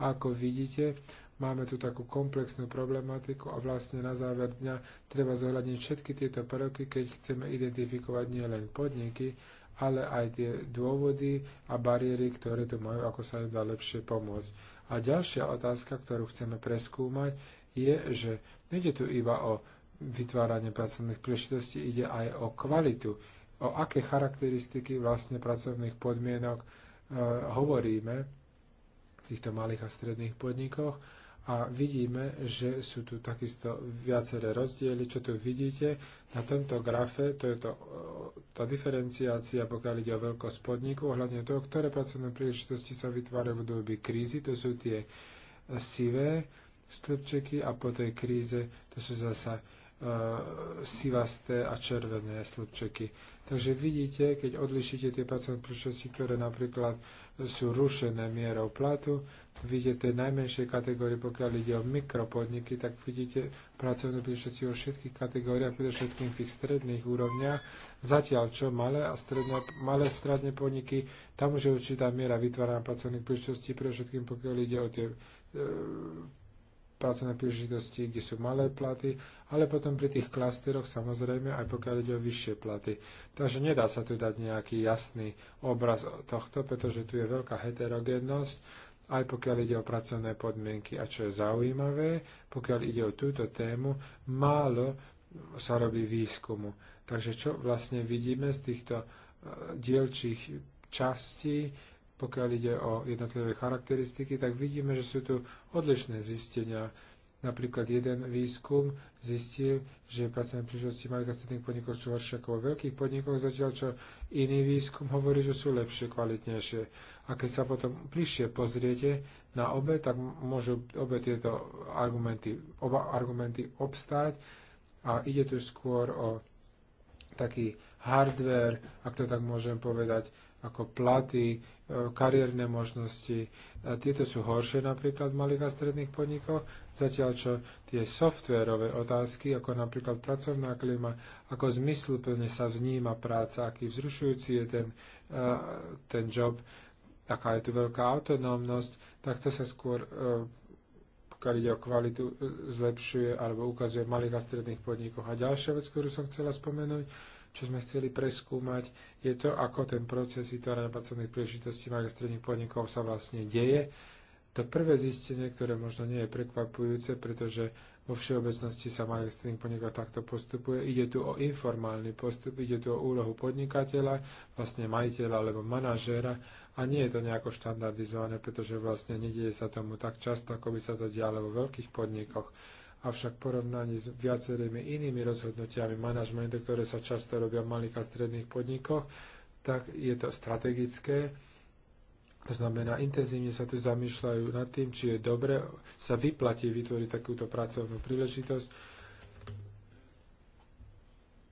A ako vidíte, máme tu takú komplexnú problematiku a vlastne na záver dňa treba zohľadniť všetky tieto prvky, keď chceme identifikovať nielen podniky, ale aj tie dôvody a bariéry, ktoré tu majú, ako sa im dá lepšie pomôcť. A ďalšia otázka, ktorú chceme preskúmať, je, že Nede tu iba o vytváranie pracovných príležitostí, ide aj o kvalitu, o aké charakteristiky vlastne pracovných podmienok e, hovoríme v týchto malých a stredných podnikoch a vidíme, že sú tu takisto viaceré rozdiely, čo tu vidíte na tomto grafe, to je to, e, tá diferenciácia, pokiaľ ide o veľkosť podniku, ohľadne toho, ktoré pracovné príležitosti sa vytvárajú v dobe krízy, to sú tie sivé, stĺpčeky a po tej kríze to sú zasa uh, sivasté a červené slupčeky. Takže vidíte, keď odlišíte tie pracovné príležitosti, ktoré napríklad sú rušené mierou platu, vidíte tie najmenšie kategórie, pokiaľ ide o mikropodniky, tak vidíte pracovné príležitosti vo všetkých kategóriách, predovšetkým v tých stredných úrovniach. Zatiaľ čo malé a stredné, malé stredné podniky, tam už je určitá miera vytvárania pracovných pre predovšetkým pokiaľ ide o tie e, pracovné príležitosti, kde sú malé platy, ale potom pri tých klasteroch samozrejme aj pokiaľ ide o vyššie platy. Takže nedá sa tu dať nejaký jasný obraz tohto, pretože tu je veľká heterogénnosť, aj pokiaľ ide o pracovné podmienky. A čo je zaujímavé, pokiaľ ide o túto tému, málo sa robí výskumu. Takže čo vlastne vidíme z týchto eh, dielčích častí, pokiaľ ide o jednotlivé charakteristiky, tak vidíme, že sú tu odlišné zistenia. Napríklad jeden výskum zistil, že pracovné príležitosti malých a stredných podnikov sú horšie ako vo veľkých podnikoch, zatiaľ čo iný výskum hovorí, že sú lepšie, kvalitnejšie. A keď sa potom bližšie pozriete na obe, tak môžu obe tieto argumenty, oba argumenty obstáť a ide tu skôr o taký hardware, ak to tak môžem povedať, ako platy, e, kariérne možnosti. Tieto sú horšie napríklad v malých a stredných podnikoch, zatiaľ čo tie softvérové otázky, ako napríklad pracovná klima, ako zmysluplne sa vníma práca, aký vzrušujúci je ten, e, ten job, aká je tu veľká autonómnosť, tak to sa skôr e, pokiaľ ide o kvalitu, zlepšuje alebo ukazuje v malých a stredných podnikoch. A ďalšia vec, ktorú som chcela spomenúť, čo sme chceli preskúmať, je to, ako ten proces vytvárania pracovných príležitostí malých stredných podnikov sa vlastne deje. To prvé zistenie, ktoré možno nie je prekvapujúce, pretože vo všeobecnosti sa malých stredných podnikov takto postupuje. Ide tu o informálny postup, ide tu o úlohu podnikateľa, vlastne majiteľa alebo manažéra a nie je to nejako štandardizované, pretože vlastne nedieje sa tomu tak často, ako by sa to dialo vo veľkých podnikoch avšak v porovnaní s viacerými inými rozhodnutiami manažmentu, ktoré sa často robia v malých a stredných podnikoch, tak je to strategické. To znamená, intenzívne sa tu zamýšľajú nad tým, či je dobre, sa vyplatí vytvoriť takúto pracovnú príležitosť.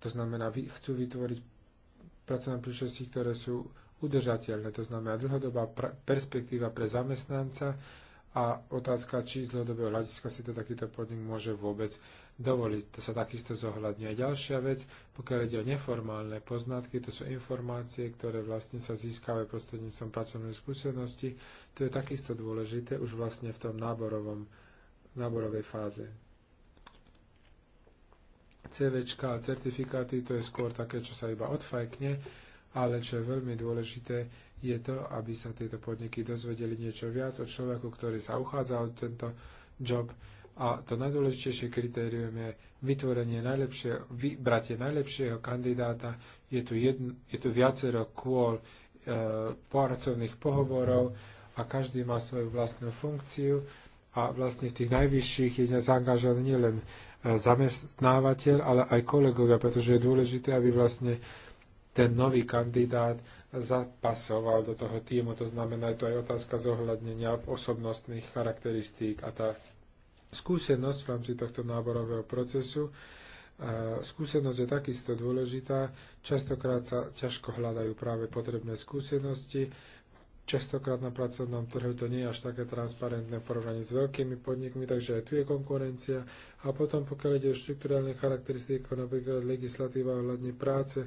To znamená, chcú vytvoriť pracovné príležitosti, ktoré sú udržateľné. To znamená, dlhodobá perspektíva pre zamestnanca, a otázka, či z dlhodobého hľadiska si to takýto podnik môže vôbec dovoliť. To sa takisto zohľadňuje. Ďalšia vec, pokiaľ ide o neformálne poznatky, to sú informácie, ktoré vlastne sa získajú prostredníctvom pracovnej skúsenosti. To je takisto dôležité už vlastne v tom náborovom, náborovej fáze. CVčka a certifikáty, to je skôr také, čo sa iba odfajkne ale čo je veľmi dôležité, je to, aby sa tieto podniky dozvedeli niečo viac o človeku, ktorý sa uchádza o tento job. A to najdôležitejšie kritérium je vytvorenie najlepšieho, vybratie najlepšieho kandidáta. Je tu, jedno, je tu viacero kôl e, pracovných pohovorov a každý má svoju vlastnú funkciu a vlastne v tých najvyšších je zaangažovaný nielen e, zamestnávateľ, ale aj kolegovia, pretože je dôležité, aby vlastne ten nový kandidát zapasoval do toho týmu. To znamená, je to aj otázka zohľadnenia osobnostných charakteristík a tá skúsenosť v rámci tohto náborového procesu skúsenosť je takisto dôležitá. Častokrát sa ťažko hľadajú práve potrebné skúsenosti. Častokrát na pracovnom trhu to nie je až také transparentné v porovnaní s veľkými podnikmi, takže aj tu je konkurencia. A potom, pokiaľ ide o štruktúrálne charakteristiky, napríklad legislatíva ohľadne práce,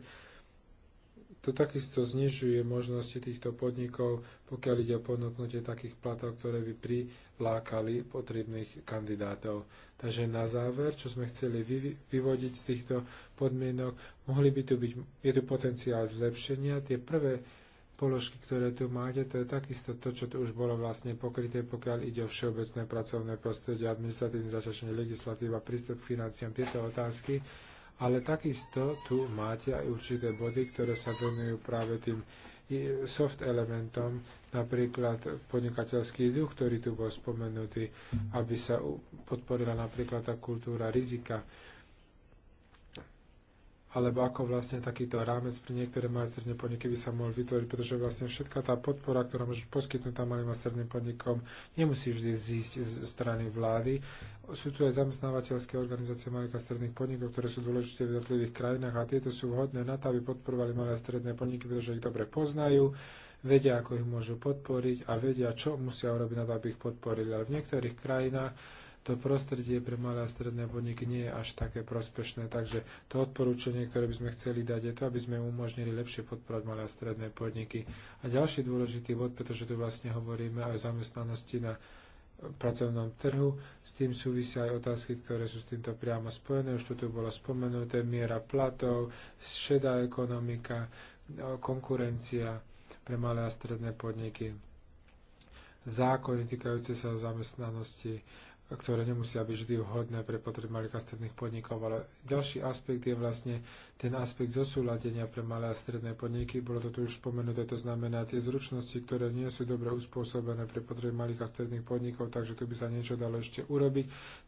to takisto znižuje možnosti týchto podnikov, pokiaľ ide o ponúknutie takých platov, ktoré by prilákali potrebných kandidátov. Takže na záver, čo sme chceli vyvodiť z týchto podmienok, mohli by tu byť, je tu potenciál zlepšenia. Tie prvé položky, ktoré tu máte, to je takisto to, čo tu už bolo vlastne pokryté, pokiaľ ide o všeobecné pracovné prostredie, administratívne zaťaženie, legislatíva, prístup k financiám, tieto otázky ale takisto tu máte aj určité body, ktoré sa venujú práve tým soft elementom, napríklad podnikateľský duch, ktorý tu bol spomenutý, aby sa podporila napríklad tá kultúra rizika, alebo ako vlastne takýto rámec pre niektoré malé stredné podniky by sa mohol vytvoriť, pretože vlastne všetká tá podpora, ktorá môže tam malým a stredným podnikom, nemusí vždy zísť z strany vlády. Sú tu aj zamestnávateľské organizácie malých a stredných podnikov, ktoré sú dôležité v jednotlivých krajinách a tieto sú vhodné na to, aby podporovali malé a stredné podniky, pretože ich dobre poznajú, vedia, ako ich môžu podporiť a vedia, čo musia urobiť na to, aby ich podporili. Ale v niektorých krajinách to prostredie pre malé a stredné podniky nie je až také prospešné. Takže to odporúčanie, ktoré by sme chceli dať, je to, aby sme umožnili lepšie podporovať malé a stredné podniky. A ďalší dôležitý bod, pretože tu vlastne hovoríme o zamestnanosti na pracovnom trhu. S tým súvisia aj otázky, ktoré sú s týmto priamo spojené. Už to tu bolo spomenuté, miera platov, šedá ekonomika, konkurencia pre malé a stredné podniky, zákony týkajúce sa zamestnanosti, ktoré nemusia byť vždy vhodné pre potreby malých a stredných podnikov, ale ďalší aspekt je vlastne ten aspekt zosúladenia pre malé a stredné podniky. Bolo to tu už spomenuté, to znamená tie zručnosti, ktoré nie sú dobre uspôsobené pre potreby malých a stredných podnikov, takže tu by sa niečo dalo ešte urobiť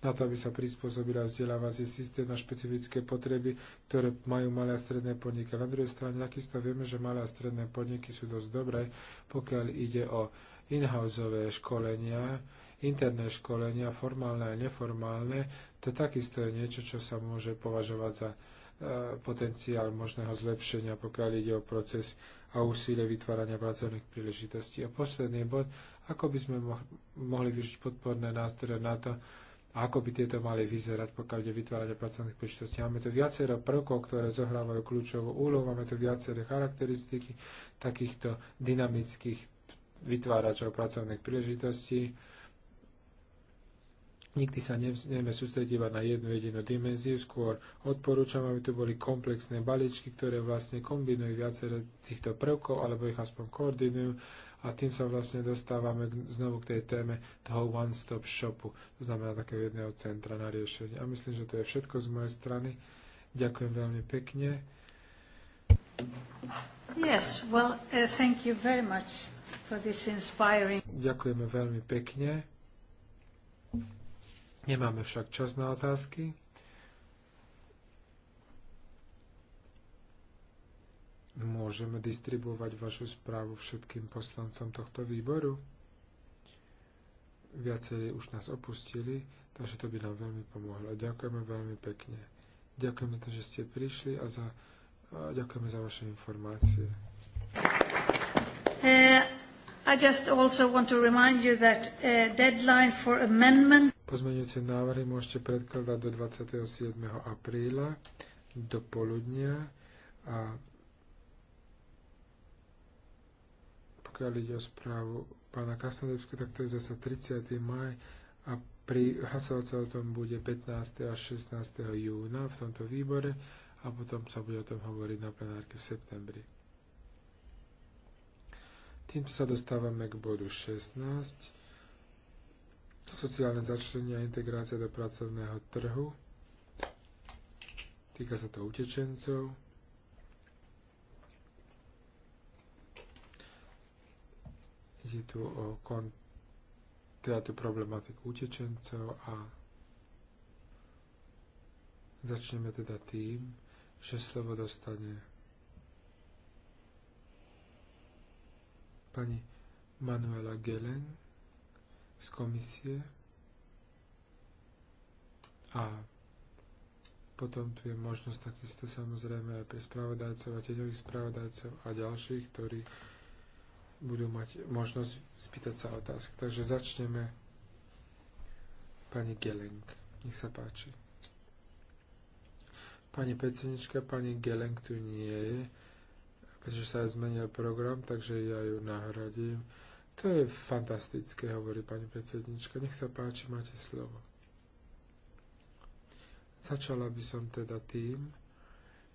na to, aby sa prispôsobila vzdelávací systém na špecifické potreby, ktoré majú malé a stredné podniky. Na druhej strane takisto vieme, že malé a stredné podniky sú dosť dobré, pokiaľ ide o in-houseové školenia, interné školenia, formálne a neformálne, to takisto je niečo, čo sa môže považovať za e, potenciál možného zlepšenia, pokiaľ ide o proces a úsilie vytvárania pracovných príležitostí. A posledný bod, ako by sme mohli využiť podporné nástroje na to, ako by tieto mali vyzerať, pokiaľ ide vytváranie pracovných príležitostí. Máme tu viacero prvkov, ktoré zohrávajú kľúčovú úlohu, máme tu viaceré charakteristiky takýchto dynamických vytváračov pracovných príležitostí Nikdy sa nevieme sústrediť iba na jednu jedinú dimenziu, skôr odporúčam, aby tu boli komplexné balíčky, ktoré vlastne kombinujú viacero týchto prvkov, alebo ich aspoň koordinujú a tým sa vlastne dostávame znovu k tej téme toho one-stop shopu, to znamená takého jedného centra na riešenie. A myslím, že to je všetko z mojej strany. Ďakujem veľmi pekne. Yes, well, uh, thank you very much for this inspiring... Ďakujeme veľmi pekne Nemáme však čas na otázky. Môžeme distribuovať vašu správu všetkým poslancom tohto výboru. Viacerí už nás opustili, takže to by nám veľmi pomohlo. Ďakujeme veľmi pekne. Ďakujem za to, že ste prišli a, za, a ďakujeme za vaše informácie. Uh, I just also want to remind you that uh, deadline for amendment Pozmeňujúce návrhy môžete predkladať do 27. apríla do poludnia a pokiaľ ide o správu pána Krasnodebsku, tak to je zase 30. maj a pri, sa o tom bude 15. až 16. júna v tomto výbore a potom sa bude o tom hovoriť na plenárke v septembri. Týmto sa dostávame k bodu 16 sociálne začlenie a integrácia do pracovného trhu. Týka sa to utečencov. Je tu o kon, teda tú problematiku utečencov a začneme teda tým, že slovo dostane pani Manuela Gelen z komisie. A potom tu je možnosť takisto samozrejme aj pre spravodajcov a teňových spravodajcov a ďalších, ktorí budú mať možnosť spýtať sa otázky. Takže začneme pani Geleng. Nech sa páči. Pani predsednička, pani Geleng tu nie je, pretože sa zmenil program, takže ja ju nahradím. To je fantastické, hovorí pani predsednička. Nech sa páči, máte slovo. Začala by som teda tým,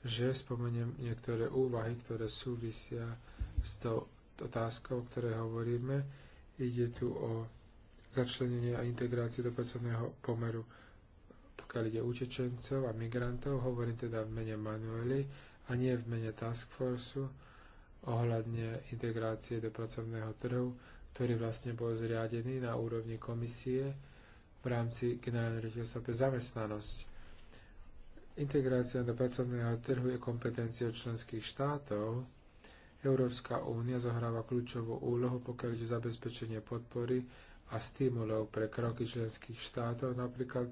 že spomeniem niektoré úvahy, ktoré súvisia s tou otázkou, o ktorej hovoríme. Ide tu o začlenenie a integráciu do pracovného pomeru, pokiaľ ide utečencov a migrantov. Hovorím teda v mene Manueli a nie v mene Task Forceu ohľadne integrácie do pracovného trhu, ktorý vlastne bol zriadený na úrovni komisie v rámci generálneho riaditeľstva pre zamestnanosť. Integrácia do pracovného trhu je kompetenciou členských štátov. Európska únia zohráva kľúčovú úlohu, pokiaľ ide zabezpečenie podpory a stimulov pre kroky členských štátov, napríklad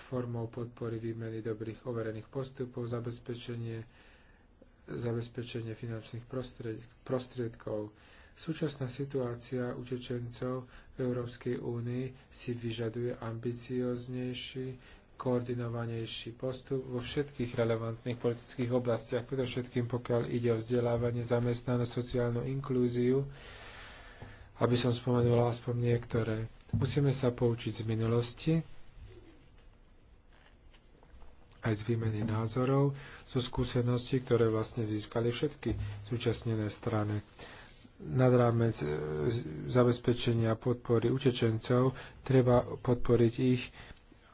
formou podpory výmeny dobrých overených postupov, zabezpečenie zabezpečenie finančných prostriedkov. Súčasná situácia utečencov v Európskej únii si vyžaduje ambicioznejší, koordinovanejší postup vo všetkých relevantných politických oblastiach, predovšetkým pokiaľ ide o vzdelávanie, zamestnanosť, sociálnu inklúziu, aby som spomenul aspoň niektoré. Musíme sa poučiť z minulosti, aj z výmeny názorov, zo skúseností, ktoré vlastne získali všetky súčasnené strany. Nad rámec e, zabezpečenia podpory utečencov treba podporiť ich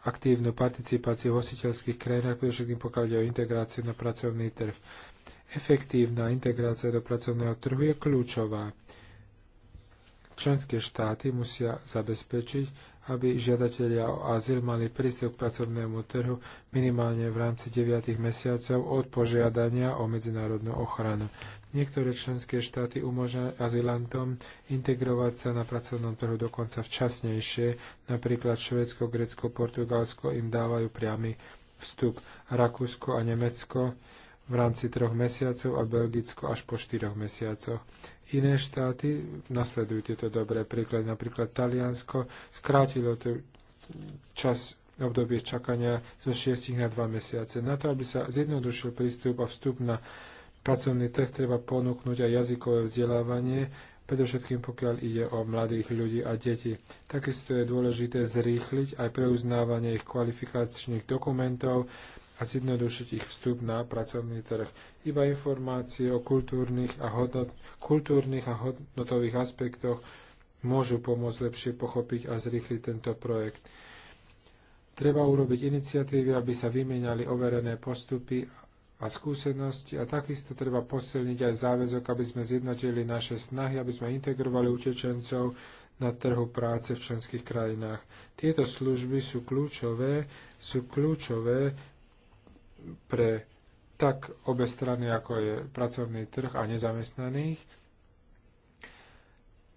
aktívnu participáciu v hostiteľských krajinách, predovšetkým pokiaľ ide o integráciu na pracovný trh. Efektívna integrácia do pracovného trhu je kľúčová. Členské štáty musia zabezpečiť, aby žiadatelia o azyl mali prístup k pracovnému trhu minimálne v rámci 9 mesiacov od požiadania o medzinárodnú ochranu. Niektoré členské štáty umožňujú azylantom integrovať sa na pracovnom trhu dokonca včasnejšie, napríklad Švedsko, Grécko, Portugalsko im dávajú priamy vstup, Rakúsko a Nemecko v rámci troch mesiacov a Belgicko až po štyroch mesiacoch. Iné štáty nasledujú tieto dobré príklady. Napríklad Taliansko skrátilo tu čas obdobie čakania zo 6 na 2 mesiace. Na to, aby sa zjednodušil prístup a vstup na pracovný trh, treba ponúknuť aj jazykové vzdelávanie, predovšetkým pokiaľ ide o mladých ľudí a deti. Takisto je dôležité zrýchliť aj preuznávanie ich kvalifikačných dokumentov, a zjednodušiť ich vstup na pracovný trh. Iba informácie o kultúrnych a, hodnot, kultúrnych a hodnotových aspektoch môžu pomôcť lepšie pochopiť a zrýchliť tento projekt. Treba urobiť iniciatívy, aby sa vymieniali overené postupy a skúsenosti a takisto treba posilniť aj záväzok, aby sme zjednotili naše snahy, aby sme integrovali utečencov na trhu práce v členských krajinách. Tieto služby sú kľúčové, sú kľúčové pre tak obe strany, ako je pracovný trh a nezamestnaných.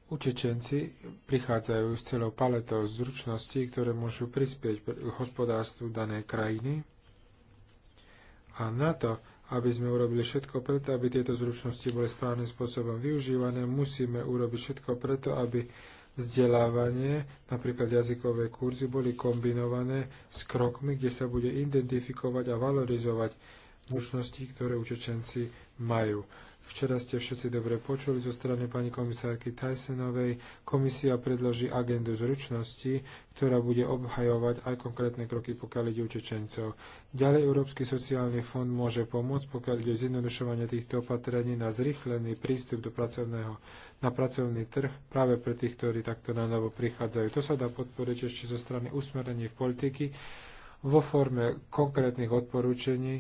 Utečenci prichádzajú s celou paletou zručností, ktoré môžu prispieť k hospodárstvu danej krajiny. A na to, aby sme urobili všetko preto, aby tieto zručnosti boli správnym spôsobom využívané, musíme urobiť všetko preto, aby vzdelávanie, napríklad jazykové kurzy, boli kombinované s krokmi, kde sa bude identifikovať a valorizovať možnosti, ktoré učečenci majú. Včera ste všetci dobre počuli zo strany pani komisárky Tysonovej. Komisia predloží agendu zručnosti, ktorá bude obhajovať aj konkrétne kroky, pokiaľ ide učečencov. Ďalej Európsky sociálny fond môže pomôcť, pokiaľ ide zjednodušovanie týchto opatrení na zrýchlený prístup do pracovného, na pracovný trh práve pre tých, ktorí takto na novo prichádzajú. To sa dá podporiť ešte zo strany usmerení v politiky vo forme konkrétnych odporúčení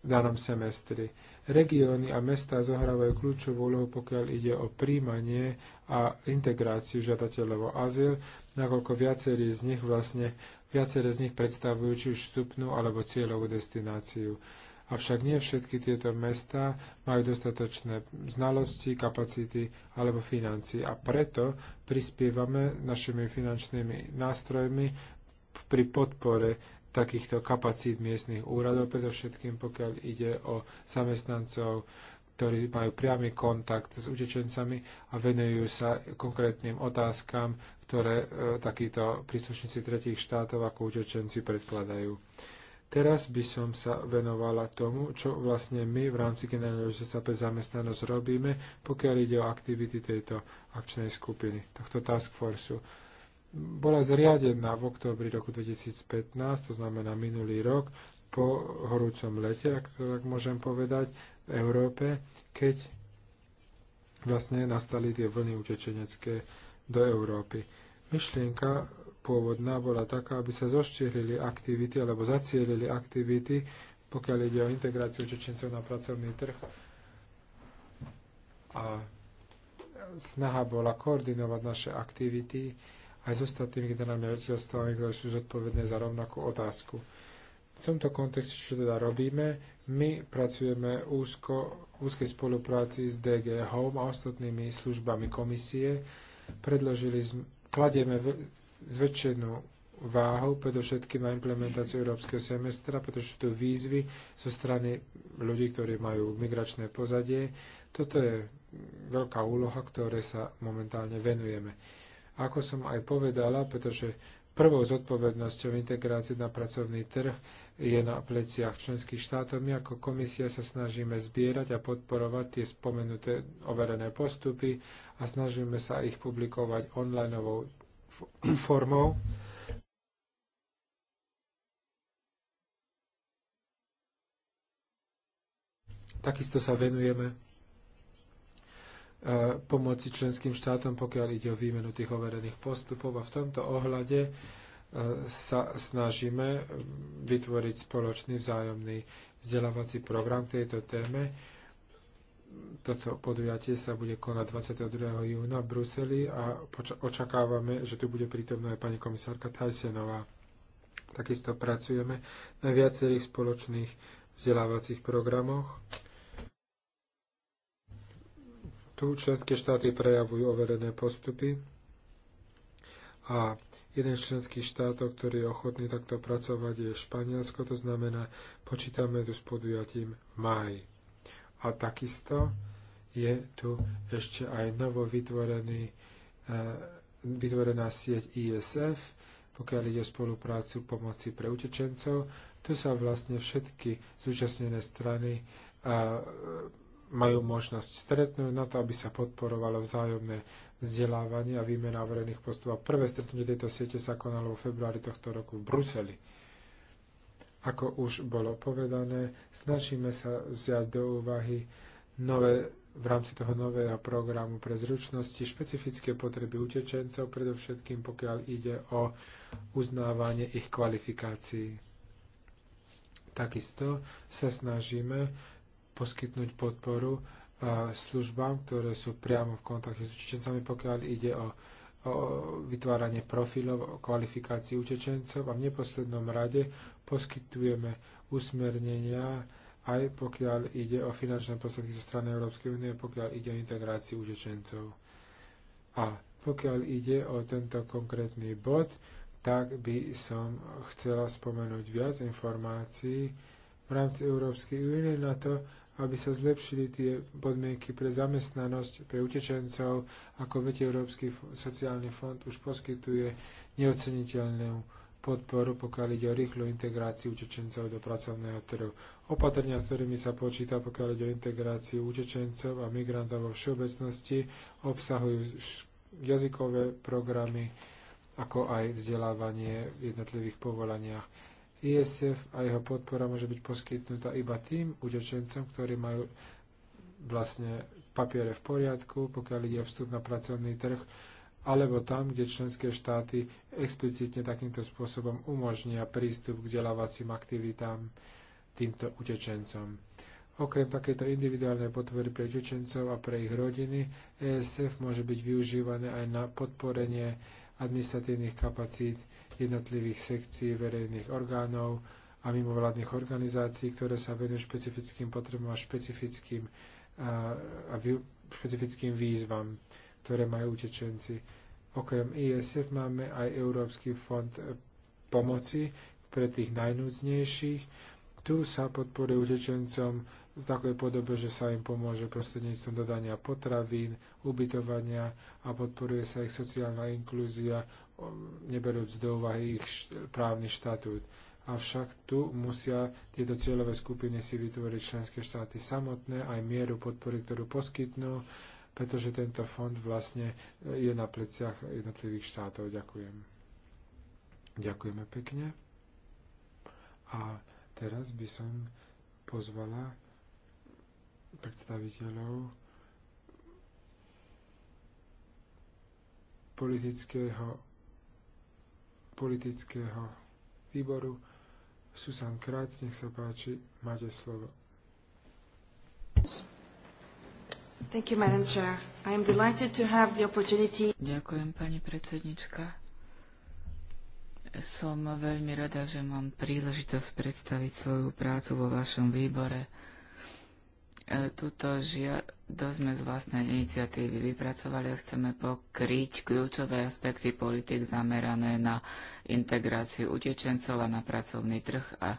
v danom semestri. Regióny a mestá zohrávajú kľúčovú úlohu, pokiaľ ide o príjmanie a integráciu žiadateľov o azyl, nakoľko viacerí z nich vlastne viaceré z nich predstavujú či už vstupnú alebo cieľovú destináciu. Avšak nie všetky tieto mesta majú dostatočné znalosti, kapacity alebo financie a preto prispievame našimi finančnými nástrojmi pri podpore takýchto kapacít miestnych úradov, predovšetkým pokiaľ ide o zamestnancov, ktorí majú priamy kontakt s utečencami a venujú sa konkrétnym otázkam, ktoré e, takíto príslušníci tretich štátov ako utečenci predkladajú. Teraz by som sa venovala tomu, čo vlastne my v rámci generálneho sa pre zamestnanosť robíme, pokiaľ ide o aktivity tejto akčnej skupiny, tohto task forceu bola zriadená v oktobri roku 2015, to znamená minulý rok, po horúcom lete, ak to tak môžem povedať, v Európe, keď vlastne nastali tie vlny utečenecké do Európy. Myšlienka pôvodná bola taká, aby sa zoštírili aktivity alebo zacielili aktivity, pokiaľ ide o integráciu Čečencov na pracovný trh. A snaha bola koordinovať naše aktivity aj s ostatnými generálnymi riaditeľstvami, ktoré sú zodpovedné za rovnakú otázku. V tomto kontexte, čo teda robíme, my pracujeme úzko, v úzkej spolupráci s DG Home a ostatnými službami komisie. Predložili, kladieme zväčšenú váhu predovšetkým na implementáciu európskeho semestra, pretože sú tu výzvy zo strany ľudí, ktorí majú migračné pozadie. Toto je veľká úloha, ktoré sa momentálne venujeme. Ako som aj povedala, pretože prvou zodpovednosťou integrácie na pracovný trh je na pleciach členských štátov. My ako komisia sa snažíme zbierať a podporovať tie spomenuté overené postupy a snažíme sa ich publikovať online formou. Takisto sa venujeme pomoci členským štátom, pokiaľ ide o výmenu tých overených postupov. A v tomto ohľade sa snažíme vytvoriť spoločný vzájomný vzdelávací program tejto téme. Toto podujatie sa bude konať 22. júna v Bruseli a očakávame, že tu bude prítomná aj pani komisárka Tajsenová. Takisto pracujeme na viacerých spoločných vzdelávacích programoch tu členské štáty prejavujú overené postupy a jeden z členských štátov, ktorý je ochotný takto pracovať, je Španielsko, to znamená, počítame tu s podujatím v máji. A takisto je tu ešte aj novo vytvorený, eh, vytvorená sieť ISF, pokiaľ ide spoluprácu pomoci pre utečencov. Tu sa vlastne všetky zúčastnené strany eh, majú možnosť stretnúť na to, aby sa podporovalo vzájomné vzdelávanie a výmena verejných postupov. Prvé stretnutie tejto siete sa konalo v februári tohto roku v Bruseli. Ako už bolo povedané, snažíme sa vziať do úvahy nové, v rámci toho nového programu pre zručnosti špecifické potreby utečencov, predovšetkým pokiaľ ide o uznávanie ich kvalifikácií. Takisto sa snažíme poskytnúť podporu e, službám, ktoré sú priamo v kontakte s utečencami, pokiaľ ide o, o vytváranie profilov, o kvalifikácii utečencov a v neposlednom rade poskytujeme usmernenia aj pokiaľ ide o finančné prostriedky zo strany Európskej únie, pokiaľ ide o integráciu utečencov. A pokiaľ ide o tento konkrétny bod, tak by som chcela spomenúť viac informácií v rámci Európskej únie na to, aby sa zlepšili tie podmienky pre zamestnanosť, pre utečencov. Ako viete, Európsky sociálny fond už poskytuje neoceniteľnú podporu, pokiaľ ide o rýchlu integráciu utečencov do pracovného trhu. Opatrenia, s ktorými sa počíta, pokiaľ ide o integráciu utečencov a migrantov vo všeobecnosti, obsahujú jazykové programy, ako aj vzdelávanie v jednotlivých povolaniach. ISF a jeho podpora môže byť poskytnutá iba tým utečencom, ktorí majú vlastne papiere v poriadku, pokiaľ ide vstup na pracovný trh, alebo tam, kde členské štáty explicitne takýmto spôsobom umožnia prístup k vzdelávacím aktivitám týmto utečencom. Okrem takéto individuálnej podpory pre utečencov a pre ich rodiny, ESF môže byť využívané aj na podporenie administratívnych kapacít jednotlivých sekcií verejných orgánov a mimovládnych organizácií, ktoré sa venujú špecifickým potrebom a špecifickým, a, a vý, špecifickým výzvam, ktoré majú utečenci. Okrem ISF máme aj Európsky fond eh, pomoci pre tých najnúcnejších tu sa podporuje utečencom v takej podobe, že sa im pomôže prostredníctvom dodania potravín, ubytovania a podporuje sa ich sociálna inklúzia, neberúc do úvahy ich právny štatút. Avšak tu musia tieto cieľové skupiny si vytvoriť členské štáty samotné, aj mieru podpory, ktorú poskytnú, pretože tento fond vlastne e, je na pleciach jednotlivých štátov. Ďakujem. Ďakujeme pekne. A Teraz by som pozvala predstaviteľov politického, politického výboru. Susan Krác, nech sa páči, máte slovo. Thank you, Madam Chair. I am delighted to have the opportunity... Ďakujem, pani predsednička. Som veľmi rada, že mám príležitosť predstaviť svoju prácu vo vašom výbore. E, Tuto žiadosť sme z vlastnej iniciatívy vypracovali a chceme pokryť kľúčové aspekty politik zamerané na integráciu utečencov a na pracovný trh a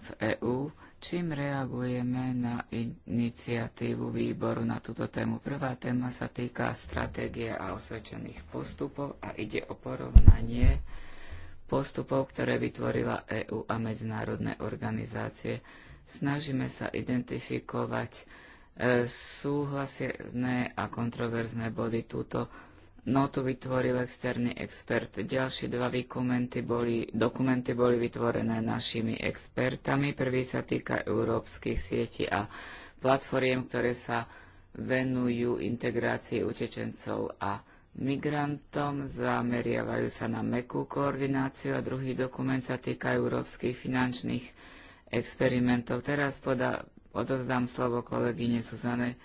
v EÚ, čím reagujeme na iniciatívu výboru na túto tému. Prvá téma sa týka stratégie a osvedčených postupov a ide o porovnanie postupov, ktoré vytvorila EÚ a medzinárodné organizácie. Snažíme sa identifikovať e, súhlasné a kontroverzné body. Túto notu vytvoril externý expert. Ďalšie dva dokumenty boli, dokumenty boli vytvorené našimi expertami. Prvý sa týka európskych sietí a platformiem, ktoré sa venujú integrácii utečencov a migrantom, zameriavajú sa na mekú koordináciu a druhý dokument sa týka európskych finančných experimentov. Teraz poda, odozdám slovo kolegyne Suzane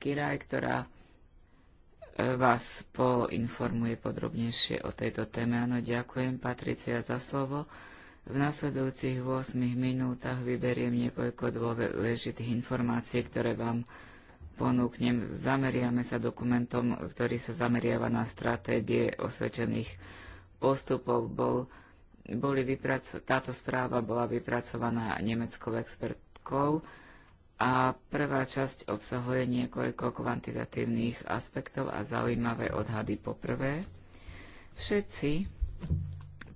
Kiraj, ktorá e, vás poinformuje podrobnejšie o tejto téme. Áno, ďakujem Patricia za slovo. V nasledujúcich 8 minútach vyberiem niekoľko dôležitých informácií, ktoré vám ponúknem, zameriame sa dokumentom, ktorý sa zameriava na stratégie osvedčených postupov. Bol, boli vypraco- táto správa bola vypracovaná nemeckou expertkou a prvá časť obsahuje niekoľko kvantitatívnych aspektov a zaujímavé odhady poprvé. Všetci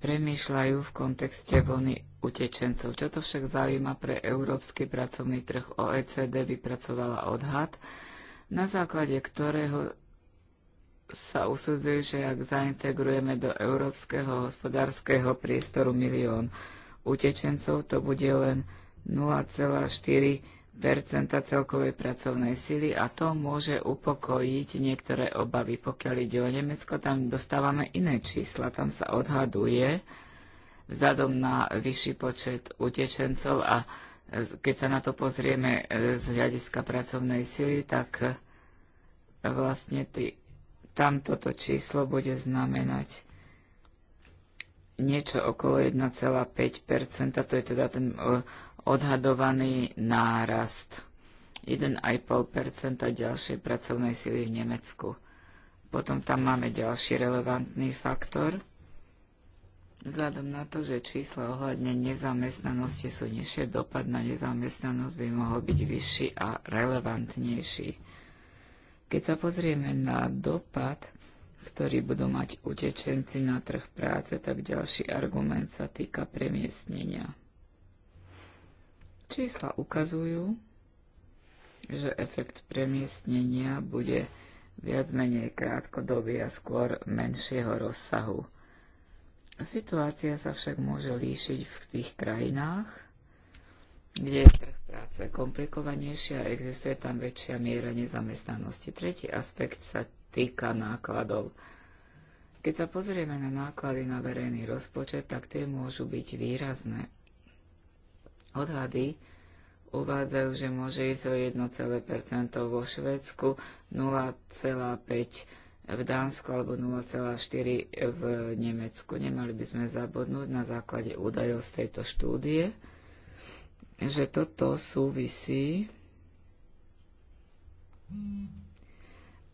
premýšľajú v kontexte vlny utečencov. Čo to však zaujíma pre európsky pracovný trh? OECD vypracovala odhad, na základe ktorého sa usudzuje, že ak zaintegrujeme do európskeho hospodárskeho priestoru milión utečencov, to bude len 0,4 percenta celkovej pracovnej sily a to môže upokojiť niektoré obavy. Pokiaľ ide o Nemecko, tam dostávame iné čísla, tam sa odhaduje vzhľadom na vyšší počet utečencov a keď sa na to pozrieme e, z hľadiska pracovnej sily, tak e, vlastne ty, tam toto číslo bude znamenať niečo okolo 1,5%, to je teda ten e, odhadovaný nárast 1,5 ďalšej pracovnej sily v Nemecku. Potom tam máme ďalší relevantný faktor. Vzhľadom na to, že čísla ohľadne nezamestnanosti sú nižšie, dopad na nezamestnanosť by mohol byť vyšší a relevantnejší. Keď sa pozrieme na dopad, ktorý budú mať utečenci na trh práce, tak ďalší argument sa týka premiestnenia. Čísla ukazujú, že efekt premiestnenia bude viac menej krátkodobý a skôr menšieho rozsahu. Situácia sa však môže líšiť v tých krajinách, kde je trh práce komplikovanejší a existuje tam väčšia miera nezamestnanosti. Tretí aspekt sa týka nákladov. Keď sa pozrieme na náklady na verejný rozpočet, tak tie môžu byť výrazné. Odhady uvádzajú, že môže ísť o 1,5% vo Švedsku, 0,5% v Dánsku alebo 0,4% v Nemecku. Nemali by sme zabudnúť na základe údajov z tejto štúdie, že toto súvisí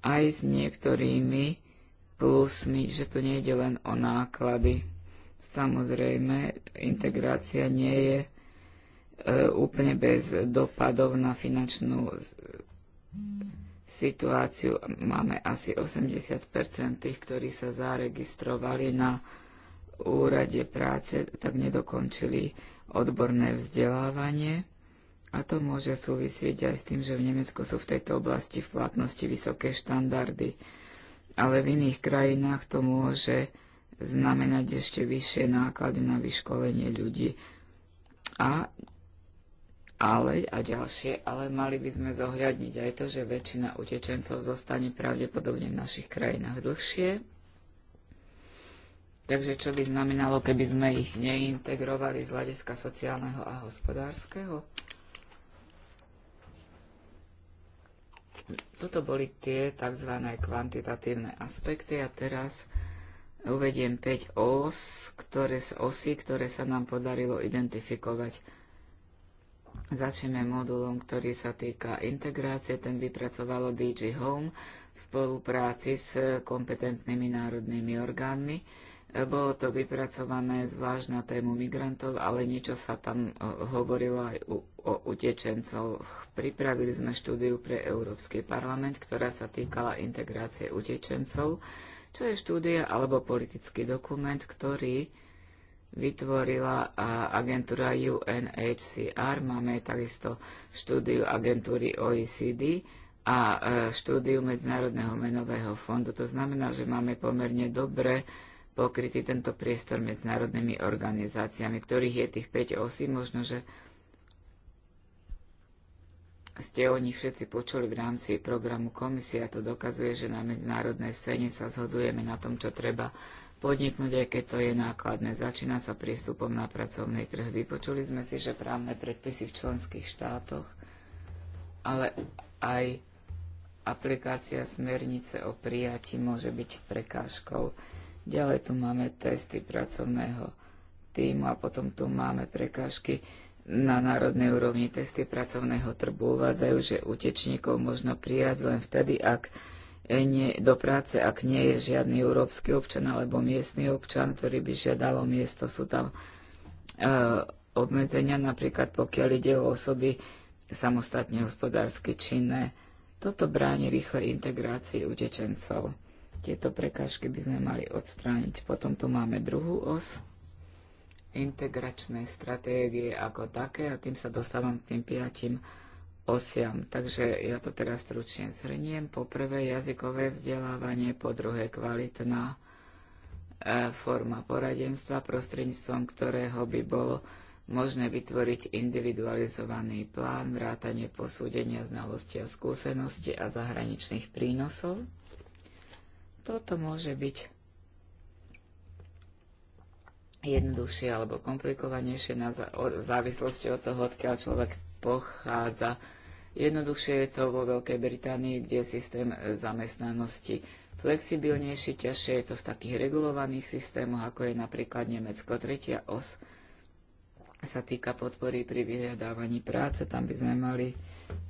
aj s niektorými plusmi, že to nejde len o náklady. Samozrejme, integrácia nie je E, úplne bez dopadov na finančnú situáciu. Máme asi 80 tých, ktorí sa zaregistrovali na úrade práce, tak nedokončili odborné vzdelávanie. A to môže súvisieť aj s tým, že v Nemecku sú v tejto oblasti v platnosti vysoké štandardy. Ale v iných krajinách to môže znamenať ešte vyššie náklady na vyškolenie ľudí. A ale, a ďalšie, ale mali by sme zohľadniť aj to, že väčšina utečencov zostane pravdepodobne v našich krajinách dlhšie. Takže čo by znamenalo, keby sme ich neintegrovali z hľadiska sociálneho a hospodárskeho? Toto boli tie tzv. kvantitatívne aspekty a teraz uvediem 5 os, ktoré, osy, ktoré sa nám podarilo identifikovať Začneme modulom, ktorý sa týka integrácie. Ten vypracovalo DG Home v spolupráci s kompetentnými národnými orgánmi. E, bolo to vypracované zvlášť na tému migrantov, ale niečo sa tam e, hovorilo aj u, o utečencoch. Pripravili sme štúdiu pre Európsky parlament, ktorá sa týkala integrácie utečencov, čo je štúdia alebo politický dokument, ktorý vytvorila agentúra UNHCR, máme takisto štúdiu agentúry OECD a e, štúdiu Medzinárodného menového fondu. To znamená, že máme pomerne dobre pokrytý tento priestor medzinárodnými organizáciami, ktorých je tých 5 osí. Možno, že ste o nich všetci počuli v rámci programu komisie a to dokazuje, že na medzinárodnej scéne sa zhodujeme na tom, čo treba podniknúť, aj keď to je nákladné. Začína sa prístupom na pracovný trh. Vypočuli sme si, že právne predpisy v členských štátoch, ale aj aplikácia smernice o prijati môže byť prekážkou. Ďalej tu máme testy pracovného týmu a potom tu máme prekážky na národnej úrovni. Testy pracovného trhu uvádzajú, že utečníkov možno prijať len vtedy, ak nie, do práce, ak nie je žiadny európsky občan alebo miestny občan, ktorý by žiadalo miesto. Sú tam e, obmedzenia, napríklad pokiaľ ide o osoby samostatne hospodársky činné. Toto bráni rýchlej integrácii utečencov. Tieto prekážky by sme mali odstrániť. Potom tu máme druhú os, integračné stratégie ako také a tým sa dostávam k tým piatim osiam. Takže ja to teraz stručne zhrniem. Po prvé jazykové vzdelávanie, po druhé kvalitná e, forma poradenstva, prostredníctvom ktorého by bolo možné vytvoriť individualizovaný plán, vrátanie posúdenia znalosti a skúsenosti a zahraničných prínosov. Toto môže byť jednoduchšie alebo komplikovanejšie na závislosti od toho, odkiaľ človek pochádza. Jednoduchšie je to vo Veľkej Británii, kde je systém zamestnanosti flexibilnejší, ťažšie je to v takých regulovaných systémoch, ako je napríklad Nemecko. Tretia os sa týka podpory pri vyhľadávaní práce. Tam by sme mali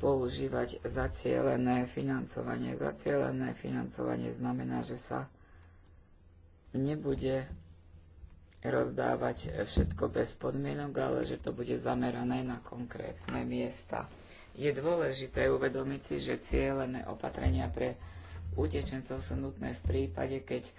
používať zacielené financovanie. Zacielené financovanie znamená, že sa nebude rozdávať všetko bez podmienok, ale že to bude zamerané na konkrétne miesta. Je dôležité uvedomiť si, že cieľené opatrenia pre utečencov sú nutné v prípade, keď e,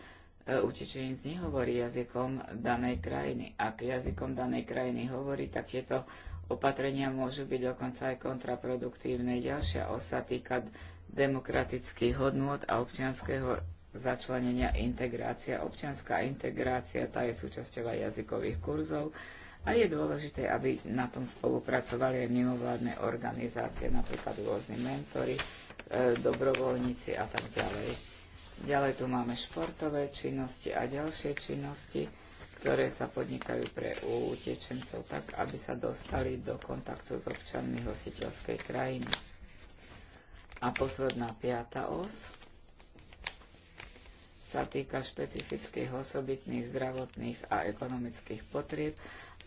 utečenec nehovorí jazykom danej krajiny. Ak jazykom danej krajiny hovorí, tak tieto opatrenia môžu byť dokonca aj kontraproduktívne. Ďalšia osa týka demokratických hodnôt a občianského začlenenia integrácia. Občianská integrácia, tá je súčasťou jazykových kurzov, a je dôležité, aby na tom spolupracovali aj mimovládne organizácie, napríklad rôzni mentory, e, dobrovoľníci a tak ďalej. Ďalej tu máme športové činnosti a ďalšie činnosti, ktoré sa podnikajú pre utečencov tak, aby sa dostali do kontaktu s občanmi hostiteľskej krajiny. A posledná piata os sa týka špecifických osobitných zdravotných a ekonomických potrieb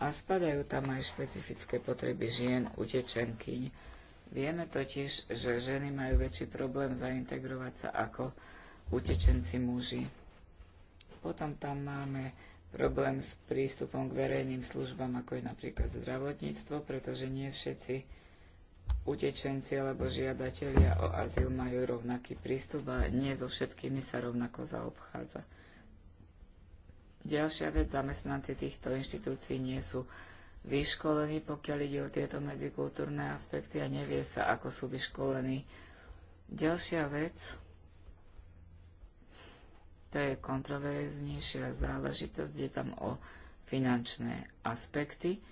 a spadajú tam aj špecifické potreby žien utečenkyň. Vieme totiž, že ženy majú väčší problém zaintegrovať sa ako utečenci muži. Potom tam máme problém s prístupom k verejným službám, ako je napríklad zdravotníctvo, pretože nie všetci utečenci alebo žiadatelia o azyl majú rovnaký prístup a nie so všetkými sa rovnako zaobchádza. Ďalšia vec, zamestnanci týchto inštitúcií nie sú vyškolení, pokiaľ ide o tieto medzikultúrne aspekty a nevie sa, ako sú vyškolení. Ďalšia vec, to je kontroverznejšia záležitosť, je tam o finančné aspekty.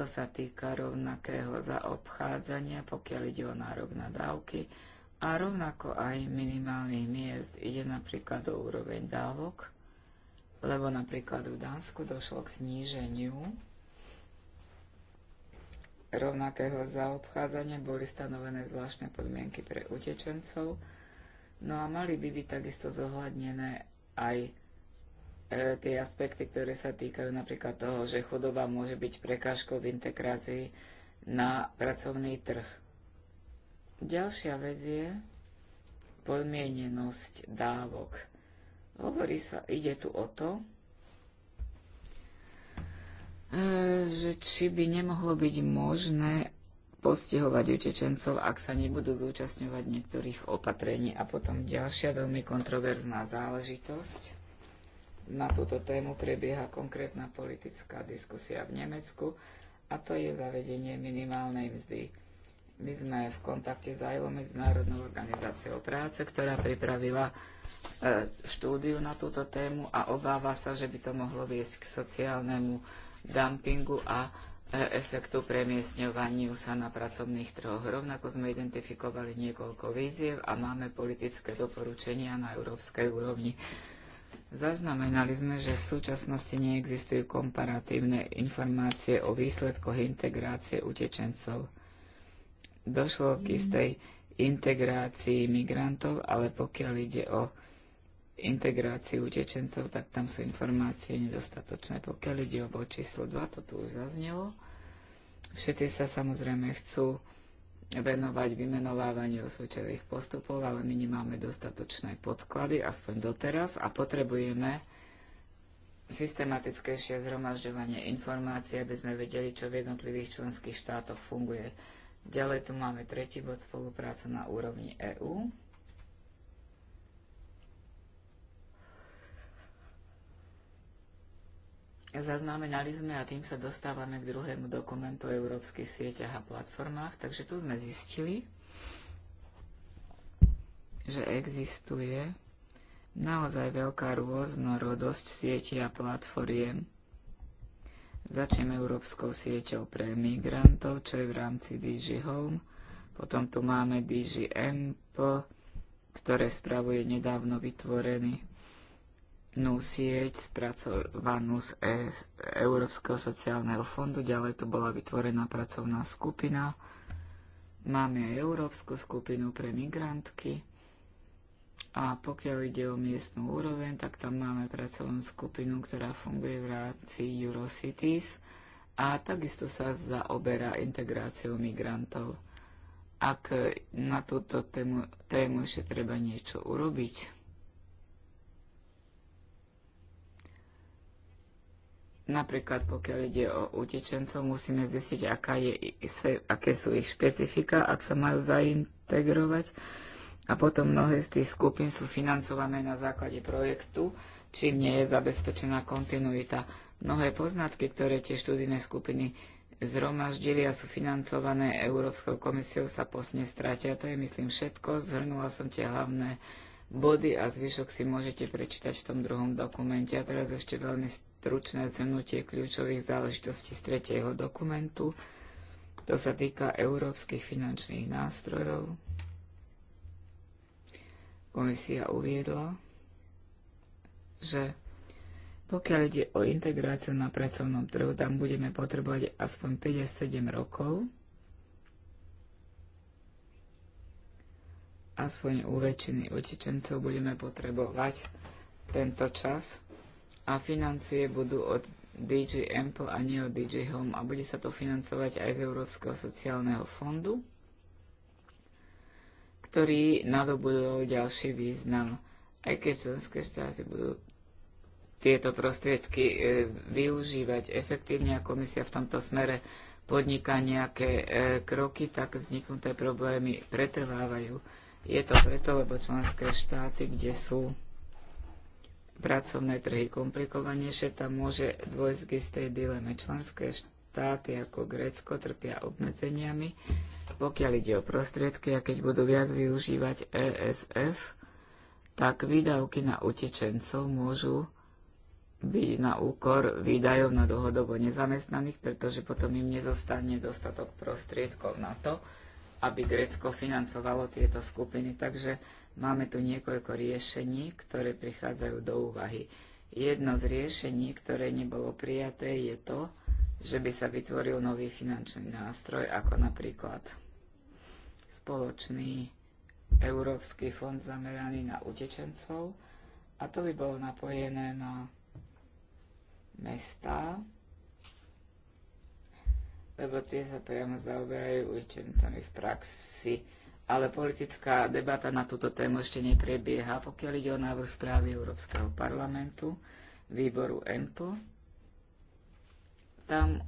To sa týka rovnakého zaobchádzania, pokiaľ ide o nárok na dávky a rovnako aj minimálnych miest. Ide napríklad o úroveň dávok lebo napríklad v Dánsku došlo k zníženiu rovnakého zaobchádzania, boli stanovené zvláštne podmienky pre utečencov, no a mali by byť takisto zohľadnené aj e, tie aspekty, ktoré sa týkajú napríklad toho, že chudoba môže byť prekážkou v integrácii na pracovný trh. Ďalšia vec je podmienenosť dávok. Hovorí sa, ide tu o to, e, že či by nemohlo byť možné postihovať utečencov, ak sa nebudú zúčastňovať niektorých opatrení. A potom ďalšia veľmi kontroverzná záležitosť. Na túto tému prebieha konkrétna politická diskusia v Nemecku a to je zavedenie minimálnej mzdy. My sme v kontakte s ILO, Medzinárodnou organizáciou práce, ktorá pripravila e, štúdiu na túto tému a obáva sa, že by to mohlo viesť k sociálnemu dumpingu a e, efektu premiesňovaniu sa na pracovných trhoch. Rovnako sme identifikovali niekoľko víziev a máme politické doporučenia na európskej úrovni. Zaznamenali sme, že v súčasnosti neexistujú komparatívne informácie o výsledkoch integrácie utečencov došlo k istej integrácii migrantov, ale pokiaľ ide o integráciu utečencov, tak tam sú informácie nedostatočné. Pokiaľ ide o bod číslo 2, to tu už zaznelo, všetci sa samozrejme chcú venovať vymenovávaniu osvedčených postupov, ale my nemáme dostatočné podklady, aspoň doteraz, a potrebujeme systematickejšie zhromažďovanie informácií, aby sme vedeli, čo v jednotlivých členských štátoch funguje Ďalej tu máme tretí bod spolupráca na úrovni EÚ. Zaznamenali sme a tým sa dostávame k druhému dokumentu o európskych sieťach a platformách, takže tu sme zistili, že existuje naozaj veľká rôznorodosť sieti a platformiem Začneme Európskou sieťou pre migrantov, čo je v rámci DG Home. Potom tu máme DG EMP, ktoré spravuje nedávno vytvorený nú sieť spracovanú z e Európskeho sociálneho fondu. Ďalej tu bola vytvorená pracovná skupina. Máme aj Európsku skupinu pre migrantky a pokiaľ ide o miestnú úroveň, tak tam máme pracovnú skupinu, ktorá funguje v rámci Eurocities a takisto sa zaoberá integráciou migrantov. Ak na túto tému, tému ešte treba niečo urobiť, Napríklad pokiaľ ide o utečencov, musíme zistiť, aká je, aké sú ich špecifika, ak sa majú zaintegrovať a potom mnohé z tých skupín sú financované na základe projektu, čím nie je zabezpečená kontinuita. Mnohé poznatky, ktoré tie študijné skupiny zhromaždili a sú financované Európskou komisiou, sa posne stratia. To je, myslím, všetko. Zhrnula som tie hlavné body a zvyšok si môžete prečítať v tom druhom dokumente. A teraz ešte veľmi stručné zhrnutie kľúčových záležitostí z tretieho dokumentu. To sa týka európskych finančných nástrojov. Komisia uviedla, že pokiaľ ide o integráciu na pracovnom trhu, tam budeme potrebovať aspoň 5 až 7 rokov, aspoň u väčšiny utečencov budeme potrebovať tento čas a financie budú od DG Ample a nie od DG Home a bude sa to financovať aj z Európskeho sociálneho fondu ktorý nadobudol ďalší význam. Aj keď členské štáty budú tieto prostriedky e, využívať efektívne a komisia v tomto smere podniká nejaké e, kroky, tak vzniknuté problémy pretrvávajú. Je to preto, lebo členské štáty, kde sú pracovné trhy komplikovanejšie, tam môže dôjsť k istej dileme. Členské štáty štáty ako Grécko trpia obmedzeniami, pokiaľ ide o prostriedky a keď budú viac využívať ESF, tak výdavky na utečencov môžu byť na úkor výdajov na dlhodobo nezamestnaných, pretože potom im nezostane dostatok prostriedkov na to, aby Grécko financovalo tieto skupiny. Takže máme tu niekoľko riešení, ktoré prichádzajú do úvahy. Jedno z riešení, ktoré nebolo prijaté, je to, že by sa vytvoril nový finančný nástroj, ako napríklad spoločný Európsky fond zameraný na utečencov a to by bolo napojené na mestá, lebo tie sa priamo zaoberajú utečencami v praxi. Ale politická debata na túto tému ešte neprebieha. Pokiaľ ide o návrh správy Európskeho parlamentu, výboru ENPO tam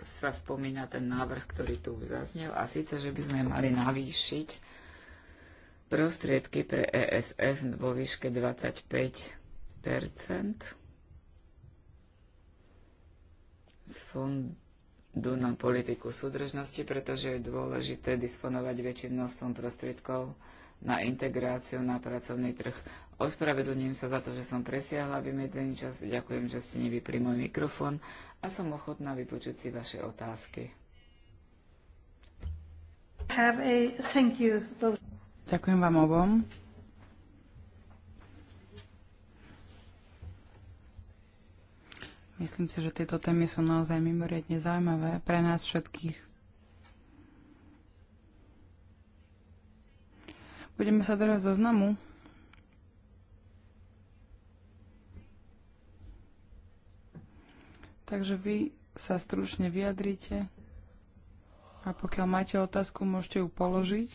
sa spomína ten návrh, ktorý tu zaznel, a síce, že by sme mali navýšiť prostriedky pre ESF vo výške 25 z Fondu na politiku súdržnosti, pretože je dôležité disponovať väčším množstvom prostriedkov na integráciu na pracovný trh. Ospravedlňujem sa za to, že som presiahla vymedzený čas. Ďakujem, že ste nevypli môj mikrofón a som ochotná vypočuť si vaše otázky. Ďakujem vám obom. Myslím si, že tieto témy sú naozaj mimoriadne zaujímavé pre nás všetkých. Budeme sa držať zoznamu. Takže vy sa stručne vyjadrite a pokiaľ máte otázku, môžete ju položiť.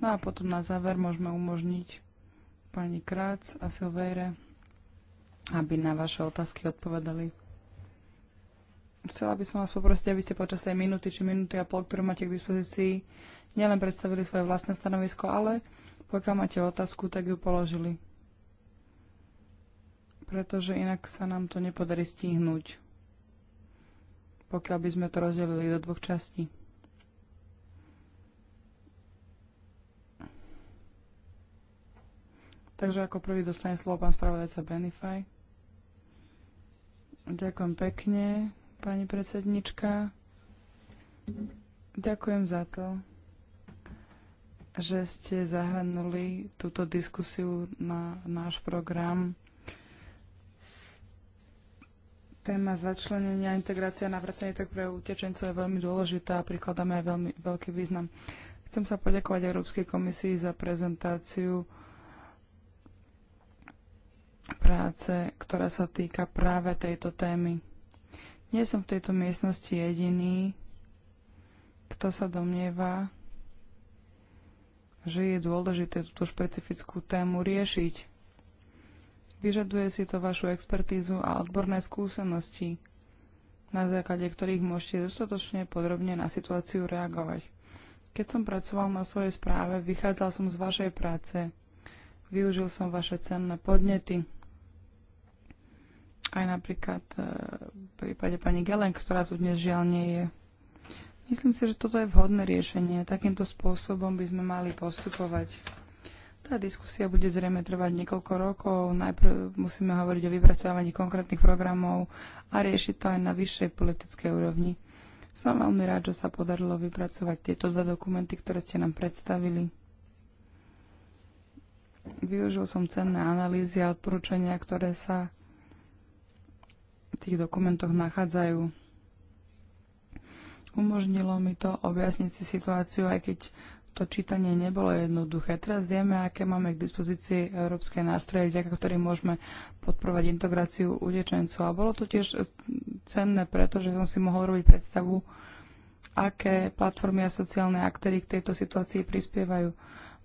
No a potom na záver môžeme umožniť pani Krác a Silvejre, aby na vaše otázky odpovedali. Chcela by som vás poprosiť, aby ste počas tej minúty či minúty a pol, ktorú máte k dispozícii, nielen predstavili svoje vlastné stanovisko, ale pokiaľ máte otázku, tak ju položili. Pretože inak sa nám to nepodarí stihnúť, pokiaľ by sme to rozdelili do dvoch častí. Takže ako prvý dostane slovo pán spravodajca Benify. Ďakujem pekne, pani predsednička. Ďakujem za to, že ste zahrnuli túto diskusiu na náš program. Téma začlenenia, integrácia na vracanie tak pre utečencov je veľmi dôležitá a prikladáme aj veľmi veľký význam. Chcem sa poďakovať Európskej komisii za prezentáciu práce, ktorá sa týka práve tejto témy. Nie som v tejto miestnosti jediný, kto sa domnieva, že je dôležité túto špecifickú tému riešiť. Vyžaduje si to vašu expertízu a odborné skúsenosti, na základe ktorých môžete dostatočne podrobne na situáciu reagovať. Keď som pracoval na svojej správe, vychádzal som z vašej práce. Využil som vaše cenné podnety. Aj napríklad eh, v prípade pani Gelen, ktorá tu dnes žiaľ nie je. Myslím si, že toto je vhodné riešenie. Takýmto spôsobom by sme mali postupovať. Tá diskusia bude zrejme trvať niekoľko rokov. Najprv musíme hovoriť o vypracovaní konkrétnych programov a riešiť to aj na vyššej politickej úrovni. Som veľmi rád, že sa podarilo vypracovať tieto dva dokumenty, ktoré ste nám predstavili. Využil som cenné analýzy a odporúčania, ktoré sa v tých dokumentoch nachádzajú. Umožnilo mi to objasniť si situáciu, aj keď to čítanie nebolo jednoduché. Teraz vieme, aké máme k dispozícii európske nástroje, vďaka ktorým môžeme podporovať integráciu utečencov. A bolo to tiež cenné, pretože som si mohol robiť predstavu, aké platformy a sociálne aktéry k tejto situácii prispievajú.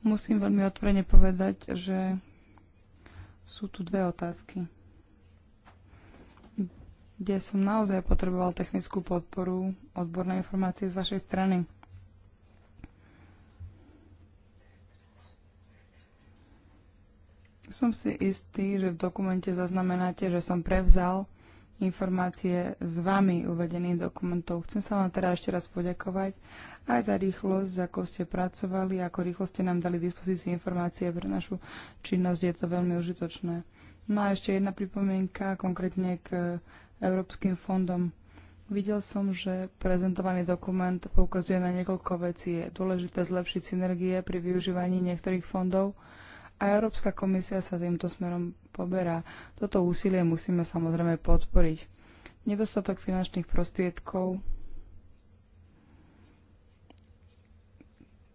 Musím veľmi otvorene povedať, že sú tu dve otázky kde som naozaj potreboval technickú podporu, odborné informácie z vašej strany. Som si istý, že v dokumente zaznamenáte, že som prevzal informácie s vami uvedených dokumentov. Chcem sa vám teda ešte raz poďakovať aj za rýchlosť, za ako ste pracovali, ako rýchlo ste nám dali dispozície informácie pre našu činnosť. Je to veľmi užitočné. No a ešte jedna pripomienka konkrétne k Európskym fondom. Videl som, že prezentovaný dokument poukazuje na niekoľko vecí. Je dôležité zlepšiť synergie pri využívaní niektorých fondov a Európska komisia sa týmto smerom poberá. Toto úsilie musíme samozrejme podporiť. Nedostatok finančných prostriedkov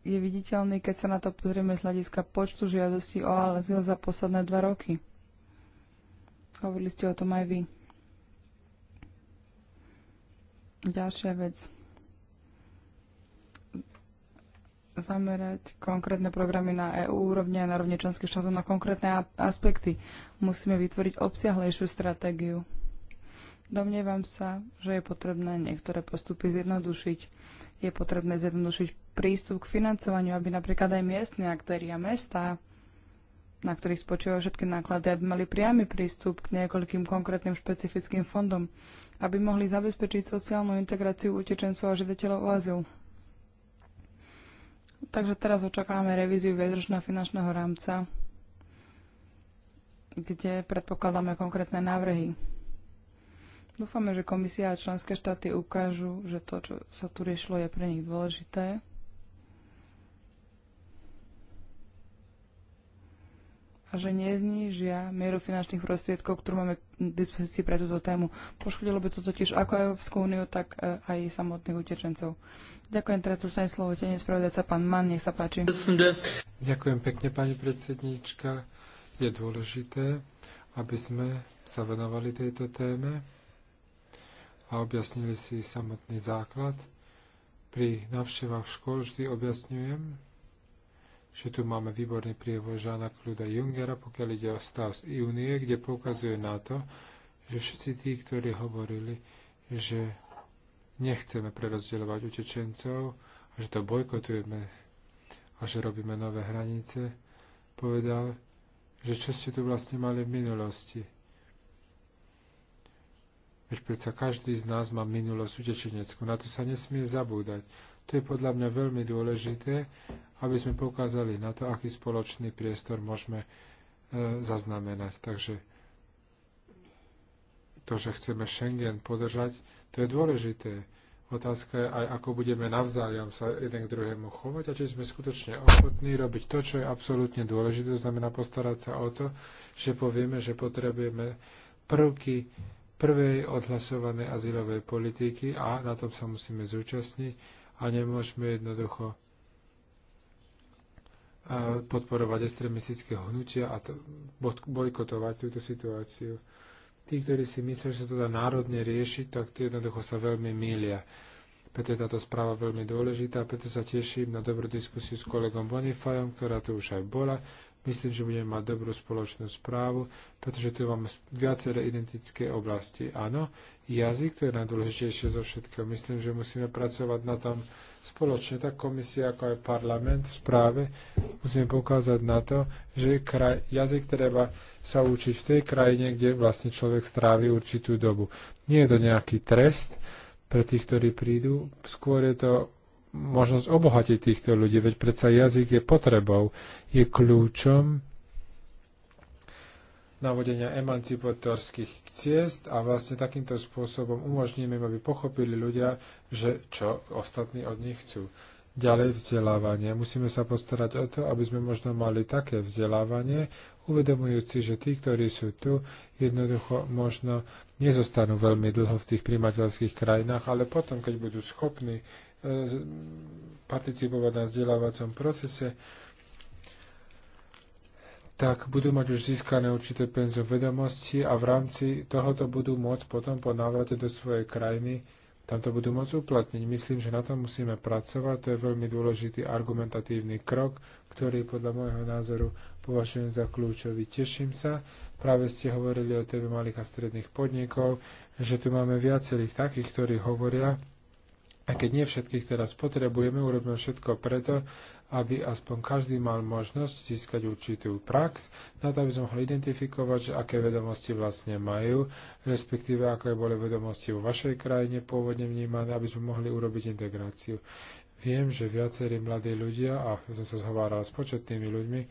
je viditeľný, keď sa na to pozrieme z hľadiska počtu žiadostí o azyl za posledné dva roky. Hovorili ste o tom aj vy. Ďalšia vec. Zamerať konkrétne programy na EU úrovni a na rovne členských štátov na konkrétne aspekty. Musíme vytvoriť obsiahlejšiu stratégiu. Domnievam sa, že je potrebné niektoré postupy zjednodušiť. Je potrebné zjednodušiť prístup k financovaniu, aby napríklad aj miestne aktéry a mesta na ktorých spočívajú všetky náklady, aby mali priamy prístup k niekoľkým konkrétnym špecifickým fondom aby mohli zabezpečiť sociálnu integráciu utečencov a žiadateľov o azyl. Takže teraz očakávame revíziu viedročného finančného rámca, kde predpokladáme konkrétne návrhy. Dúfame, že komisia a členské štáty ukážu, že to, čo sa tu riešilo, je pre nich dôležité A že neznížia mieru finančných prostriedkov, ktorú máme k dispozícii pre túto tému. Poškodilo by to totiž ako Európsku úniu, tak e, aj samotných utečencov. Ďakujem, teraz tu sa slovo tenie spravodajca pán Mann, nech sa páči. Ďakujem pekne, pani predsednička. Je dôležité, aby sme sa venovali tejto téme a objasnili si samotný základ. Pri navštevách škôl vždy objasňujem, že tu máme výborný prievoj Žána Kluda Jungera, pokiaľ ide o stav z Únie, kde poukazuje na to, že všetci tí, ktorí hovorili, že nechceme prerozdeľovať utečencov a že to bojkotujeme a že robíme nové hranice, povedal, že čo ste tu vlastne mali v minulosti. Veď predsa každý z nás má minulosť utečeneckú, na to sa nesmie zabúdať. To je podľa mňa veľmi dôležité aby sme pokázali na to, aký spoločný priestor môžeme e, zaznamenať. Takže to, že chceme Schengen podržať, to je dôležité. Otázka je aj, ako budeme navzájom sa jeden k druhému chovať a či sme skutočne ochotní robiť to, čo je absolútne dôležité, to znamená postarať sa o to, že povieme, že potrebujeme prvky prvej odhlasovanej azylovej politiky a na tom sa musíme zúčastniť a nemôžeme jednoducho podporovať extremistické hnutia a bojkotovať túto situáciu. Tí, ktorí si myslia, že sa to dá národne riešiť, tak jednoducho sa veľmi mília. Preto je táto správa veľmi dôležitá, preto sa teším na dobrú diskusiu s kolegom Bonifajom, ktorá tu už aj bola. Myslím, že budeme mať dobrú spoločnú správu, pretože tu máme viaceré identické oblasti. Áno, jazyk, to je najdôležitejšie zo všetkého. Myslím, že musíme pracovať na tom, Spoločne tak komisia ako aj parlament v správe musíme pokázať na to, že kraj, jazyk treba sa učiť v tej krajine, kde vlastne človek strávi určitú dobu. Nie je to nejaký trest pre tých, ktorí prídu, skôr je to možnosť obohatiť týchto ľudí, veď predsa jazyk je potrebou, je kľúčom navodenia emancipatorských ciest a vlastne takýmto spôsobom umožníme, aby pochopili ľudia, že čo ostatní od nich chcú. Ďalej vzdelávanie. Musíme sa postarať o to, aby sme možno mali také vzdelávanie, uvedomujúci, že tí, ktorí sú tu, jednoducho možno nezostanú veľmi dlho v tých primateľských krajinách, ale potom, keď budú schopní eh, participovať na vzdelávacom procese, tak budú mať už získané určité penzo vedomosti a v rámci tohoto budú môcť potom po návrate do svojej krajiny tam to budú môcť uplatniť. Myslím, že na tom musíme pracovať. To je veľmi dôležitý argumentatívny krok, ktorý podľa môjho názoru považujem za kľúčový. Teším sa. Práve ste hovorili o téme malých a stredných podnikov, že tu máme viacerých takých, ktorí hovoria, a keď nie všetkých teraz potrebujeme, urobíme všetko preto, aby aspoň každý mal možnosť získať určitú prax, na to, aby sme mohli identifikovať, že aké vedomosti vlastne majú, respektíve aké boli vedomosti vo vašej krajine pôvodne vnímané, aby sme mohli urobiť integráciu. Viem, že viacerí mladí ľudia, a ja som sa zhováral s početnými ľuďmi,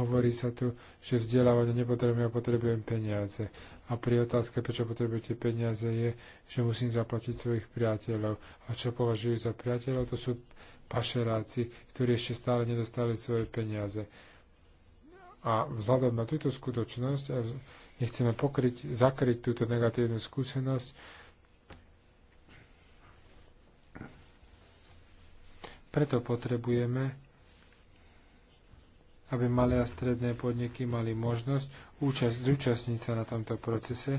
hovorí sa tu, že vzdelávanie nepotrebujem, ja potrebujem peniaze. A pri otázke, prečo potrebujete peniaze, je, že musím zaplatiť svojich priateľov. A čo považujú za priateľov, to sú pašeráci, ktorí ešte stále nedostali svoje peniaze. A vzhľadom na túto skutočnosť, a nechceme pokryť, zakryť túto negatívnu skúsenosť, preto potrebujeme, aby malé a stredné podniky mali možnosť účast, zúčastniť sa na tomto procese,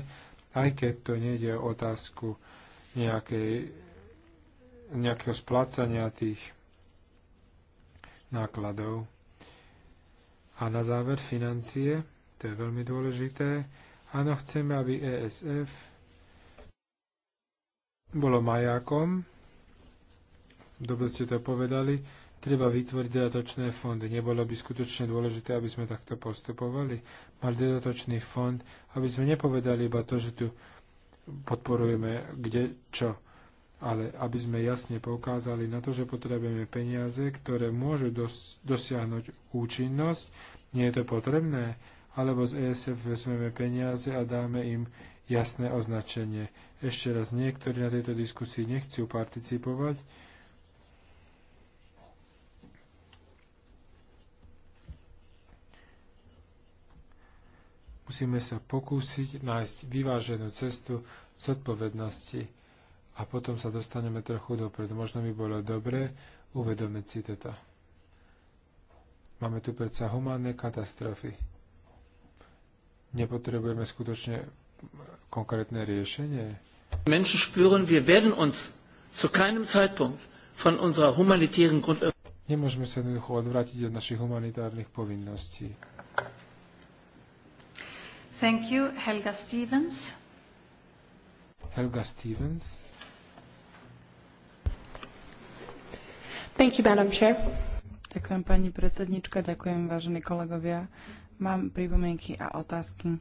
aj keď to nejde o otázku nejakej, nejakého splácania tých nákladov. A na záver financie, to je veľmi dôležité. Áno, chceme, aby ESF bolo majákom. Dobre ste to povedali. Treba vytvoriť dodatočné fondy. Nebolo by skutočne dôležité, aby sme takto postupovali. Mať dodatočný fond, aby sme nepovedali iba to, že tu podporujeme kde čo ale aby sme jasne poukázali na to, že potrebujeme peniaze, ktoré môžu dos- dosiahnuť účinnosť, nie je to potrebné, alebo z ESF vezmeme peniaze a dáme im jasné označenie. Ešte raz, niektorí na tejto diskusii nechcú participovať. Musíme sa pokúsiť nájsť vyváženú cestu zodpovednosti a potom sa dostaneme trochu dopred. Možno by bolo dobre uvedomiť si toto. Máme tu predsa humánne katastrofy. Nepotrebujeme skutočne konkrétne riešenie. Menschen spüren, wir werden uns zu keinem Zeitpunkt von unserer humanitären Grund... Nemôžeme sa jednoducho odvrátiť od našich humanitárnych povinností. Thank you, Helga Stevens. Helga Stevens. Thank you, Madam Chair. Ďakujem pani predsednička, ďakujem vážení kolegovia. Mám pripomienky a otázky.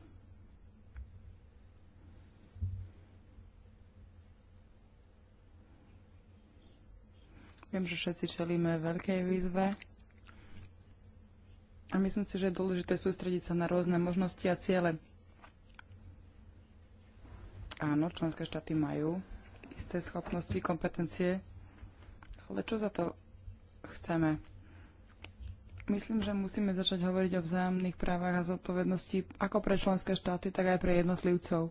Viem, že všetci čelíme veľkej výzve. A myslím si, že je dôležité sústrediť sa na rôzne možnosti a ciele. Áno, členské štáty majú isté schopnosti, kompetencie, ale čo za to chceme. Myslím, že musíme začať hovoriť o vzájomných právach a zodpovednosti ako pre členské štáty, tak aj pre jednotlivcov,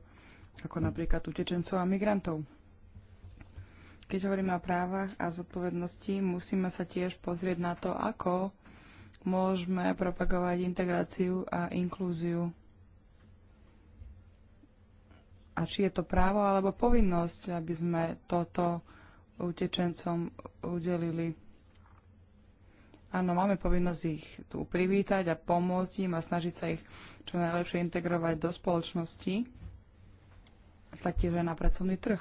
ako napríklad utečencov a migrantov. Keď hovoríme o právach a zodpovednosti, musíme sa tiež pozrieť na to, ako môžeme propagovať integráciu a inklúziu. A či je to právo alebo povinnosť, aby sme toto utečencom udelili. Áno, máme povinnosť ich tu privítať a pomôcť im a snažiť sa ich čo najlepšie integrovať do spoločnosti, taktiež aj na pracovný trh.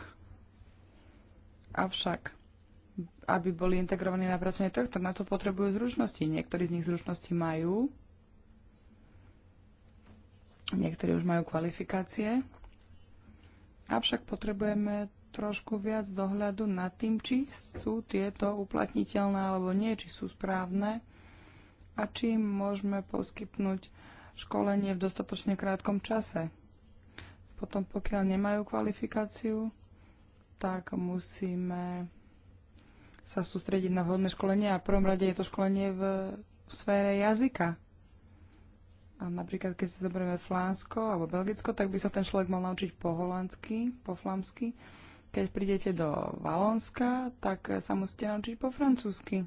Avšak, aby boli integrovaní na pracovný trh, tak na to potrebujú zručnosti. Niektorí z nich zručnosti majú, niektorí už majú kvalifikácie, avšak potrebujeme trošku viac dohľadu nad tým, či sú tieto uplatniteľné alebo nie, či sú správne a či im môžeme poskytnúť školenie v dostatočne krátkom čase. Potom pokiaľ nemajú kvalifikáciu, tak musíme sa sústrediť na vhodné školenie a v prvom rade je to školenie v sfére jazyka. A napríklad, keď si zoberieme Flánsko alebo Belgicko, tak by sa ten človek mal naučiť po holandsky, po flamsky keď prídete do Valonska, tak sa musíte naučiť po francúzsky.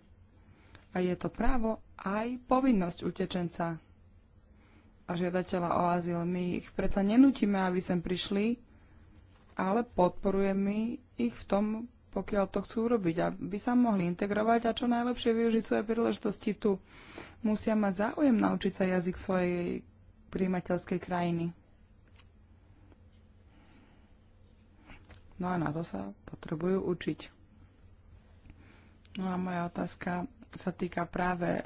A je to právo aj povinnosť utečenca a žiadateľa o azyl. My ich predsa nenútime, aby sem prišli, ale podporujeme ich v tom, pokiaľ to chcú robiť, aby sa mohli integrovať a čo najlepšie využiť svoje príležitosti tu. Musia mať záujem naučiť sa jazyk svojej príjimateľskej krajiny. No a na to sa potrebujú učiť. No a moja otázka sa týka práve e,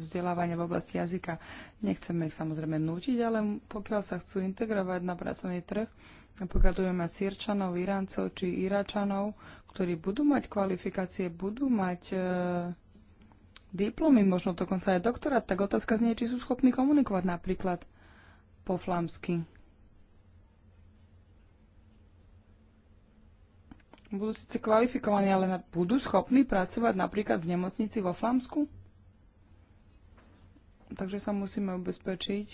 vzdelávania v oblasti jazyka. Nechceme ich samozrejme nútiť, ale pokiaľ sa chcú integrovať na pracovný trh, pokiaľ budeme mať sírčanov, Iráncov či iráčanov, ktorí budú mať kvalifikácie, budú mať e, diplomy, možno dokonca aj doktorát, tak otázka znie, či sú schopní komunikovať napríklad po flamsky. budú síce kvalifikovaní, ale na, budú schopní pracovať napríklad v nemocnici vo Flámsku? Takže sa musíme ubezpečiť,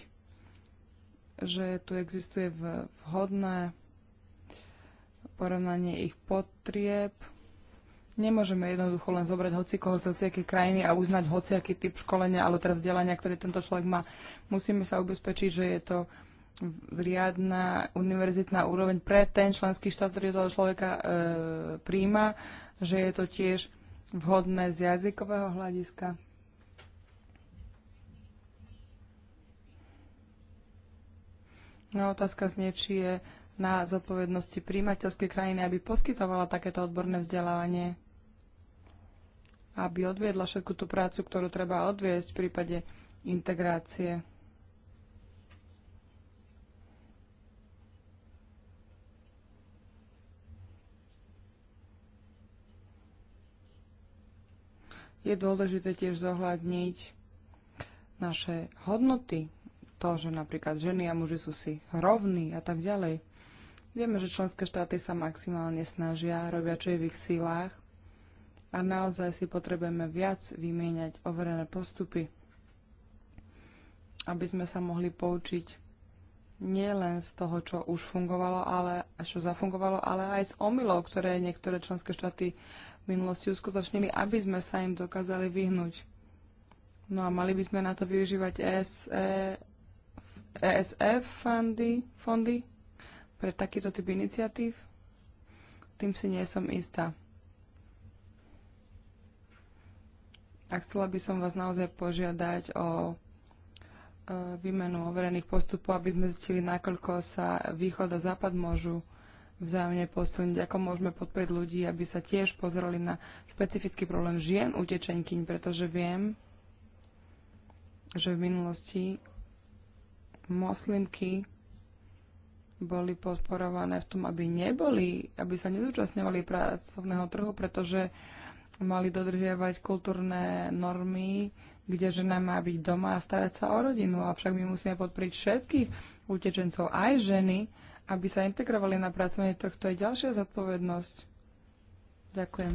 že tu existuje vhodné porovnanie ich potrieb. Nemôžeme jednoducho len zobrať hocikoho z hociakej krajiny a uznať hociaký typ školenia alebo teraz vzdelania, ktoré tento človek má. Musíme sa ubezpečiť, že je to riadna univerzitná úroveň pre ten členský štát, ktorý toho človeka e, príjma, že je to tiež vhodné z jazykového hľadiska. No otázka znie, či je na zodpovednosti príjmateľskej krajiny, aby poskytovala takéto odborné vzdelávanie, aby odviedla všetku tú prácu, ktorú treba odviesť v prípade integrácie. je dôležité tiež zohľadniť naše hodnoty, to, že napríklad ženy a muži sú si rovní a tak ďalej. Vieme, že členské štáty sa maximálne snažia, robia čo je v ich sílách a naozaj si potrebujeme viac vymieňať overené postupy, aby sme sa mohli poučiť nielen z toho, čo už fungovalo, ale čo zafungovalo, ale aj z omylov, ktoré niektoré členské štáty minulosti uskutočnili, aby sme sa im dokázali vyhnúť. No a mali by sme na to využívať ESE, ESF fundy, fondy pre takýto typ iniciatív? Tým si nie som istá. A chcela by som vás naozaj požiadať o e, výmenu overených postupov, aby sme zistili, nakoľko sa východ a západ môžu vzájomne posunúť, ako môžeme podporiť ľudí, aby sa tiež pozreli na špecifický problém žien utečenkyň, pretože viem, že v minulosti moslimky boli podporované v tom, aby neboli, aby sa nezúčastňovali pracovného trhu, pretože mali dodržiavať kultúrne normy, kde žena má byť doma a starať sa o rodinu. Avšak my musíme podporiť všetkých utečencov, aj ženy, aby sa integrovali na pracovný trh. To je ďalšia zodpovednosť. Ďakujem.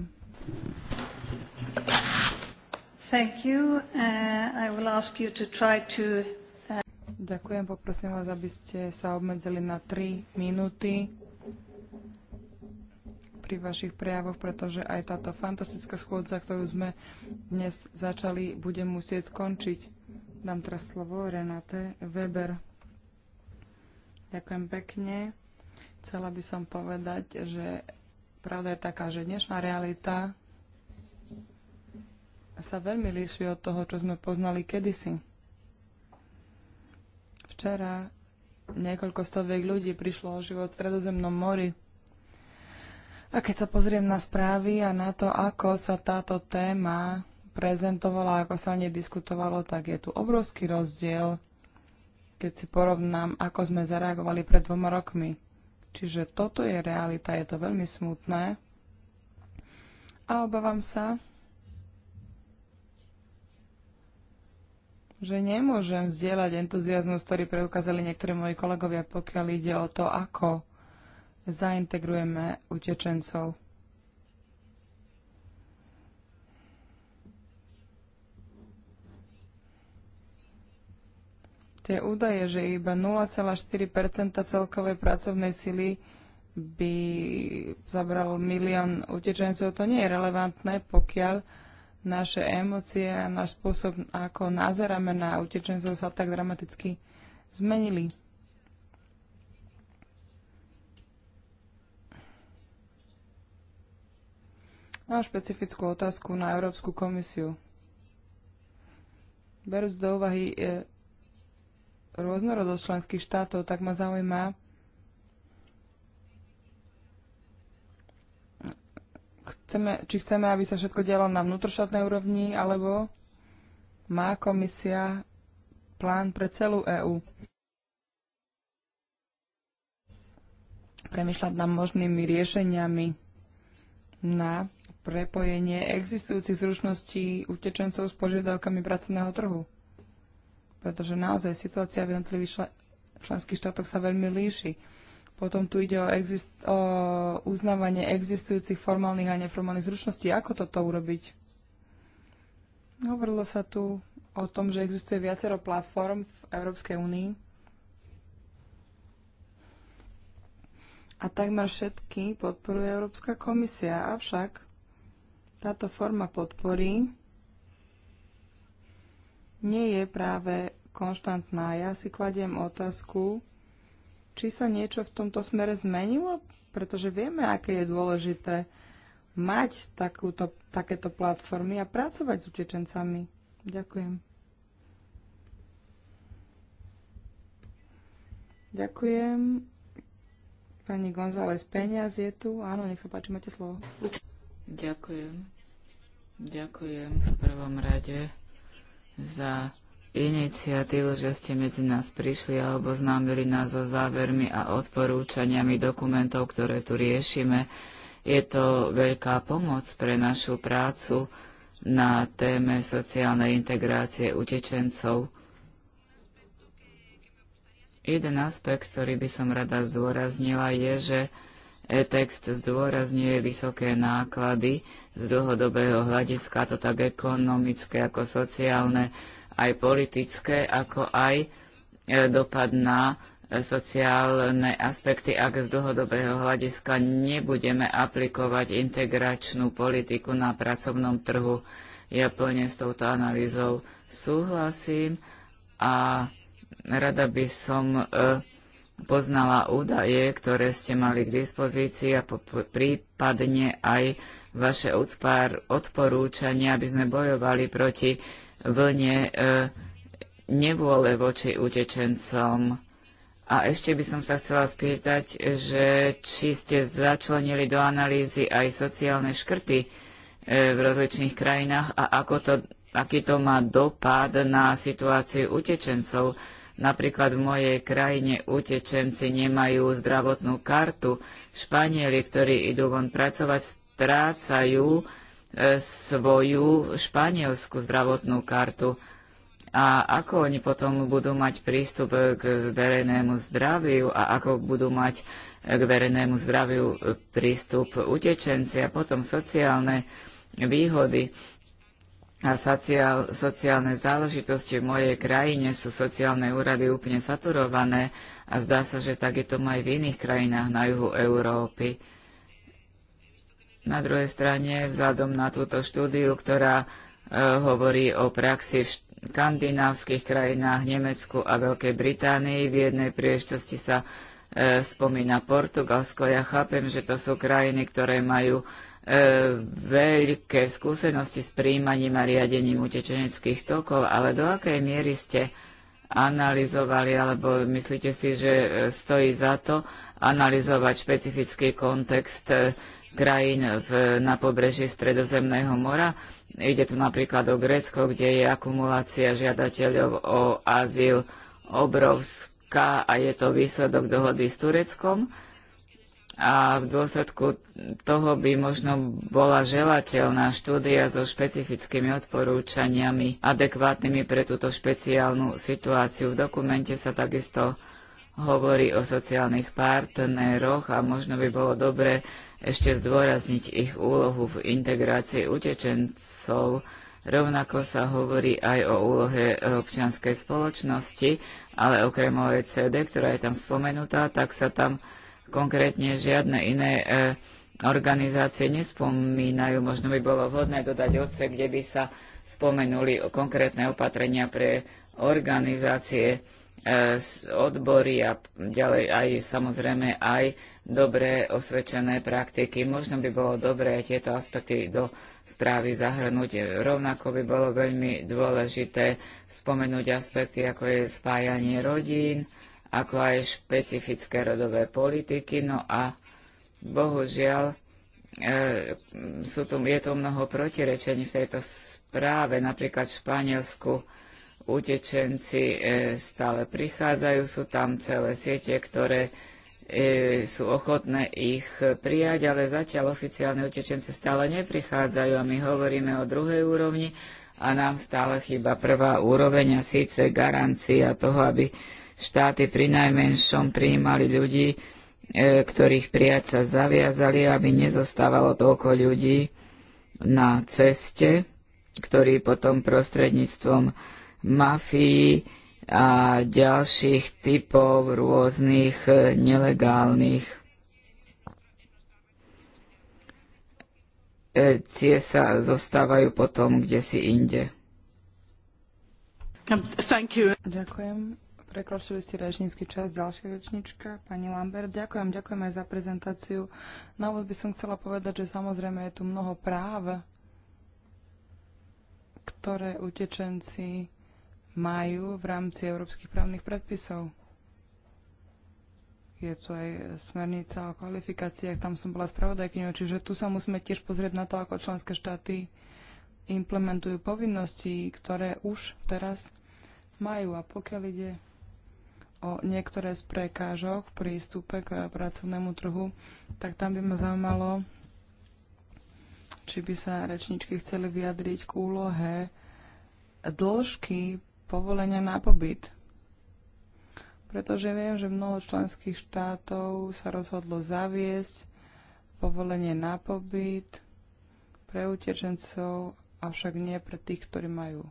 Thank you. Uh, I will ask you to try to... Uh... Ďakujem, poprosím vás, aby ste sa obmedzili na 3 minúty pri vašich prejavoch, pretože aj táto fantastická schôdza, ktorú sme dnes začali, bude musieť skončiť. Dám teraz slovo Renate Weber. Ďakujem pekne. Chcela by som povedať, že pravda je taká, že dnešná realita sa veľmi líši od toho, čo sme poznali kedysi. Včera niekoľko stoviek ľudí prišlo o život v Stredozemnom mori. A keď sa pozriem na správy a na to, ako sa táto téma prezentovala, ako sa o nej diskutovalo, tak je tu obrovský rozdiel keď si porovnám, ako sme zareagovali pred dvoma rokmi. Čiže toto je realita, je to veľmi smutné. A obávam sa, že nemôžem zdieľať entuziasmus, ktorý preukázali niektorí moji kolegovia, pokiaľ ide o to, ako zaintegrujeme utečencov. tie údaje, že iba 0,4 celkovej pracovnej sily by zabral milión utečencov, to nie je relevantné, pokiaľ naše emócie a náš spôsob, ako nazeráme na utečencov, sa tak dramaticky zmenili. Mám špecifickú otázku na Európsku komisiu. Berúc do úvahy e, rôznorodosť členských štátov, tak ma zaujíma, chceme, či chceme, aby sa všetko dialo na vnútroštátnej úrovni, alebo má komisia plán pre celú EÚ. Premýšľať nad možnými riešeniami na prepojenie existujúcich zručností utečencov s požiadavkami pracovného trhu pretože naozaj situácia v jednotlivých členských štátoch sa veľmi líši. Potom tu ide o, exist- o uznávanie existujúcich formálnych a neformálnych zručností. Ako toto urobiť? Hovorilo sa tu o tom, že existuje viacero platform v Európskej únii a takmer všetky podporuje Európska komisia. Avšak táto forma podpory nie je práve konštantná. Ja si kladiem otázku, či sa niečo v tomto smere zmenilo, pretože vieme, aké je dôležité mať takúto, takéto platformy a pracovať s utečencami. Ďakujem. Ďakujem. Pani González Peňaz je tu. Áno, nech sa páči, máte slovo. Ďakujem. Ďakujem v prvom rade za iniciatívu, že ste medzi nás prišli a oboznámili nás so závermi a odporúčaniami dokumentov, ktoré tu riešime. Je to veľká pomoc pre našu prácu na téme sociálnej integrácie utečencov. Jeden aspekt, ktorý by som rada zdôraznila, je, že Text zdôrazňuje vysoké náklady z dlhodobého hľadiska, to tak ekonomické ako sociálne, aj politické, ako aj e, dopad na sociálne aspekty, ak z dlhodobého hľadiska nebudeme aplikovať integračnú politiku na pracovnom trhu. Ja plne s touto analýzou súhlasím a rada by som e, poznala údaje, ktoré ste mali k dispozícii a prípadne aj vaše odporúčania, aby sme bojovali proti vlne e, nevôle voči utečencom. A ešte by som sa chcela spýtať, že či ste začlenili do analýzy aj sociálne škrty e, v rozličných krajinách a ako to, aký to má dopad na situáciu utečencov. Napríklad v mojej krajine utečenci nemajú zdravotnú kartu. Španieli, ktorí idú von pracovať, strácajú e, svoju španielskú zdravotnú kartu. A ako oni potom budú mať prístup k verejnému zdraviu a ako budú mať k verejnému zdraviu prístup utečenci a potom sociálne výhody a sociál, sociálne záležitosti v mojej krajine sú sociálne úrady úplne saturované a zdá sa, že tak je to aj v iných krajinách na juhu Európy. Na druhej strane, vzhľadom na túto štúdiu, ktorá e, hovorí o praxi v škandinávskych krajinách, Nemecku a Veľkej Británii, v jednej priešťosti sa e, spomína Portugalsko. Ja chápem, že to sú krajiny, ktoré majú E, veľké skúsenosti s príjmaním a riadením utečeneckých tokov, ale do akej miery ste analyzovali, alebo myslíte si, že e, stojí za to analyzovať špecifický kontext e, krajín v, na pobreží Stredozemného mora. Ide tu napríklad o Grécko, kde je akumulácia žiadateľov o azyl obrovská a je to výsledok dohody s Tureckom a v dôsledku toho by možno bola želateľná štúdia so špecifickými odporúčaniami adekvátnymi pre túto špeciálnu situáciu. V dokumente sa takisto hovorí o sociálnych partneroch a možno by bolo dobre ešte zdôrazniť ich úlohu v integrácii utečencov. Rovnako sa hovorí aj o úlohe e, občianskej spoločnosti, ale okrem OECD, ktorá je tam spomenutá, tak sa tam konkrétne žiadne iné e, organizácie nespomínajú. Možno by bolo vhodné dodať odsek, kde by sa spomenuli konkrétne opatrenia pre organizácie, e, odbory a ďalej aj samozrejme aj dobré osvedčené praktiky. Možno by bolo dobré tieto aspekty do správy zahrnúť. Rovnako by bolo veľmi dôležité spomenúť aspekty, ako je spájanie rodín, ako aj špecifické rodové politiky. No a bohužiaľ e, sú tu, je tu mnoho protirečení v tejto správe. Napríklad v Španielsku utečenci e, stále prichádzajú, sú tam celé siete, ktoré e, sú ochotné ich prijať, ale zatiaľ oficiálne utečenci stále neprichádzajú a my hovoríme o druhej úrovni a nám stále chýba prvá úroveň a síce garancia toho, aby štáty pri najmenšom prijímali ľudí, e, ktorých prijať sa zaviazali, aby nezostávalo toľko ľudí na ceste, ktorí potom prostredníctvom mafií a ďalších typov rôznych e, nelegálnych e, cie sa zostávajú potom kde si inde. Ďakujem. Prekročili ste režnícky čas. Ďalšia rečnička, pani Lambert. Ďakujem, ďakujem aj za prezentáciu. Na úvod by som chcela povedať, že samozrejme je tu mnoho práv, ktoré utečenci majú v rámci európskych právnych predpisov. Je tu aj smernica o kvalifikáciách, tam som bola spravodajkyňou, čiže tu sa musíme tiež pozrieť na to, ako členské štáty implementujú povinnosti, ktoré už teraz majú. A pokiaľ ide o niektoré z prekážok v prístupe k pracovnému trhu, tak tam by ma zaujímalo, či by sa rečničky chceli vyjadriť k úlohe dĺžky povolenia na pobyt. Pretože viem, že mnoho členských štátov sa rozhodlo zaviesť povolenie na pobyt pre utečencov, avšak nie pre tých, ktorí majú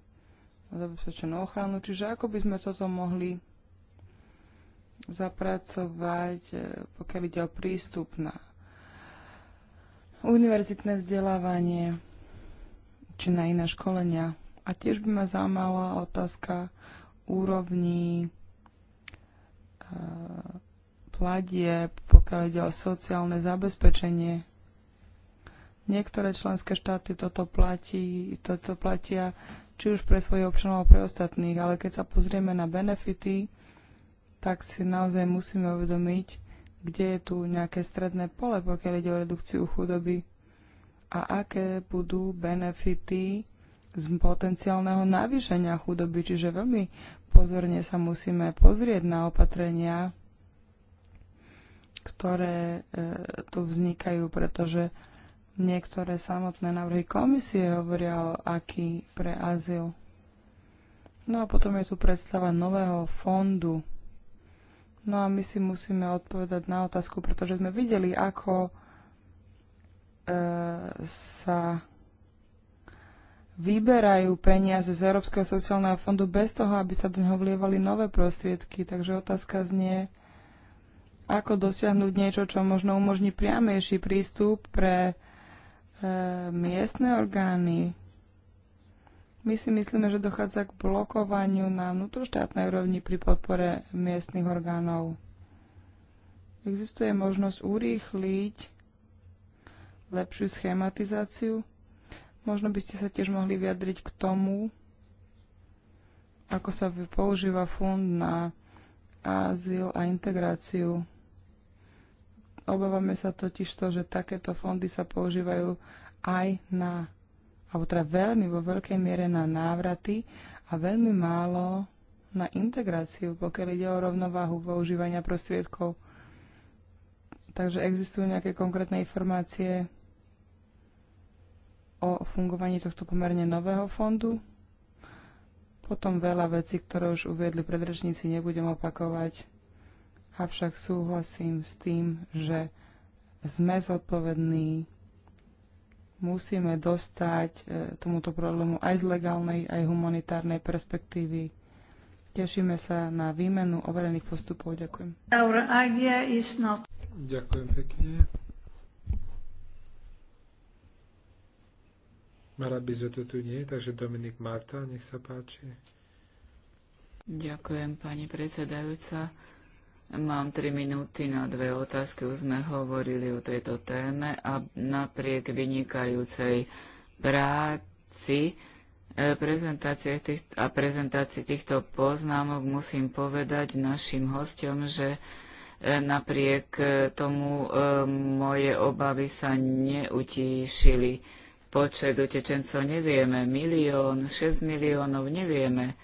zabezpečenú ochranu. Čiže ako by sme toto mohli zapracovať, e, pokiaľ ide o prístup na univerzitné vzdelávanie či na iné školenia. A tiež by ma zaujímala otázka úrovni e, pladie, pokiaľ ide o sociálne zabezpečenie. Niektoré členské štáty toto, platí, toto platia či už pre svojich občanov, pre ostatných, ale keď sa pozrieme na benefity, tak si naozaj musíme uvedomiť, kde je tu nejaké stredné pole, pokiaľ ide o redukciu chudoby a aké budú benefity z potenciálneho navýšenia chudoby. Čiže veľmi pozorne sa musíme pozrieť na opatrenia, ktoré e, tu vznikajú, pretože niektoré samotné návrhy komisie hovoria o aký pre azyl. No a potom je tu predstava nového fondu No a my si musíme odpovedať na otázku, pretože sme videli, ako e, sa vyberajú peniaze z Európskeho sociálneho fondu bez toho, aby sa do neho vlievali nové prostriedky. Takže otázka znie, ako dosiahnuť niečo, čo možno umožní priamejší prístup pre e, miestne orgány, my si myslíme, že dochádza k blokovaniu na vnútroštátnej úrovni pri podpore miestnych orgánov. Existuje možnosť urýchliť lepšiu schematizáciu. Možno by ste sa tiež mohli vyjadriť k tomu, ako sa používa fond na azyl a integráciu. Obávame sa totiž to, že takéto fondy sa používajú aj na alebo teda veľmi vo veľkej miere na návraty a veľmi málo na integráciu, pokiaľ ide o rovnováhu používania prostriedkov. Takže existujú nejaké konkrétne informácie o fungovaní tohto pomerne nového fondu. Potom veľa vecí, ktoré už uviedli predrečníci, nebudem opakovať. Avšak súhlasím s tým, že sme zodpovední musíme dostať e, tomuto problému aj z legálnej, aj humanitárnej perspektívy. Tešíme sa na výmenu overených postupov. Ďakujem. Our idea is not... Ďakujem pekne. Marabizo to tu nie, takže Dominik Marta, nech sa páči. Ďakujem, pani predsedajúca. Mám tri minúty na dve otázky. Už sme hovorili o tejto téme a napriek vynikajúcej práci e, prezentácie tých, a prezentácii týchto poznámok musím povedať našim hostom, že e, napriek e, tomu moje obavy sa neutíšili. Počet utečencov nevieme, milión, šesť miliónov nevieme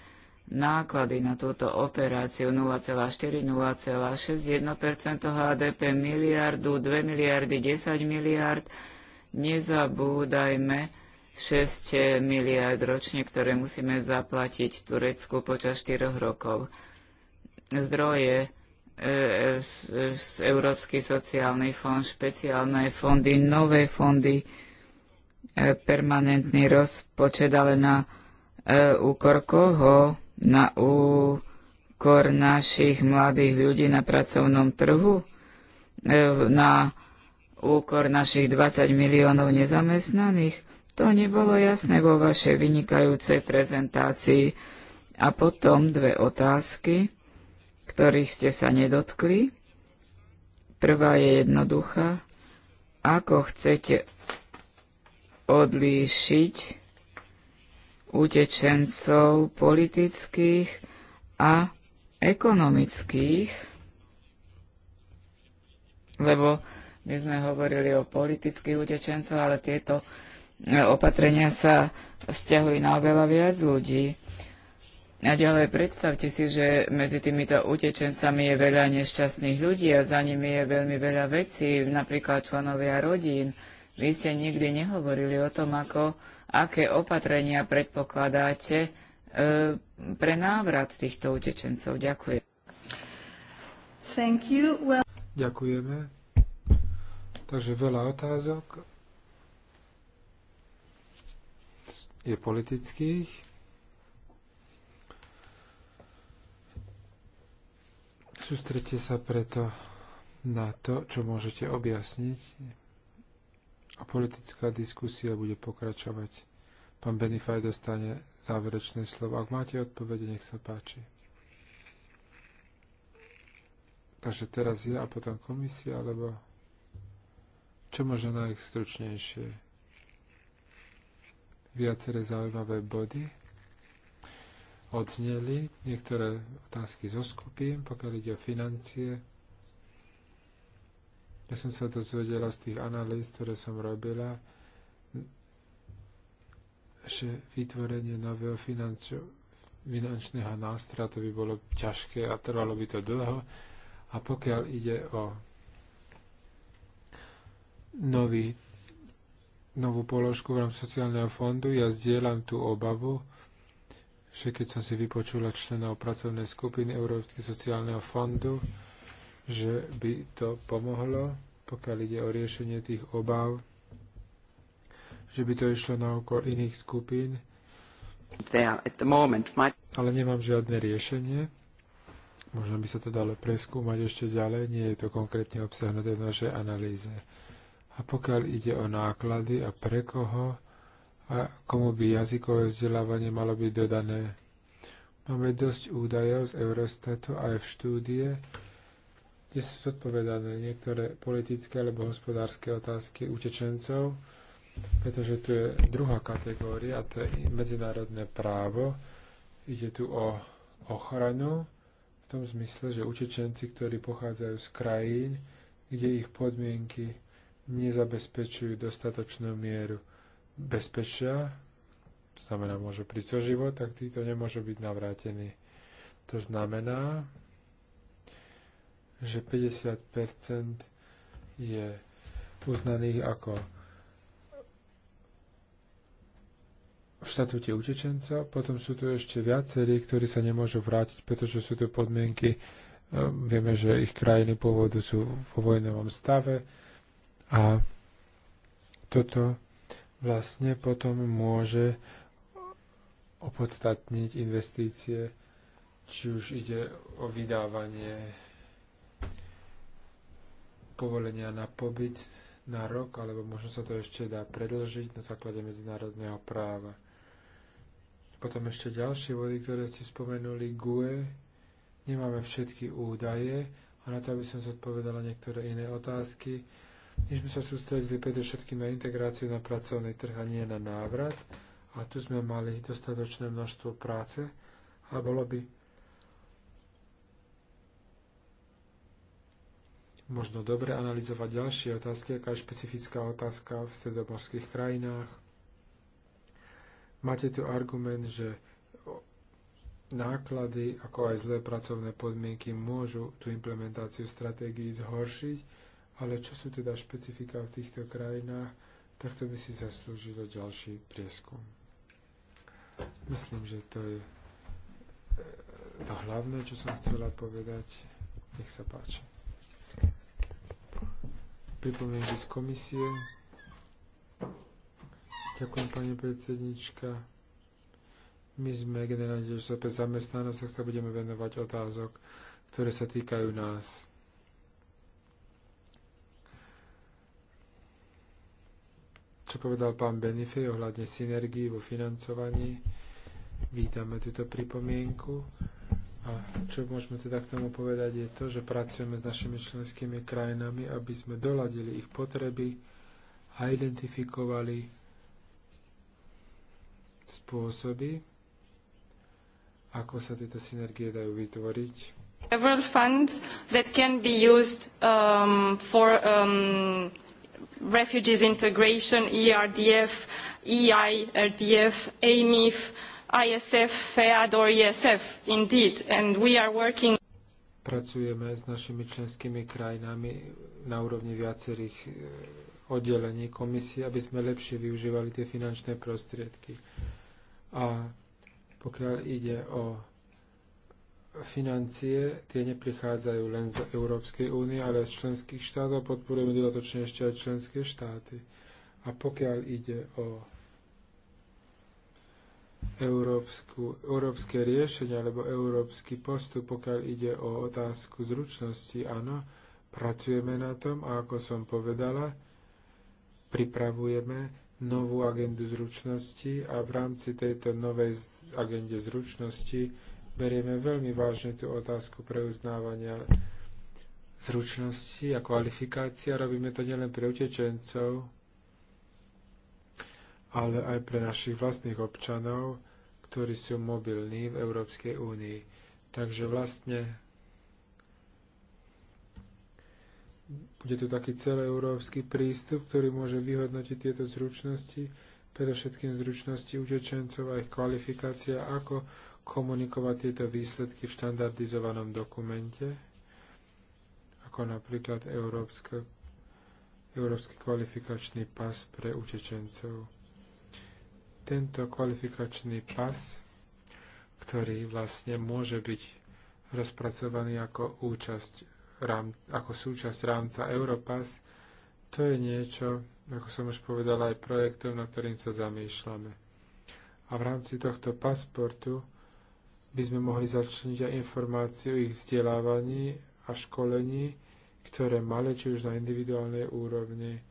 náklady na túto operáciu 0,4-0,61 HDP miliardu, 2 miliardy, 10 miliard. Nezabúdajme 6 miliard ročne, ktoré musíme zaplatiť Turecku počas 4 rokov. Zdroje z e, e, e, Európsky sociálny fond, špeciálne fondy, nové fondy, permanentný rozpočet, ale na úkor koho? na úkor našich mladých ľudí na pracovnom trhu, e, na úkor našich 20 miliónov nezamestnaných. To nebolo jasné vo vašej vynikajúcej prezentácii. A potom dve otázky, ktorých ste sa nedotkli. Prvá je jednoduchá. Ako chcete odlíšiť utečencov politických a ekonomických, lebo my sme hovorili o politických utečencov, ale tieto e, opatrenia sa vzťahujú na veľa viac ľudí. A ďalej predstavte si, že medzi týmito utečencami je veľa nešťastných ľudí a za nimi je veľmi veľa vecí, napríklad členovia rodín. Vy ste nikdy nehovorili o tom, ako aké opatrenia predpokladáte e, pre návrat týchto utečencov. Ďakujem. Thank you. Well... Ďakujeme. Takže veľa otázok je politických. Sústrete sa preto na to, čo môžete objasniť a politická diskusia bude pokračovať. Pán Benifaj dostane záverečné slovo. Ak máte odpovede, nech sa páči. Takže teraz ja a potom komisia, alebo čo možno najstručnejšie? Viaceré zaujímavé body odzneli, niektoré otázky zoskupím, pokiaľ ide o financie, ja som sa dozvedela z tých analýz, ktoré som robila, že vytvorenie nového finančo, finančného nástroja to by bolo ťažké a trvalo by to dlho. A pokiaľ ide o nový, novú položku v rámci sociálneho fondu, ja zdieľam tú obavu, že keď som si vypočula členov pracovnej skupiny Európskeho sociálneho fondu, že by to pomohlo, pokiaľ ide o riešenie tých obáv, že by to išlo na okol iných skupín. Ale nemám žiadne riešenie. Možno by sa to dalo preskúmať ešte ďalej, nie je to konkrétne obsahnuté v našej analýze. A pokiaľ ide o náklady a pre koho a komu by jazykové vzdelávanie malo byť dodané, máme dosť údajov z Eurostatu aj v štúdie, kde sú zodpovedané niektoré politické alebo hospodárske otázky utečencov, pretože tu je druhá kategória a to je medzinárodné právo. Ide tu o ochranu v tom zmysle, že utečenci, ktorí pochádzajú z krajín, kde ich podmienky nezabezpečujú dostatočnú mieru bezpečia, to znamená, môžu prísť o život, tak títo nemôžu byť navrátení. To znamená, že 50% je uznaných ako v štatúte utečenca, potom sú tu ešte viacerí, ktorí sa nemôžu vrátiť, pretože sú tu podmienky, ehm, vieme, že ich krajiny pôvodu sú vo vojnovom stave a toto vlastne potom môže opodstatniť investície, či už ide o vydávanie povolenia na pobyt na rok, alebo možno sa to ešte dá predlžiť na základe medzinárodného práva. Potom ešte ďalšie vody, ktoré ste spomenuli, GUE. Nemáme všetky údaje a na to, aby som zodpovedala niektoré iné otázky, my sme sa sústredili predovšetkým na integráciu na pracovný trh a nie na návrat. A tu sme mali dostatočné množstvo práce a bolo by možno dobre analyzovať ďalšie otázky, aká je špecifická otázka v stredomorských krajinách. Máte tu argument, že náklady, ako aj zlé pracovné podmienky môžu tú implementáciu stratégií zhoršiť, ale čo sú teda špecifika v týchto krajinách, tak to by si zaslúžilo ďalší prieskum. Myslím, že to je e, to hlavné, čo som chcela povedať. Nech sa páči pripomienky z komisie. Ďakujem, pani predsednička. My sme generálne tiež pre zamestnanosť, sa budeme venovať otázok, ktoré sa týkajú nás. Čo povedal pán Benifej ohľadne synergii vo financovaní, vítame túto pripomienku a čo môžeme teda k tomu povedať je to, že pracujeme s našimi členskými krajinami, aby sme doladili ich potreby a identifikovali spôsoby, ako sa tieto synergie dajú vytvoriť. Several funds that can be used um, for um, refugees integration, ERDF, EIRDF, AMIF, ISF, FEAD or ESF, indeed, and we are working pracujeme s našimi členskými krajinami na úrovni viacerých e, oddelení komisie, aby sme lepšie využívali tie finančné prostriedky. A pokiaľ ide o financie, tie neprichádzajú len z Európskej únie, ale z členských štátov podporujeme dodatočne ešte aj členské štáty. A pokiaľ ide o európsku, európske riešenie alebo európsky postup, pokiaľ ide o otázku zručnosti. Áno, pracujeme na tom a ako som povedala, pripravujeme novú agendu zručnosti a v rámci tejto novej agende zručnosti berieme veľmi vážne tú otázku preuznávania zručnosti a kvalifikácia. Robíme to nielen pre utečencov, ale aj pre našich vlastných občanov, ktorí sú mobilní v Európskej únii. Takže vlastne bude tu taký celoeurópsky prístup, ktorý môže vyhodnotiť tieto zručnosti, predovšetkým zručnosti utečencov a ich kvalifikácia, ako komunikovať tieto výsledky v štandardizovanom dokumente, ako napríklad Európska, Európsky kvalifikačný pas pre utečencov. Tento kvalifikačný pas, ktorý vlastne môže byť rozpracovaný ako, účasť, rám, ako súčasť rámca Europass, to je niečo, ako som už povedala, aj projektom, na ktorým sa zamýšľame. A v rámci tohto pasportu by sme mohli začniť aj informáciu o ich vzdelávaní a školení, ktoré mali či už na individuálnej úrovni,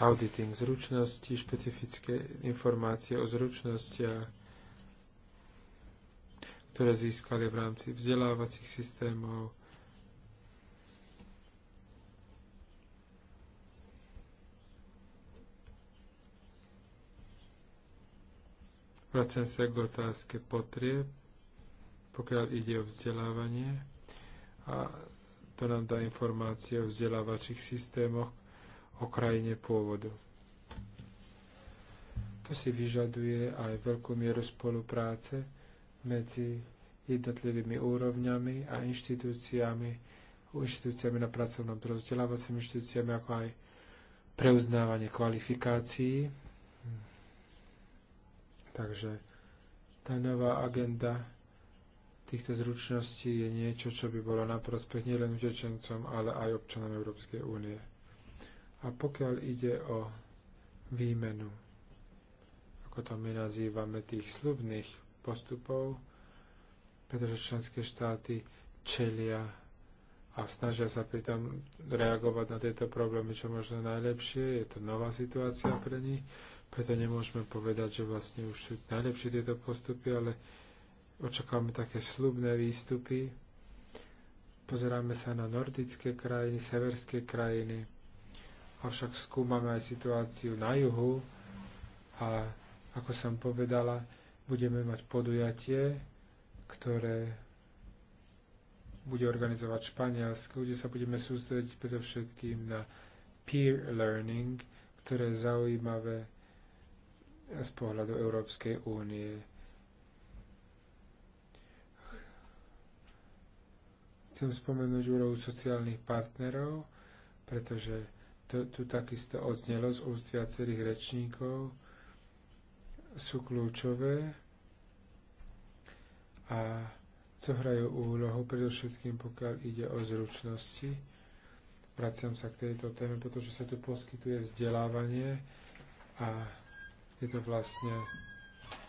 auditing zručnosti, špecifické informácie o zručnostiach, ktoré získali v rámci vzdelávacích systémov, Vracem sa k otázke potrieb, pokiaľ ide o vzdelávanie. A to nám dá informácie o vzdelávačích systémoch, o krajine pôvodu. To si vyžaduje aj veľkú mieru spolupráce medzi jednotlivými úrovňami a inštitúciami, inštitúciami na pracovnom trhu, vzdelávacími inštitúciami, ako aj preuznávanie kvalifikácií. Takže tá nová agenda týchto zručností je niečo, čo by bolo na prospech nielen utečencom, ale aj občanom Európskej únie. A pokiaľ ide o výmenu, ako to my nazývame, tých slubných postupov, pretože členské štáty čelia a snažia sa pritom reagovať na tieto problémy čo možno najlepšie. Je to nová situácia pre nich, preto nemôžeme povedať, že vlastne už sú najlepšie tieto postupy, ale očakávame také slubné výstupy. Pozeráme sa na nordické krajiny, severské krajiny, avšak skúmame aj situáciu na juhu a ako som povedala, budeme mať podujatie, ktoré bude organizovať Španielsko, kde sa budeme sústrediť predovšetkým na peer learning, ktoré je zaujímavé z pohľadu Európskej únie. Chcem spomenúť úlohu sociálnych partnerov, pretože to tu takisto odznelo z úst viacerých rečníkov, sú kľúčové a hrajú úlohu, predovšetkým pokiaľ ide o zručnosti. Vraciam sa k tejto téme, pretože sa tu poskytuje vzdelávanie a je to vlastne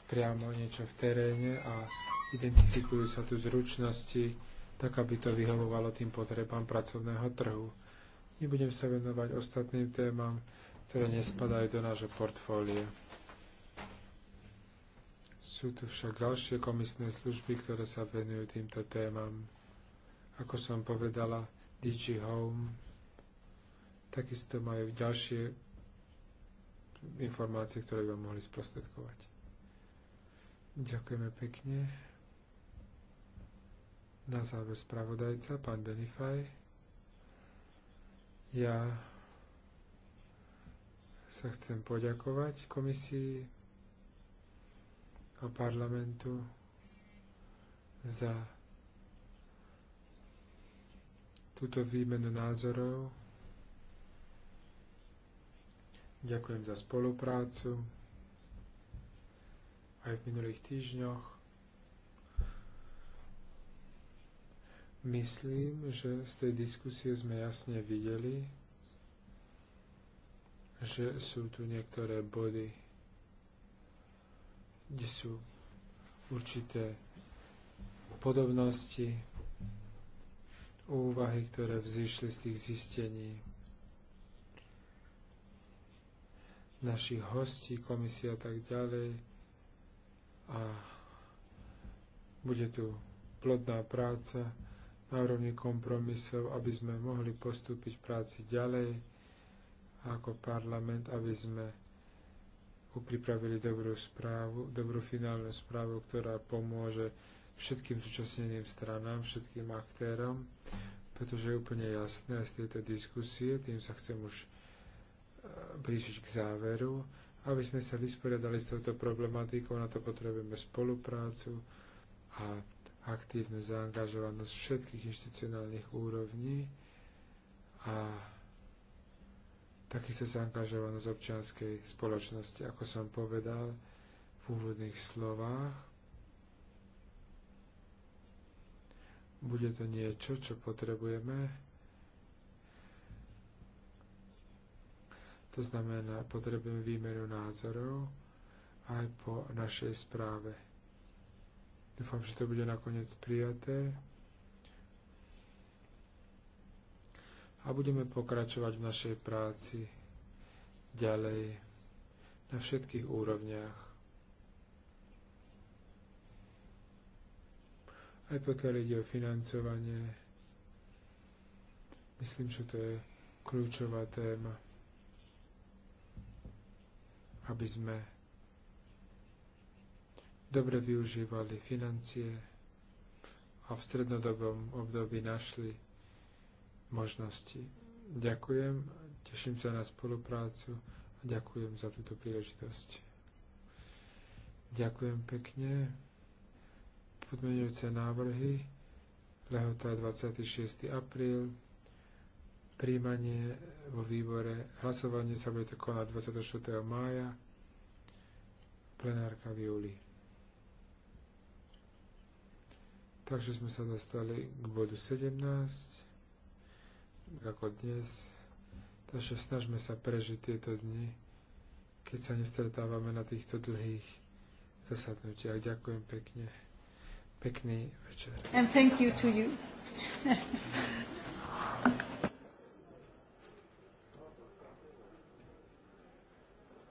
priamo niečo v teréne a identifikujú sa tu zručnosti, tak aby to vyhovovalo tým potrebám pracovného trhu. Nebudem sa venovať ostatným témam, ktoré nespadajú do nášho portfólia. Sú tu však ďalšie komisné služby, ktoré sa venujú týmto témam. Ako som povedala, DG Home, takisto majú ďalšie informácie, ktoré by vám mohli sprostredkovať. Ďakujeme pekne. Na záver spravodajca, pán Benifaj. Ja sa chcem poďakovať komisii a parlamentu za túto výmenu názorov. Ďakujem za spoluprácu aj v minulých týždňoch. Myslím, že z tej diskusie sme jasne videli, že sú tu niektoré body, kde sú určité podobnosti, úvahy, ktoré vzýšli z tých zistení našich hostí, komisie a tak ďalej. A bude tu plodná práca, na úrovni kompromisov, aby sme mohli postúpiť v práci ďalej ako parlament, aby sme pripravili dobrú správu, dobrú finálnu správu, ktorá pomôže všetkým zúčastneným stranám, všetkým aktérom, pretože je úplne jasné z tejto diskusie, tým sa chcem už e, blížiť k záveru, aby sme sa vysporiadali s touto problematikou, na to potrebujeme spoluprácu a aktívnu zaangažovanosť všetkých inštitucionálnych úrovní a takisto zaangažovanosť občianskej spoločnosti, ako som povedal v úvodných slovách. Bude to niečo, čo potrebujeme. To znamená, potrebujeme výmenu názorov aj po našej správe. Dúfam, že to bude nakoniec prijaté. A budeme pokračovať v našej práci ďalej na všetkých úrovniach. Aj pokiaľ ide o financovanie, myslím, že to je kľúčová téma, aby sme dobre využívali financie a v strednodobom období našli možnosti. Ďakujem, teším sa na spoluprácu a ďakujem za túto príležitosť. Ďakujem pekne. Podmenujúce návrhy. Lehota 26. apríl. Príjmanie vo výbore. Hlasovanie sa bude konať 24. mája. Plenárka v júli. Takže sme sa dostali k bodu 17, ako dnes. Takže snažme sa prežiť tieto dni, keď sa nestretávame na týchto dlhých zasadnutiach. Ďakujem pekne. Pekný večer. And thank you to you. *laughs*